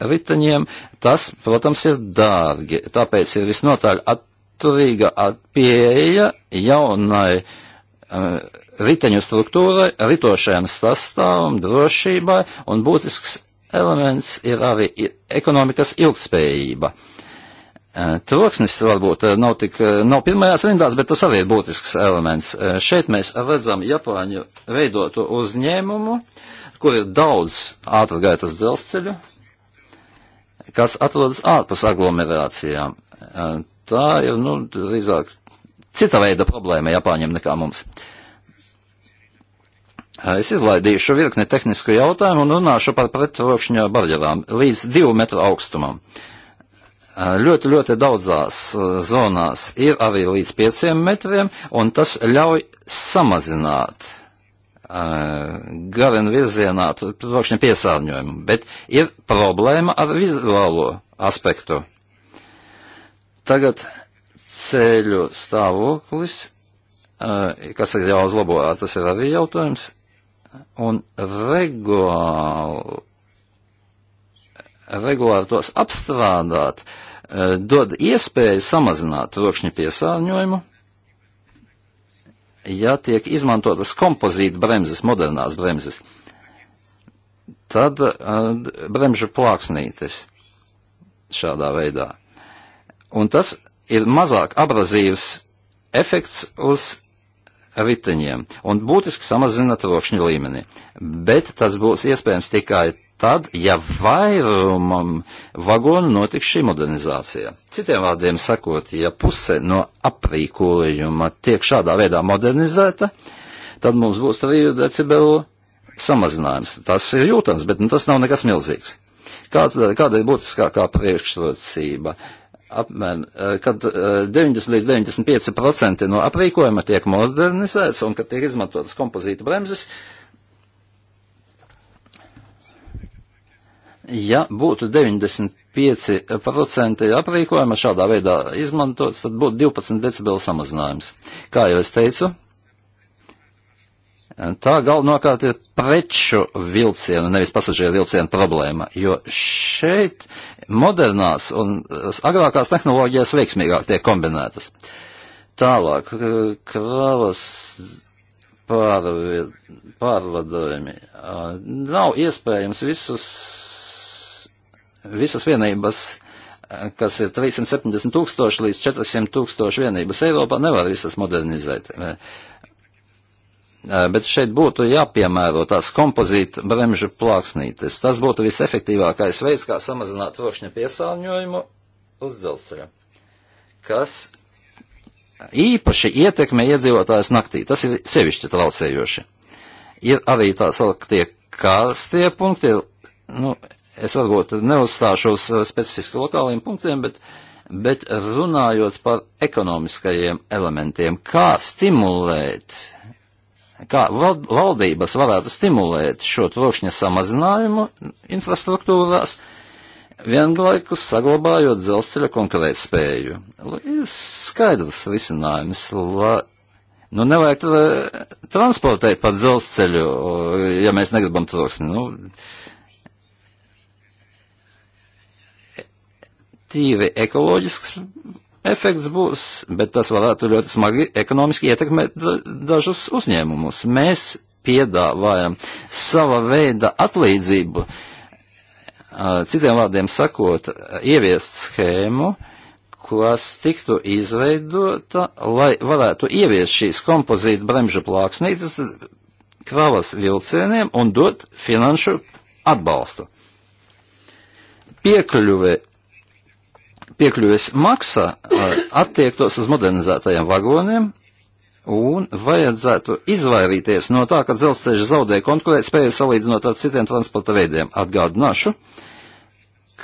riteņiem. Tas, protams, ir dārgi, tāpēc ir visnotaļ atturīga pieeja jaunai uh, riteņu struktūrai, ritošajam sastāvam, drošībai un būtisks elements ir arī ekonomikas ilgspējība. Troksnis varbūt nav tik, nav pirmajās rindās, bet tas arī ir būtisks elements. Šeit mēs redzam Japāņu veidotu uzņēmumu, kur ir daudz ātrgaitas dzelzceļu, kas atrodas ārpus aglomerācijām. Tā ir, nu, drīzāk cita veida problēma Japāņiem nekā mums. Uh, Es izlaidīšu virkni tehnisku jautājumu un runāšu par pretrokšņa barjerām līdz divu metru augstumam. Ļoti, ļoti daudzās zonās ir arī līdz pieciem metriem, un tas ļauj samazināt garen virzienā trokšņa piesārņojumu, bet ir problēma ar vizuālo aspektu. Tagad ceļu stāvoklis, kas ir jāuzlabo, tas ir arī jautājums un regulāri, regulāri tos apstrādāt, e, dod iespēju samazināt rokšņa piesārņojumu, ja tiek izmantotas kompozīta bremzes, modernās bremzes, tad uh, bremžu plāksnītes šādā veidā. Un tas ir mazāk abrazīvs efekts uz riteņiem un būtiski samazina trokšņu līmeni. Bet tas būs iespējams tikai tad, ja vairumam vagonu notiks šī modernizācija. Citiem vārdiem sakot, ja puse no aprīkojuma tiek šādā veidā modernizēta, tad mums būs 3 decibelu samazinājums. Tas ir jūtams, bet nu, tas nav nekas milzīgs. Kāds, kāda ir būtiskākā priekšrocība? Uh, apmēram, eh, kad 90 eh, līdz 95% no aprīkojuma tiek modernizēts un kad tiek izmantotas kompozīta bremzes, ja būtu 95% aprīkojuma šādā veidā izmantots, tad būtu 12 decibeli samazinājums. Kā jau es teicu, Tā galvenokārt ir preču vilcienu, nevis pasažieru vilcienu problēma, jo šeit modernās un agrākās tehnoloģijas veiksmīgāk tiek kombinētas. Tālāk, kravas pārvied, pārvadojumi. Nav iespējams visus, visas vienības kas ir 370 tūkstoši līdz 400 tūkstoši vienības Eiropā, nevar visas modernizēt bet šeit būtu jāpiemēro tās kompozīta bremžu plāksnītes. Tas būtu visefektīvākais veids, kā samazināt trokšņa piesārņojumu uz dzelzceļa, kas īpaši ietekmē iedzīvotājs naktī. Tas ir sevišķi traucējoši. Ir arī tā sauktie kārstie punkti, nu, es varbūt neuzstāšu uz specifiski lokāliem punktiem, bet uh, bet runājot par ekonomiskajiem elementiem, kā stimulēt kā valdības varētu stimulēt šo trokšņa samazinājumu infrastruktūrās, vienlaikus saglabājot dzelzceļa konkurētspēju. Ir skaidrs risinājums, lai Nu, nevajag tra transportēt pa dzelzceļu, ja mēs negribam troksni. Nu, tīri ekoloģisks efekts būs, bet tas varētu ļoti smagi ekonomiski ietekmēt dažus uzņēmumus. Mēs piedāvājam sava veida atlīdzību, citiem vārdiem sakot, ieviest schēmu, kas tiktu izveidota, lai varētu ieviest šīs kompozīta bremžu plāksnītes kravas vilcieniem un dot finanšu atbalstu. Piekļuve piekļuves maksa eh, attiektos uz modernizētajiem vagoniem un vajadzētu izvairīties no tā, ka dzelzceļš zaudē konkurētspēju salīdzinot ar citiem transporta veidiem. Atgādināšu,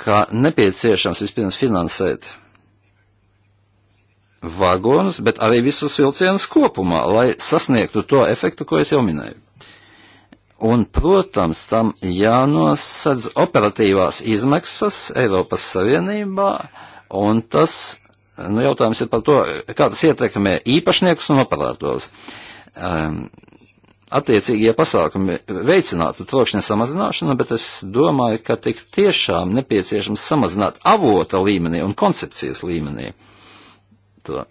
ka nepieciešams vispirms finansēt vagonus, bet arī visus vilcienus kopumā, lai sasniegtu to efektu, ko es jau minēju. Un, protams, tam jānosadz operatīvās izmaksas Eiropas Savienībā, uh, Un tas, nu, jautājums ir par to, kā tas ietekmē īpašniekus un operātors. Um, ehm, attiecīgie pasākumi veicinātu trokšņa samazināšanu, bet es domāju, ka tik tiešām nepieciešams samazināt avota līmenī un koncepcijas līmenī to,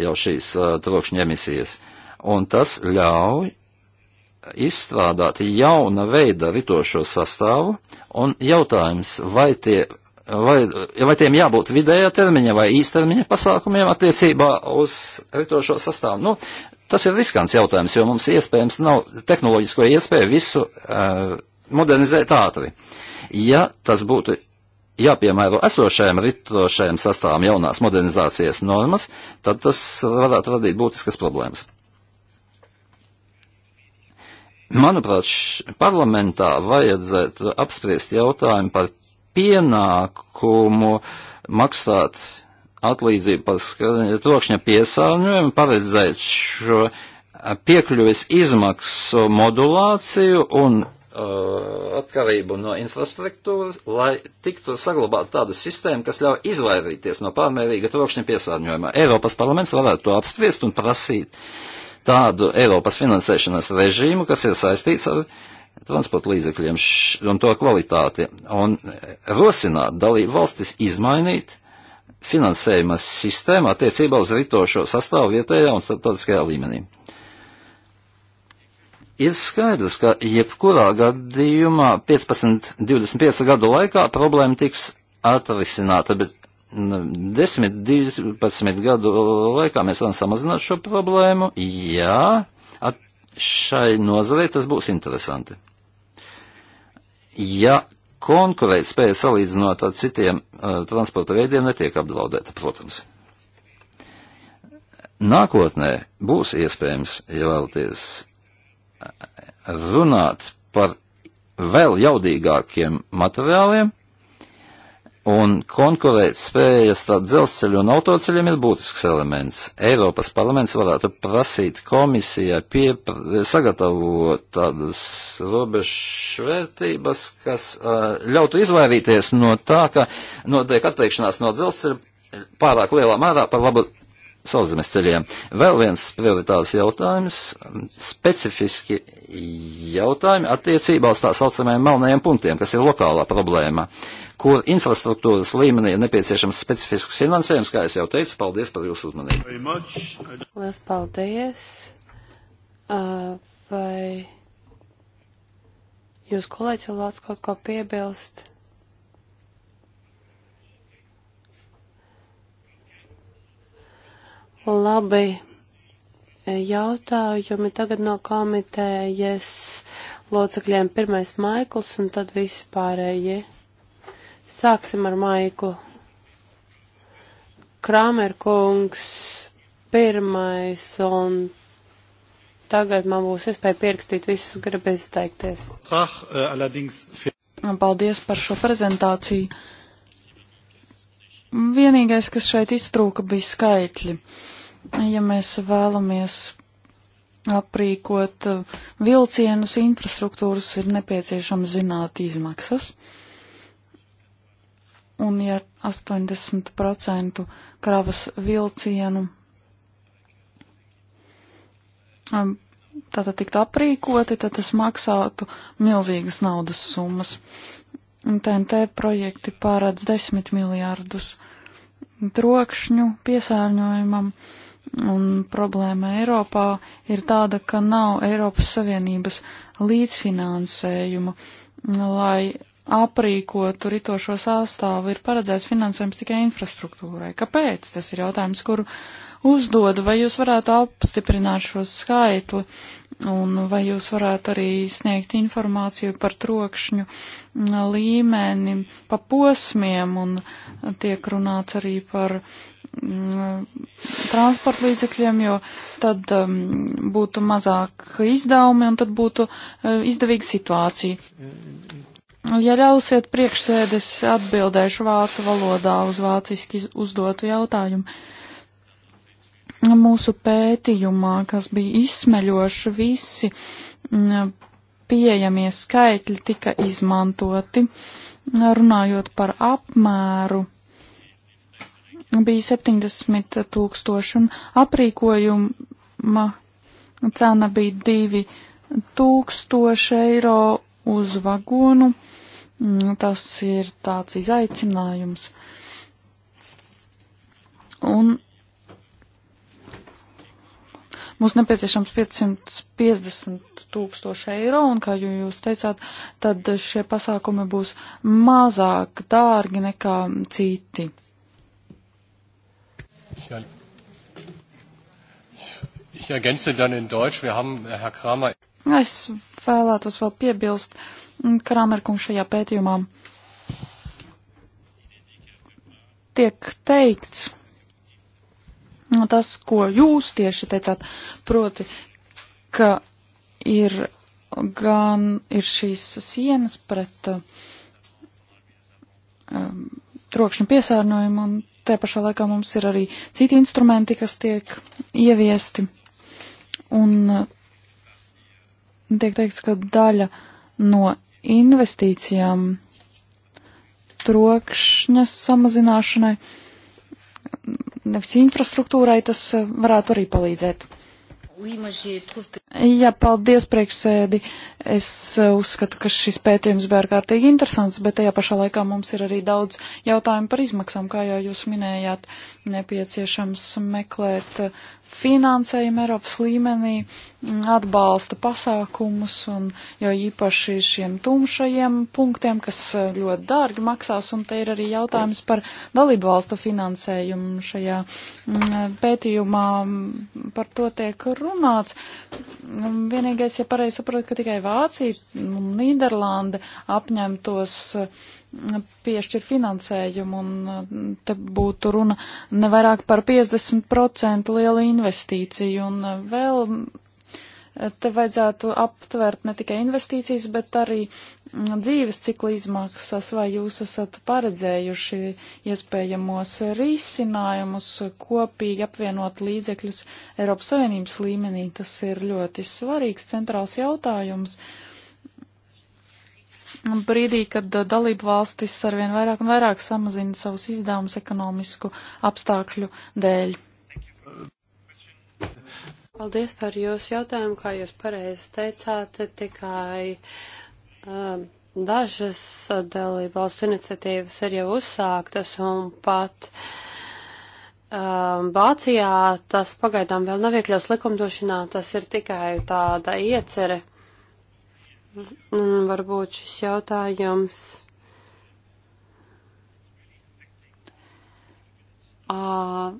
jau šīs uh, trokšņa emisijas. Un tas ļauj izstrādāt jauna veida ritošo sastāvu, un jautājums, vai tie vai, vai tiem jābūt vidējā termiņa vai īstermiņa pasākumiem attiecībā uz ritošo sastāvu. Nu, tas ir riskants jautājums, jo mums iespējams nav tehnoloģisko iespēju visu uh, modernizēt ātri. Ja tas būtu jāpiemēro esošajam ritošajam sastāvam jaunās modernizācijas normas, tad tas varētu radīt būtiskas problēmas. Manuprāt, parlamentā vajadzētu apspriest jautājumu par pienākumu maksāt atlīdzību par trokšņa piesārņojumu, paredzēt šo eh, piekļuvis izmaksu modulāciju un uh, atkarību no infrastruktūras, lai tiktu saglabāt tāda sistēma, kas ļauj izvairīties no pārmērīga trokšņa piesārņojuma. Eiropas parlaments varētu to apspriest un prasīt tādu Eiropas finansēšanas režīmu, kas ir saistīts ar uh, transporta līdzekļiem un to kvalitāti un rosināt dalību valstis izmainīt finansējuma sistēmu attiecībā uz ritošo sastāvu vietējā un starptautiskajā līmenī. Ir skaidrs, ka jebkurā gadījumā 15-25 gadu laikā problēma tiks atrisināta, bet 10-12 nu, gadu laikā mēs varam samazināt šo problēmu. Jā, at, šai nozarei tas būs interesanti ja konkurēt spēja salīdzinot ar citiem uh, transporta veidiem netiek apdraudēta, protams. Nākotnē būs iespējams, ja vēlaties, uh, runāt par vēl jaudīgākiem materiāliem, Un konkurēt spējas starp dzelzceļu un autoceļiem ir būtisks elements. Eiropas parlaments varētu prasīt komisijai piepr sagatavot tādas robežvērtības, kas uh, ļautu izvairīties no tā, ka notiek atteikšanās no dzelzceļa pārāk lielā mērā par labu sauszemes ceļiem. Vēl viens prioritārs jautājums - specifiski jautājumi attiecībā uz tā saucamajiem melnajiem punktiem, kas ir lokālā problēma kur infrastruktūras līmenī ir nepieciešams specifisks finansējums, kā es jau teicu. Paldies par jūsu uzmanību. Lielas paldies. Uh, vai jūs kolēģis vēl vēlas kaut ko piebilst? Labi. Jautājumi tagad no komitējas locekļiem pirmais Maikls un tad visi pārējie. Sāksim ar Maiklu. Kramerkungs pirmais un tagad man būs iespēja pierakstīt visus, gribu izteikties. Eh, Paldies par šo prezentāciju. Vienīgais, kas šeit iztrūka, bija skaitļi. Ja mēs vēlamies aprīkot vilcienus, infrastruktūras ir nepieciešams zināt izmaksas un ja 80% kravas vilcienu um, tātad tiktu aprīkoti, tad tas maksātu milzīgas naudas summas. TNT projekti pārādz 10 miljārdus trokšņu piesārņojumam, un problēma Eiropā ir tāda, ka nav Eiropas Savienības līdzfinansējuma, lai aprīkotu ritošo sastāvu ir paredzēts finansējums tikai infrastruktūrai. Kāpēc? Tas ir jautājums, kuru uzdodu. Vai jūs varētu apstiprināt šo skaitu un vai jūs varētu arī sniegt informāciju par trokšņu līmeni, pa posmiem un tiek runāts arī par mm, transporta līdzekļiem, jo tad um, būtu mazāk izdevumi un tad būtu uh, izdevīga situācija. Ja ļausiet priekšsēdes, atbildēšu vācu valodā uz vāciski uzdotu jautājumu. Mūsu pētījumā, kas bija izsmeļoši, visi mm, pieejamie skaitļi tika izmantoti. Runājot par apmēru, bija 70 tūkstoši un aprīkojuma cena bija 2 tūkstoši eiro uz vagonu. Mm, tas ir tāds izaicinājums. Un mums nepieciešams 550 tūkstoši eiro, un, kā jūs teicāt, tad šie pasākumi būs mazāk dārgi nekā citi. Er-, ich ergänze dann in Deutsch, wir haben Herr Kramer. Es vēlētos vēl piebilst, uh, Kramerkungs šajā pētījumā tiek teikts tas, ko jūs tieši teicāt, proti, ka ir gan ir šīs sienas pret um, trokšņu piesārņojumu, un te pašā laikā mums ir arī citi instrumenti, kas tiek ieviesti, un uh, tiek teikts, ka daļa no investīcijām, trokšņas samazināšanai, nevis infrastruktūrai, tas e, varētu arī palīdzēt. Jā, paldies, priekšsēdi. Es eh, uzskatu, ka šis pētījums bija ārkārtīgi interesants, bet tajā pašā laikā mums ir arī daudz jautājumu par izmaksām, kā jau jūs minējāt, nepieciešams meklēt eh, finansējumu Eiropas līmenī, mm, atbalsta pasākumus un jo īpaši šiem tumšajiem punktiem, kas eh, ļoti dārgi maksās, un te ir arī jautājums par dalību valstu finansējumu šajā mm, pētījumā, mm, par to tiek runāts. Vienīgais, ja pareizi saprotu, ka tikai Vācija un Nīderlanda apņemtos mm, piešķir finansējumu, un mm, te būtu runa nevairāk par 50% lielu investīciju, un mm, vēl te vajadzētu aptvert ne tikai investīcijas, bet arī mm, dzīves cikla izmaksas, vai jūs esat paredzējuši iespējamos risinājumus kopīgi apvienot līdzekļus Eiropas Savienības līmenī. Tas ir ļoti svarīgs centrāls jautājums. Brīdī, kad uh, dalību valstis arvien vairāk un vairāk samazina savus izdevumus ekonomisku apstākļu dēļ. Paldies par jūsu jautājumu, kā jūs pareizi teicāt, tikai um, dažas dalība valstu iniciatīvas ir jau uzsāktas un pat um, Vācijā tas pagaidām vēl nav iekļauts likumdošanā, tas ir tikai tāda iecere. Un varbūt šis jautājums uh,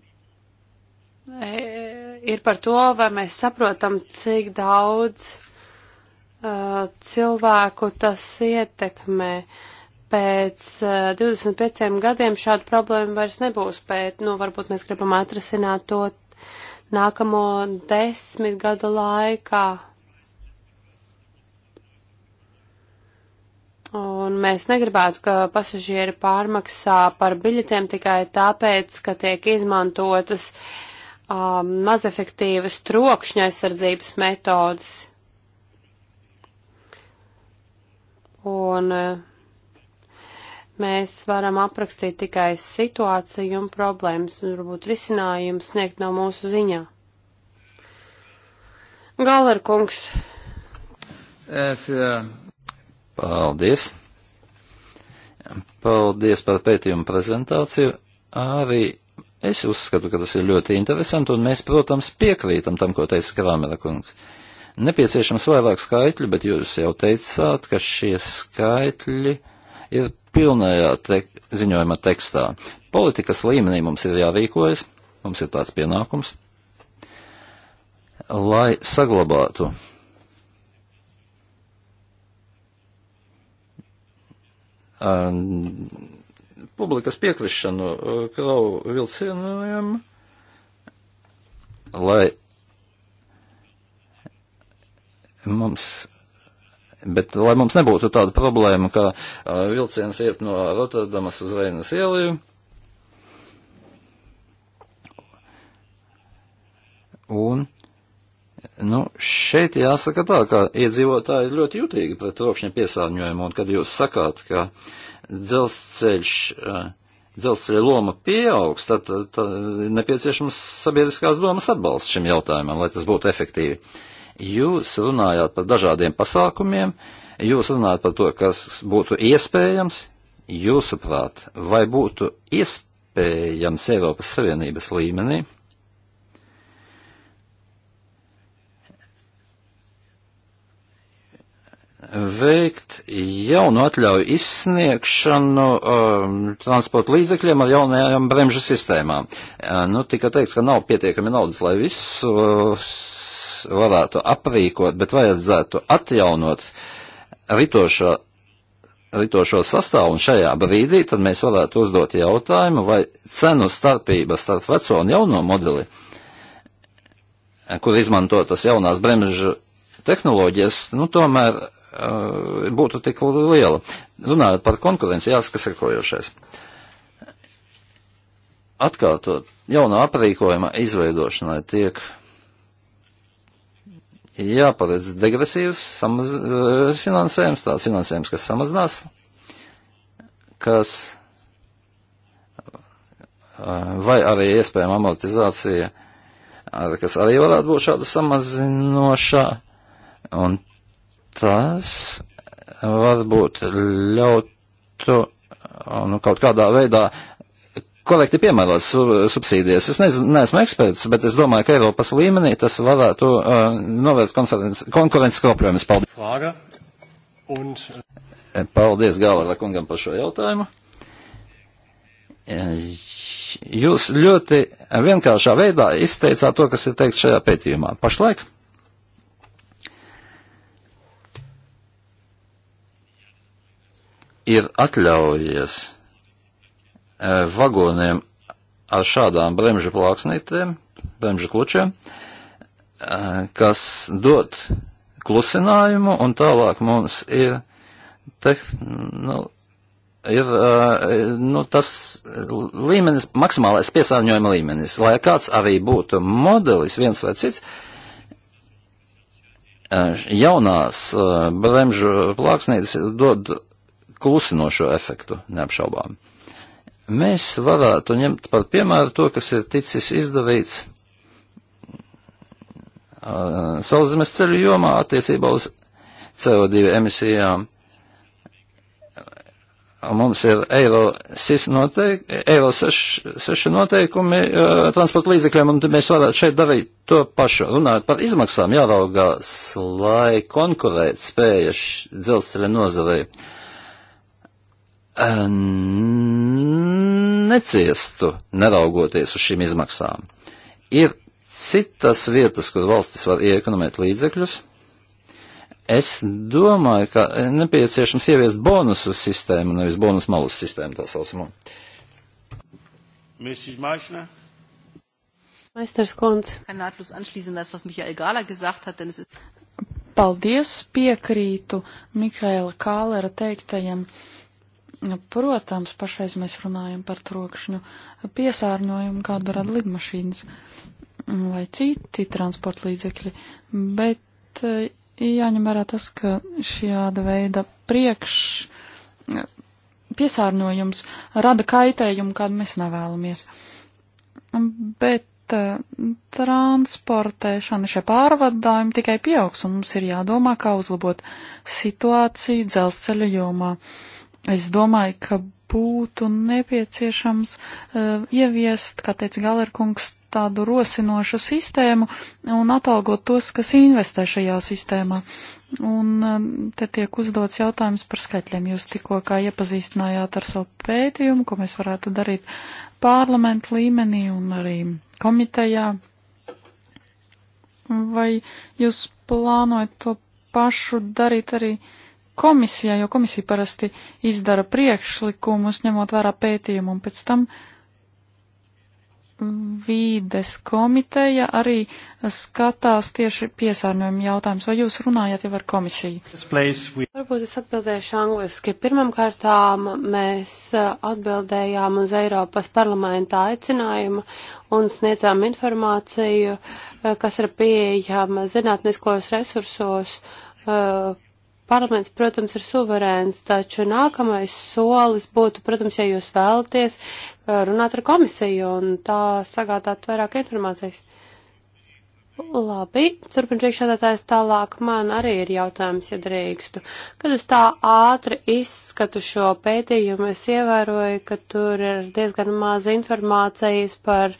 E, ir par to, vai mēs saprotam, cik daudz uh, cilvēku tas ietekmē. Pēc uh, e, 25 gadiem šāda problēma vairs nebūs, bet, nu, varbūt mēs gribam atrasināt to nākamo desmit gadu laikā. Un mēs negribētu, ka pasažieri pārmaksā par biļetēm tikai tāpēc, ka tiek izmantotas uh, um, mazefektīvas trokšņa aizsardzības metodas. Un uh, mēs varam aprakstīt tikai situāciju un problēmas, un varbūt risinājumu sniegt nav mūsu ziņā. Galerkungs. Paldies. Paldies par pētījumu prezentāciju. Arī Es uzskatu, ka tas ir ļoti interesanti, un mēs, protams, piekrītam tam, ko teica Krāmera kungs. Nepieciešams vairāk skaitļu, bet jūs jau teicāt, ka šie skaitļi ir pilnajā te ziņojuma tekstā. Politikas līmenī mums ir jārīkojas, mums ir tāds pienākums, lai saglabātu um, publikas piekrišanu uh, kravu vilcieniem, lai mums Bet, lai mums nebūtu tāda problēma, ka uh, vilciens iet no Rotterdamas uz Reinas ieliju, un, nu, šeit jāsaka tā, ka iedzīvotāji ir ļoti jutīgi pret trokšņa piesārņojumu, un kad jūs sakāt, ka uh, dzelzceļš, dzelzceļa loma pieaugs, tad, tad, tad nepieciešams sabiedriskās domas atbalsts šim jautājumam, lai tas būtu efektīvi. Jūs runājāt par dažādiem pasākumiem, jūs runājāt par to, kas būtu iespējams. Jūsuprāt, vai būtu iespējams Eiropas Savienības līmenī veikt jaunu atļauju izsniegšanu um, transporta līdzekļiem ar jaunajām bremžu sistēmām. Uh, nu, tika teiks, ka nav pietiekami naudas, lai visu uh, varētu aprīkot, bet vajadzētu atjaunot ritošo, ritošo sastāvu, un šajā brīdī tad mēs varētu uzdot jautājumu, vai cenu starpība starp veco un jauno modeli, kur izmantotas jaunās bremžu tehnoloģijas, nu, tomēr uh, būtu tik liela. Runājot par konkurenci, jāsaka sekojošais. Atkārtot, jaunā aprīkojuma izveidošanai tiek jāparedz degresīvs samaz, eh, finansējums, tāds finansējums, kas samazinās, kas eh, vai arī iespējama amortizācija, kas arī varētu būt šāda samazinošā Un tas varbūt ļautu nu, kaut kādā veidā korekti piemērot su, subsīdijas. Es nezinu, neesmu eksperts, bet es domāju, ka Eiropas līmenī tas varētu uh, novērst konkurences kropļojumus. Paldies! Un... Eh, paldies Gāvara kungam par šo jautājumu. Eh, jūs ļoti vienkāršā veidā izteicāt to, kas ir teikts šajā pētījumā. Pašlaik ir atļaujies e, vagoniem ar šādām bremžu plāksnītēm, bremžu klučiem, e, kas dod klusinājumu, un tālāk mums ir, tehn, nu, ir e, nu, tas līmenis, maksimālais piesārņojuma līmenis. Lai kāds arī būtu modelis, viens vai cits, jaunās bremžu plāksnītes dod klusinošo efektu, neapšaubām. Mēs varētu ņemt par piemēru to, kas ir ticis izdarīts uh, sauszemes ceļu jomā attiecībā uz CO2 emisijām. Mums ir eiro, noteik, eiro 6, 6 noteikumi uh, transporta līdzekļiem, un mēs varētu šeit darīt to pašu. Runājot par izmaksām, jāraugās, lai konkurēt spējas dzelzceļa nozarei. Uh, neciestu, neraugoties uz šīm izmaksām. Ir citas vietas, kur valstis var iekonomēt līdzekļus. Es domāju, ka nepieciešams ieviest bonusu sistēmu, nevis bonus malus sistēmu tā saucamo. Mrs. Meissner? Meisters Kons. Paldies, piekrītu Mikaela Kālera teiktajam. Uh, Nu, protams, pašreiz mēs runājam par trokšņu piesārņojumu, kādu rada lidmašīnas vai citi transporta līdzekļi, bet eh, jāņem vērā tas, ka šāda veida priekš eh, piesārņojums rada kaitējumu, kādu mēs nevēlamies. Bet eh, transportēšana, šie pārvadājumi tikai pieaugs, un mums ir jādomā, kā uzlabot situāciju dzelzceļa jomā. Uh, Es domāju, ka būtu nepieciešams uh, ieviest, kā teica Galerkungs, tādu rosinošu sistēmu un atalgot tos, kas investē šajā sistēmā. Un uh, te tiek uzdots jautājums par skaitļiem. Jūs tikko kā iepazīstinājāt ar savu pētījumu, ko mēs varētu darīt parlamentu līmenī un arī komitejā. Vai jūs plānojat to pašu darīt arī uh, komisijai, jo komisija parasti izdara priekšlikumus, ņemot vērā pētījumu, un pēc tam vīdes komiteja arī skatās tieši piesārņojumu jautājumus. Vai jūs runājat jau ar komisiju? We... Varbūt es atbildēšu angliski. Pirmkārtām mēs uh, atbildējām uz Eiropas parlamenta aicinājumu un sniedzām informāciju, uh, kas ir pieejama zinātniskos resursos, uh, Parlaments, protams, ir suverēns, taču nākamais solis būtu, protams, ja jūs vēlaties uh, runāt ar komisiju un tā sagādāt vairāk informācijas. Labi, turpin priekšādātājs tālāk man arī ir jautājums, ja drīkstu. Kad es tā ātri izskatu šo pētījumu, es ievēroju, ka tur ir diezgan maz informācijas par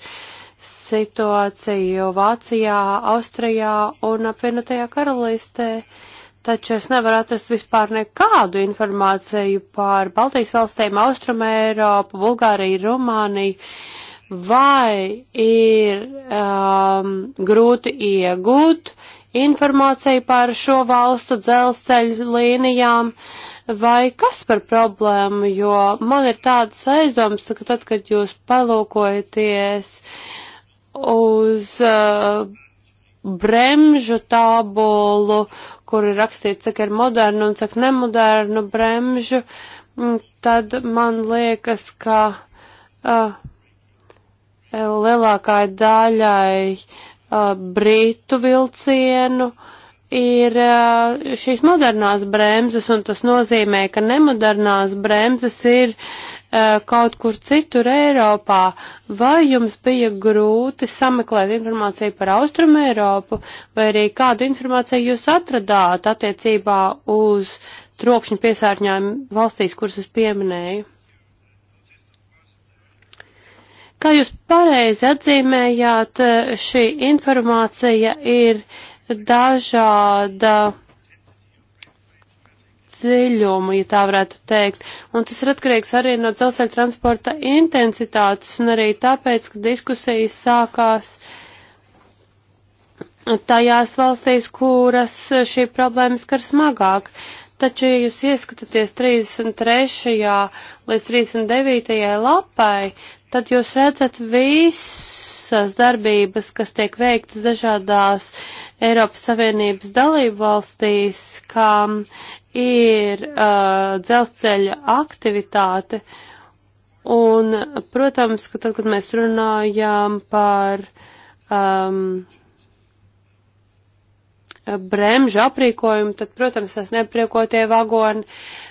situāciju Vācijā, Austrijā un apvienotajā karalistē. Uh, taču es nevaru atrast vispār nekādu informāciju par Baltijas valstīm, Austrum Eiropu, Bulgāriju, Rumāniju, vai ir um, grūti iegūt informāciju par šo valstu dzelzceļu līnijām, vai kas par problēmu, jo man ir tāds aizdoms, ka tad, kad jūs palūkojaties uz uh, bremžu tabulu, kur ir rakstīts, cik ir modernu un cik nemodernu bremžu, mm, tad man liekas, ka uh, lielākai daļai uh, brītu vilcienu ir uh, šīs modernās bremzes, un tas nozīmē, ka nemodernās bremzes ir uh, Eh, kaut kur citur Eiropā, vai jums bija grūti sameklēt informāciju par Austrum Eiropu, vai arī kādu informāciju jūs atradāt attiecībā uz trokšņu piesārņojumu valstīs, kuras es pieminēju? Kā jūs pareizi atzīmējāt, eh, šī informācija ir dažāda dziļumu, ja tā varētu teikt. Un tas ir atkarīgs arī no dzelzceļa transporta intensitātes un arī tāpēc, ka diskusijas sākās tajās valstīs, kuras šī problēma skar smagāk. Taču, ja jūs ieskatāties 33. līdz 39. lapai, tad jūs redzat visas darbības, kas tiek veiktas dažādās Eiropas Savienības dalību valstīs, kam ir uh, dzelzceļa aktivitāte. Un, protams, ka tad, kad mēs runājām par um, bremžu aprīkojumu, tad, protams, tas nepriekotie vagoni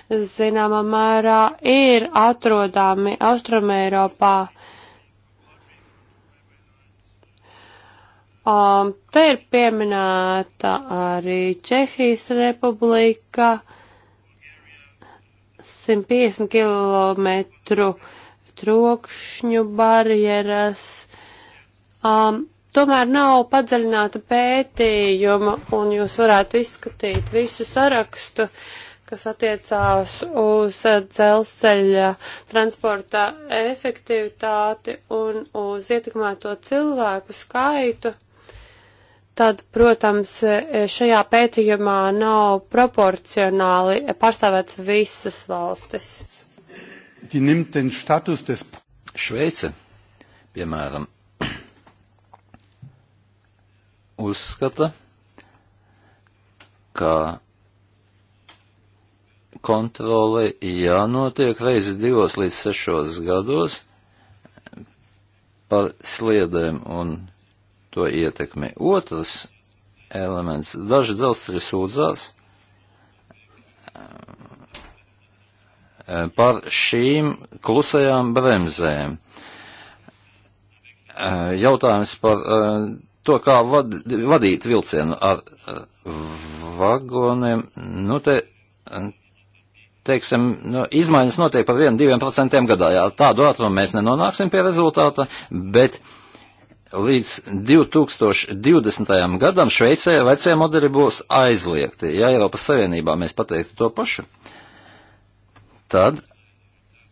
zināmā mērā ir atrodami Austrumēropā. Um, te ir pieminēta arī Čehijas republika, 150 km trokšņu barjeras. Um, tomēr nav padziļināta pētījuma, un jūs varētu izskatīt visu sarakstu, kas attiecās uz dzelzceļa transporta efektivitāti un uz ietekmēto cilvēku skaitu tad, protams, šajā pētījumā nav proporcionāli pārstāvēts visas valstis. Šveice, piemēram, *clears throat* uzskata, ka kontrole jānotiek reizi divos līdz sešos gados par sliedēm un to ietekmi. Otrs elements - daži dzelzceļi sūdzās eh, par šīm klusajām bremzēm. Eh, jautājums par eh, to, kā vad, vadīt vilcienu ar vagoniem, nu te, teiksim, nu, izmaiņas notiek par 1-2% gadā. Jā, tādu ātrumu mēs nenonāksim pie rezultāta, bet uh, līdz 2020. gadam Šveicē vecie modeļi būs aizliegti. Ja Eiropas Savienībā mēs pateiktu to pašu, tad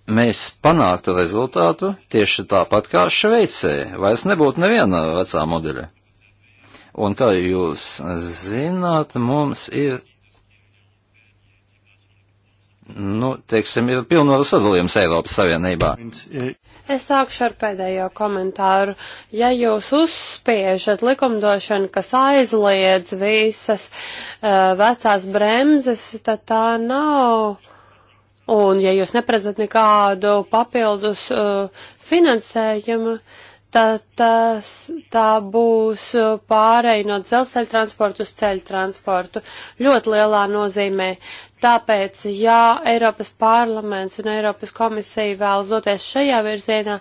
mēs panāktu rezultātu tieši tāpat kā Šveicē. Vairs nebūtu neviena vecā modeļa. Un kā jūs zināt, mums ir, nu, teiksim, ir pilnvaru sadalījums Eiropas Savienībā. Es sākšu ar pēdējo komentāru. Ja jūs uzspiežat likumdošanu, kas aizliedz visas uh, vecās bremzes, tad tā nav. Un ja jūs nepredzat nekādu papildus uh, finansējumu, uh, tā, tas, tā būs pārēj no dzelzceļa transportu uz ceļu transportu ļoti lielā nozīmē. Tāpēc, ja Eiropas parlaments un Eiropas komisija vēlas doties šajā virzienā,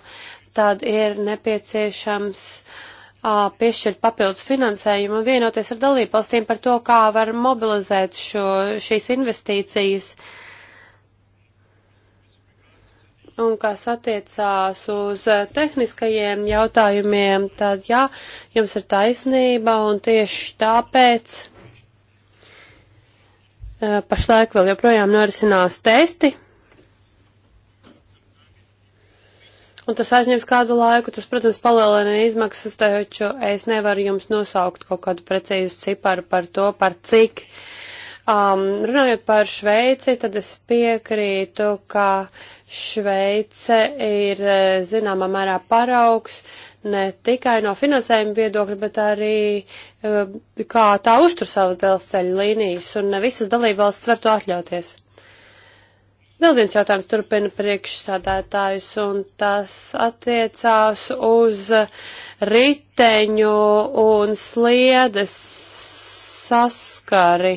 tad ir nepieciešams uh, piešķirt papildus finansējumu un vienoties ar dalībvalstīm par to, kā var mobilizēt šo, šīs investīcijas. Uh, Un kas attiecās uz eh, tehniskajiem jautājumiem, tad jā, jums ir taisnība un tieši tāpēc eh, pašlaik vēl joprojām norisinās testi. Un tas aizņems kādu laiku, tas, protams, palielina izmaksas, taču es nevaru jums nosaukt kaut kādu precīzu ciparu par to, par cik. Um, runājot par Šveici, tad es piekrītu, ka uh, Šveice ir e, zināmā mērā paraugs ne tikai no finansējuma viedokļa, bet arī e, kā tā uztur savas dzelzceļa līnijas, un ne visas dalībvalstis var to atļauties. Vēl viens jautājums turpina priekšstādātājus, un tas attiecās uz riteņu un sliedes saskari.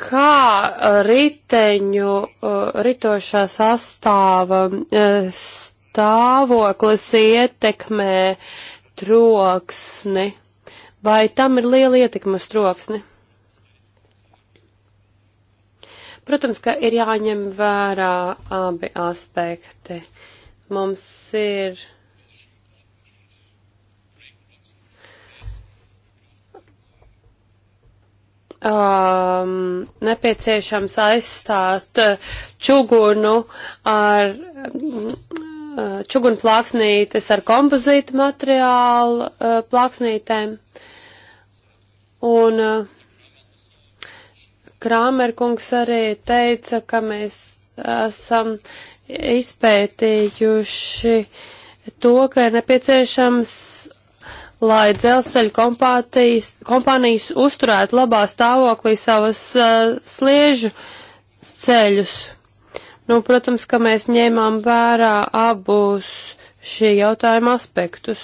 kā uh, riteņu, uh, ritošā sastāva uh, stāvoklis ietekmē troksni? Vai tam ir liela ietekme uz troksni? Protams, ka ir jāņem vērā abi aspekti. Mums ir um, nepieciešams aizstāt čugunu ar uh, čugunu plāksnītes ar kompozītu materiālu uh, plāksnītēm. Un uh, Krāmerkungs arī teica, ka mēs esam izpētījuši to, ka ir nepieciešams lai dzelzceļa kompānijas, kompānijas uzturētu labā stāvoklī savas uh, sliežu ceļus. Nu, protams, ka mēs ņēmām vērā abus šī jautājuma aspektus.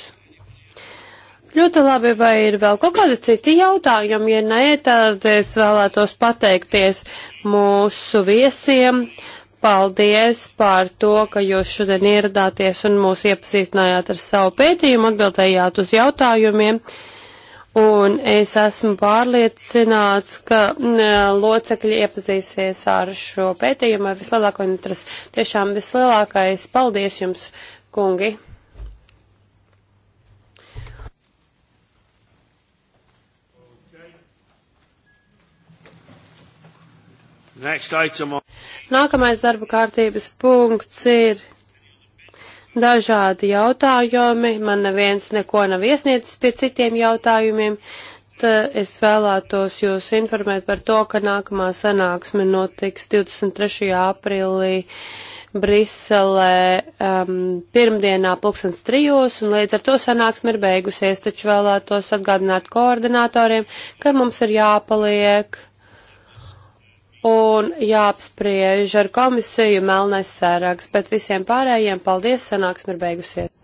Ļoti labi, vai ir vēl kaut kādi citi jautājumi? Ja nē, tad es vēlētos pateikties mūsu viesiem. Uh, paldies par to, ka jūs šodien ieradāties un mūs iepazīstinājāt ar savu pētījumu, atbildējāt uz jautājumiem. Un es esmu pārliecināts, ka mm, locekļi iepazīsies ar šo pētījumu ar vislielāko interesi. Tiešām vislielākais paldies jums, kungi! Nākamais darba kārtības punkts ir dažādi jautājumi. Man neviens neko nav iesniedzis pie citiem jautājumiem. Tad es vēlētos jūs informēt par to, ka nākamā sanāksme notiks 23. aprīlī Briselē um, pirmdienā pulkstens trijos, un līdz ar to sanāksme ir beigusies, taču vēlētos atgādināt koordinatoriem, ka mums ir jāpaliek un jāapspriež ar komisiju melnais sēraks, bet visiem pārējiem paldies, sanāksme ir beigusies.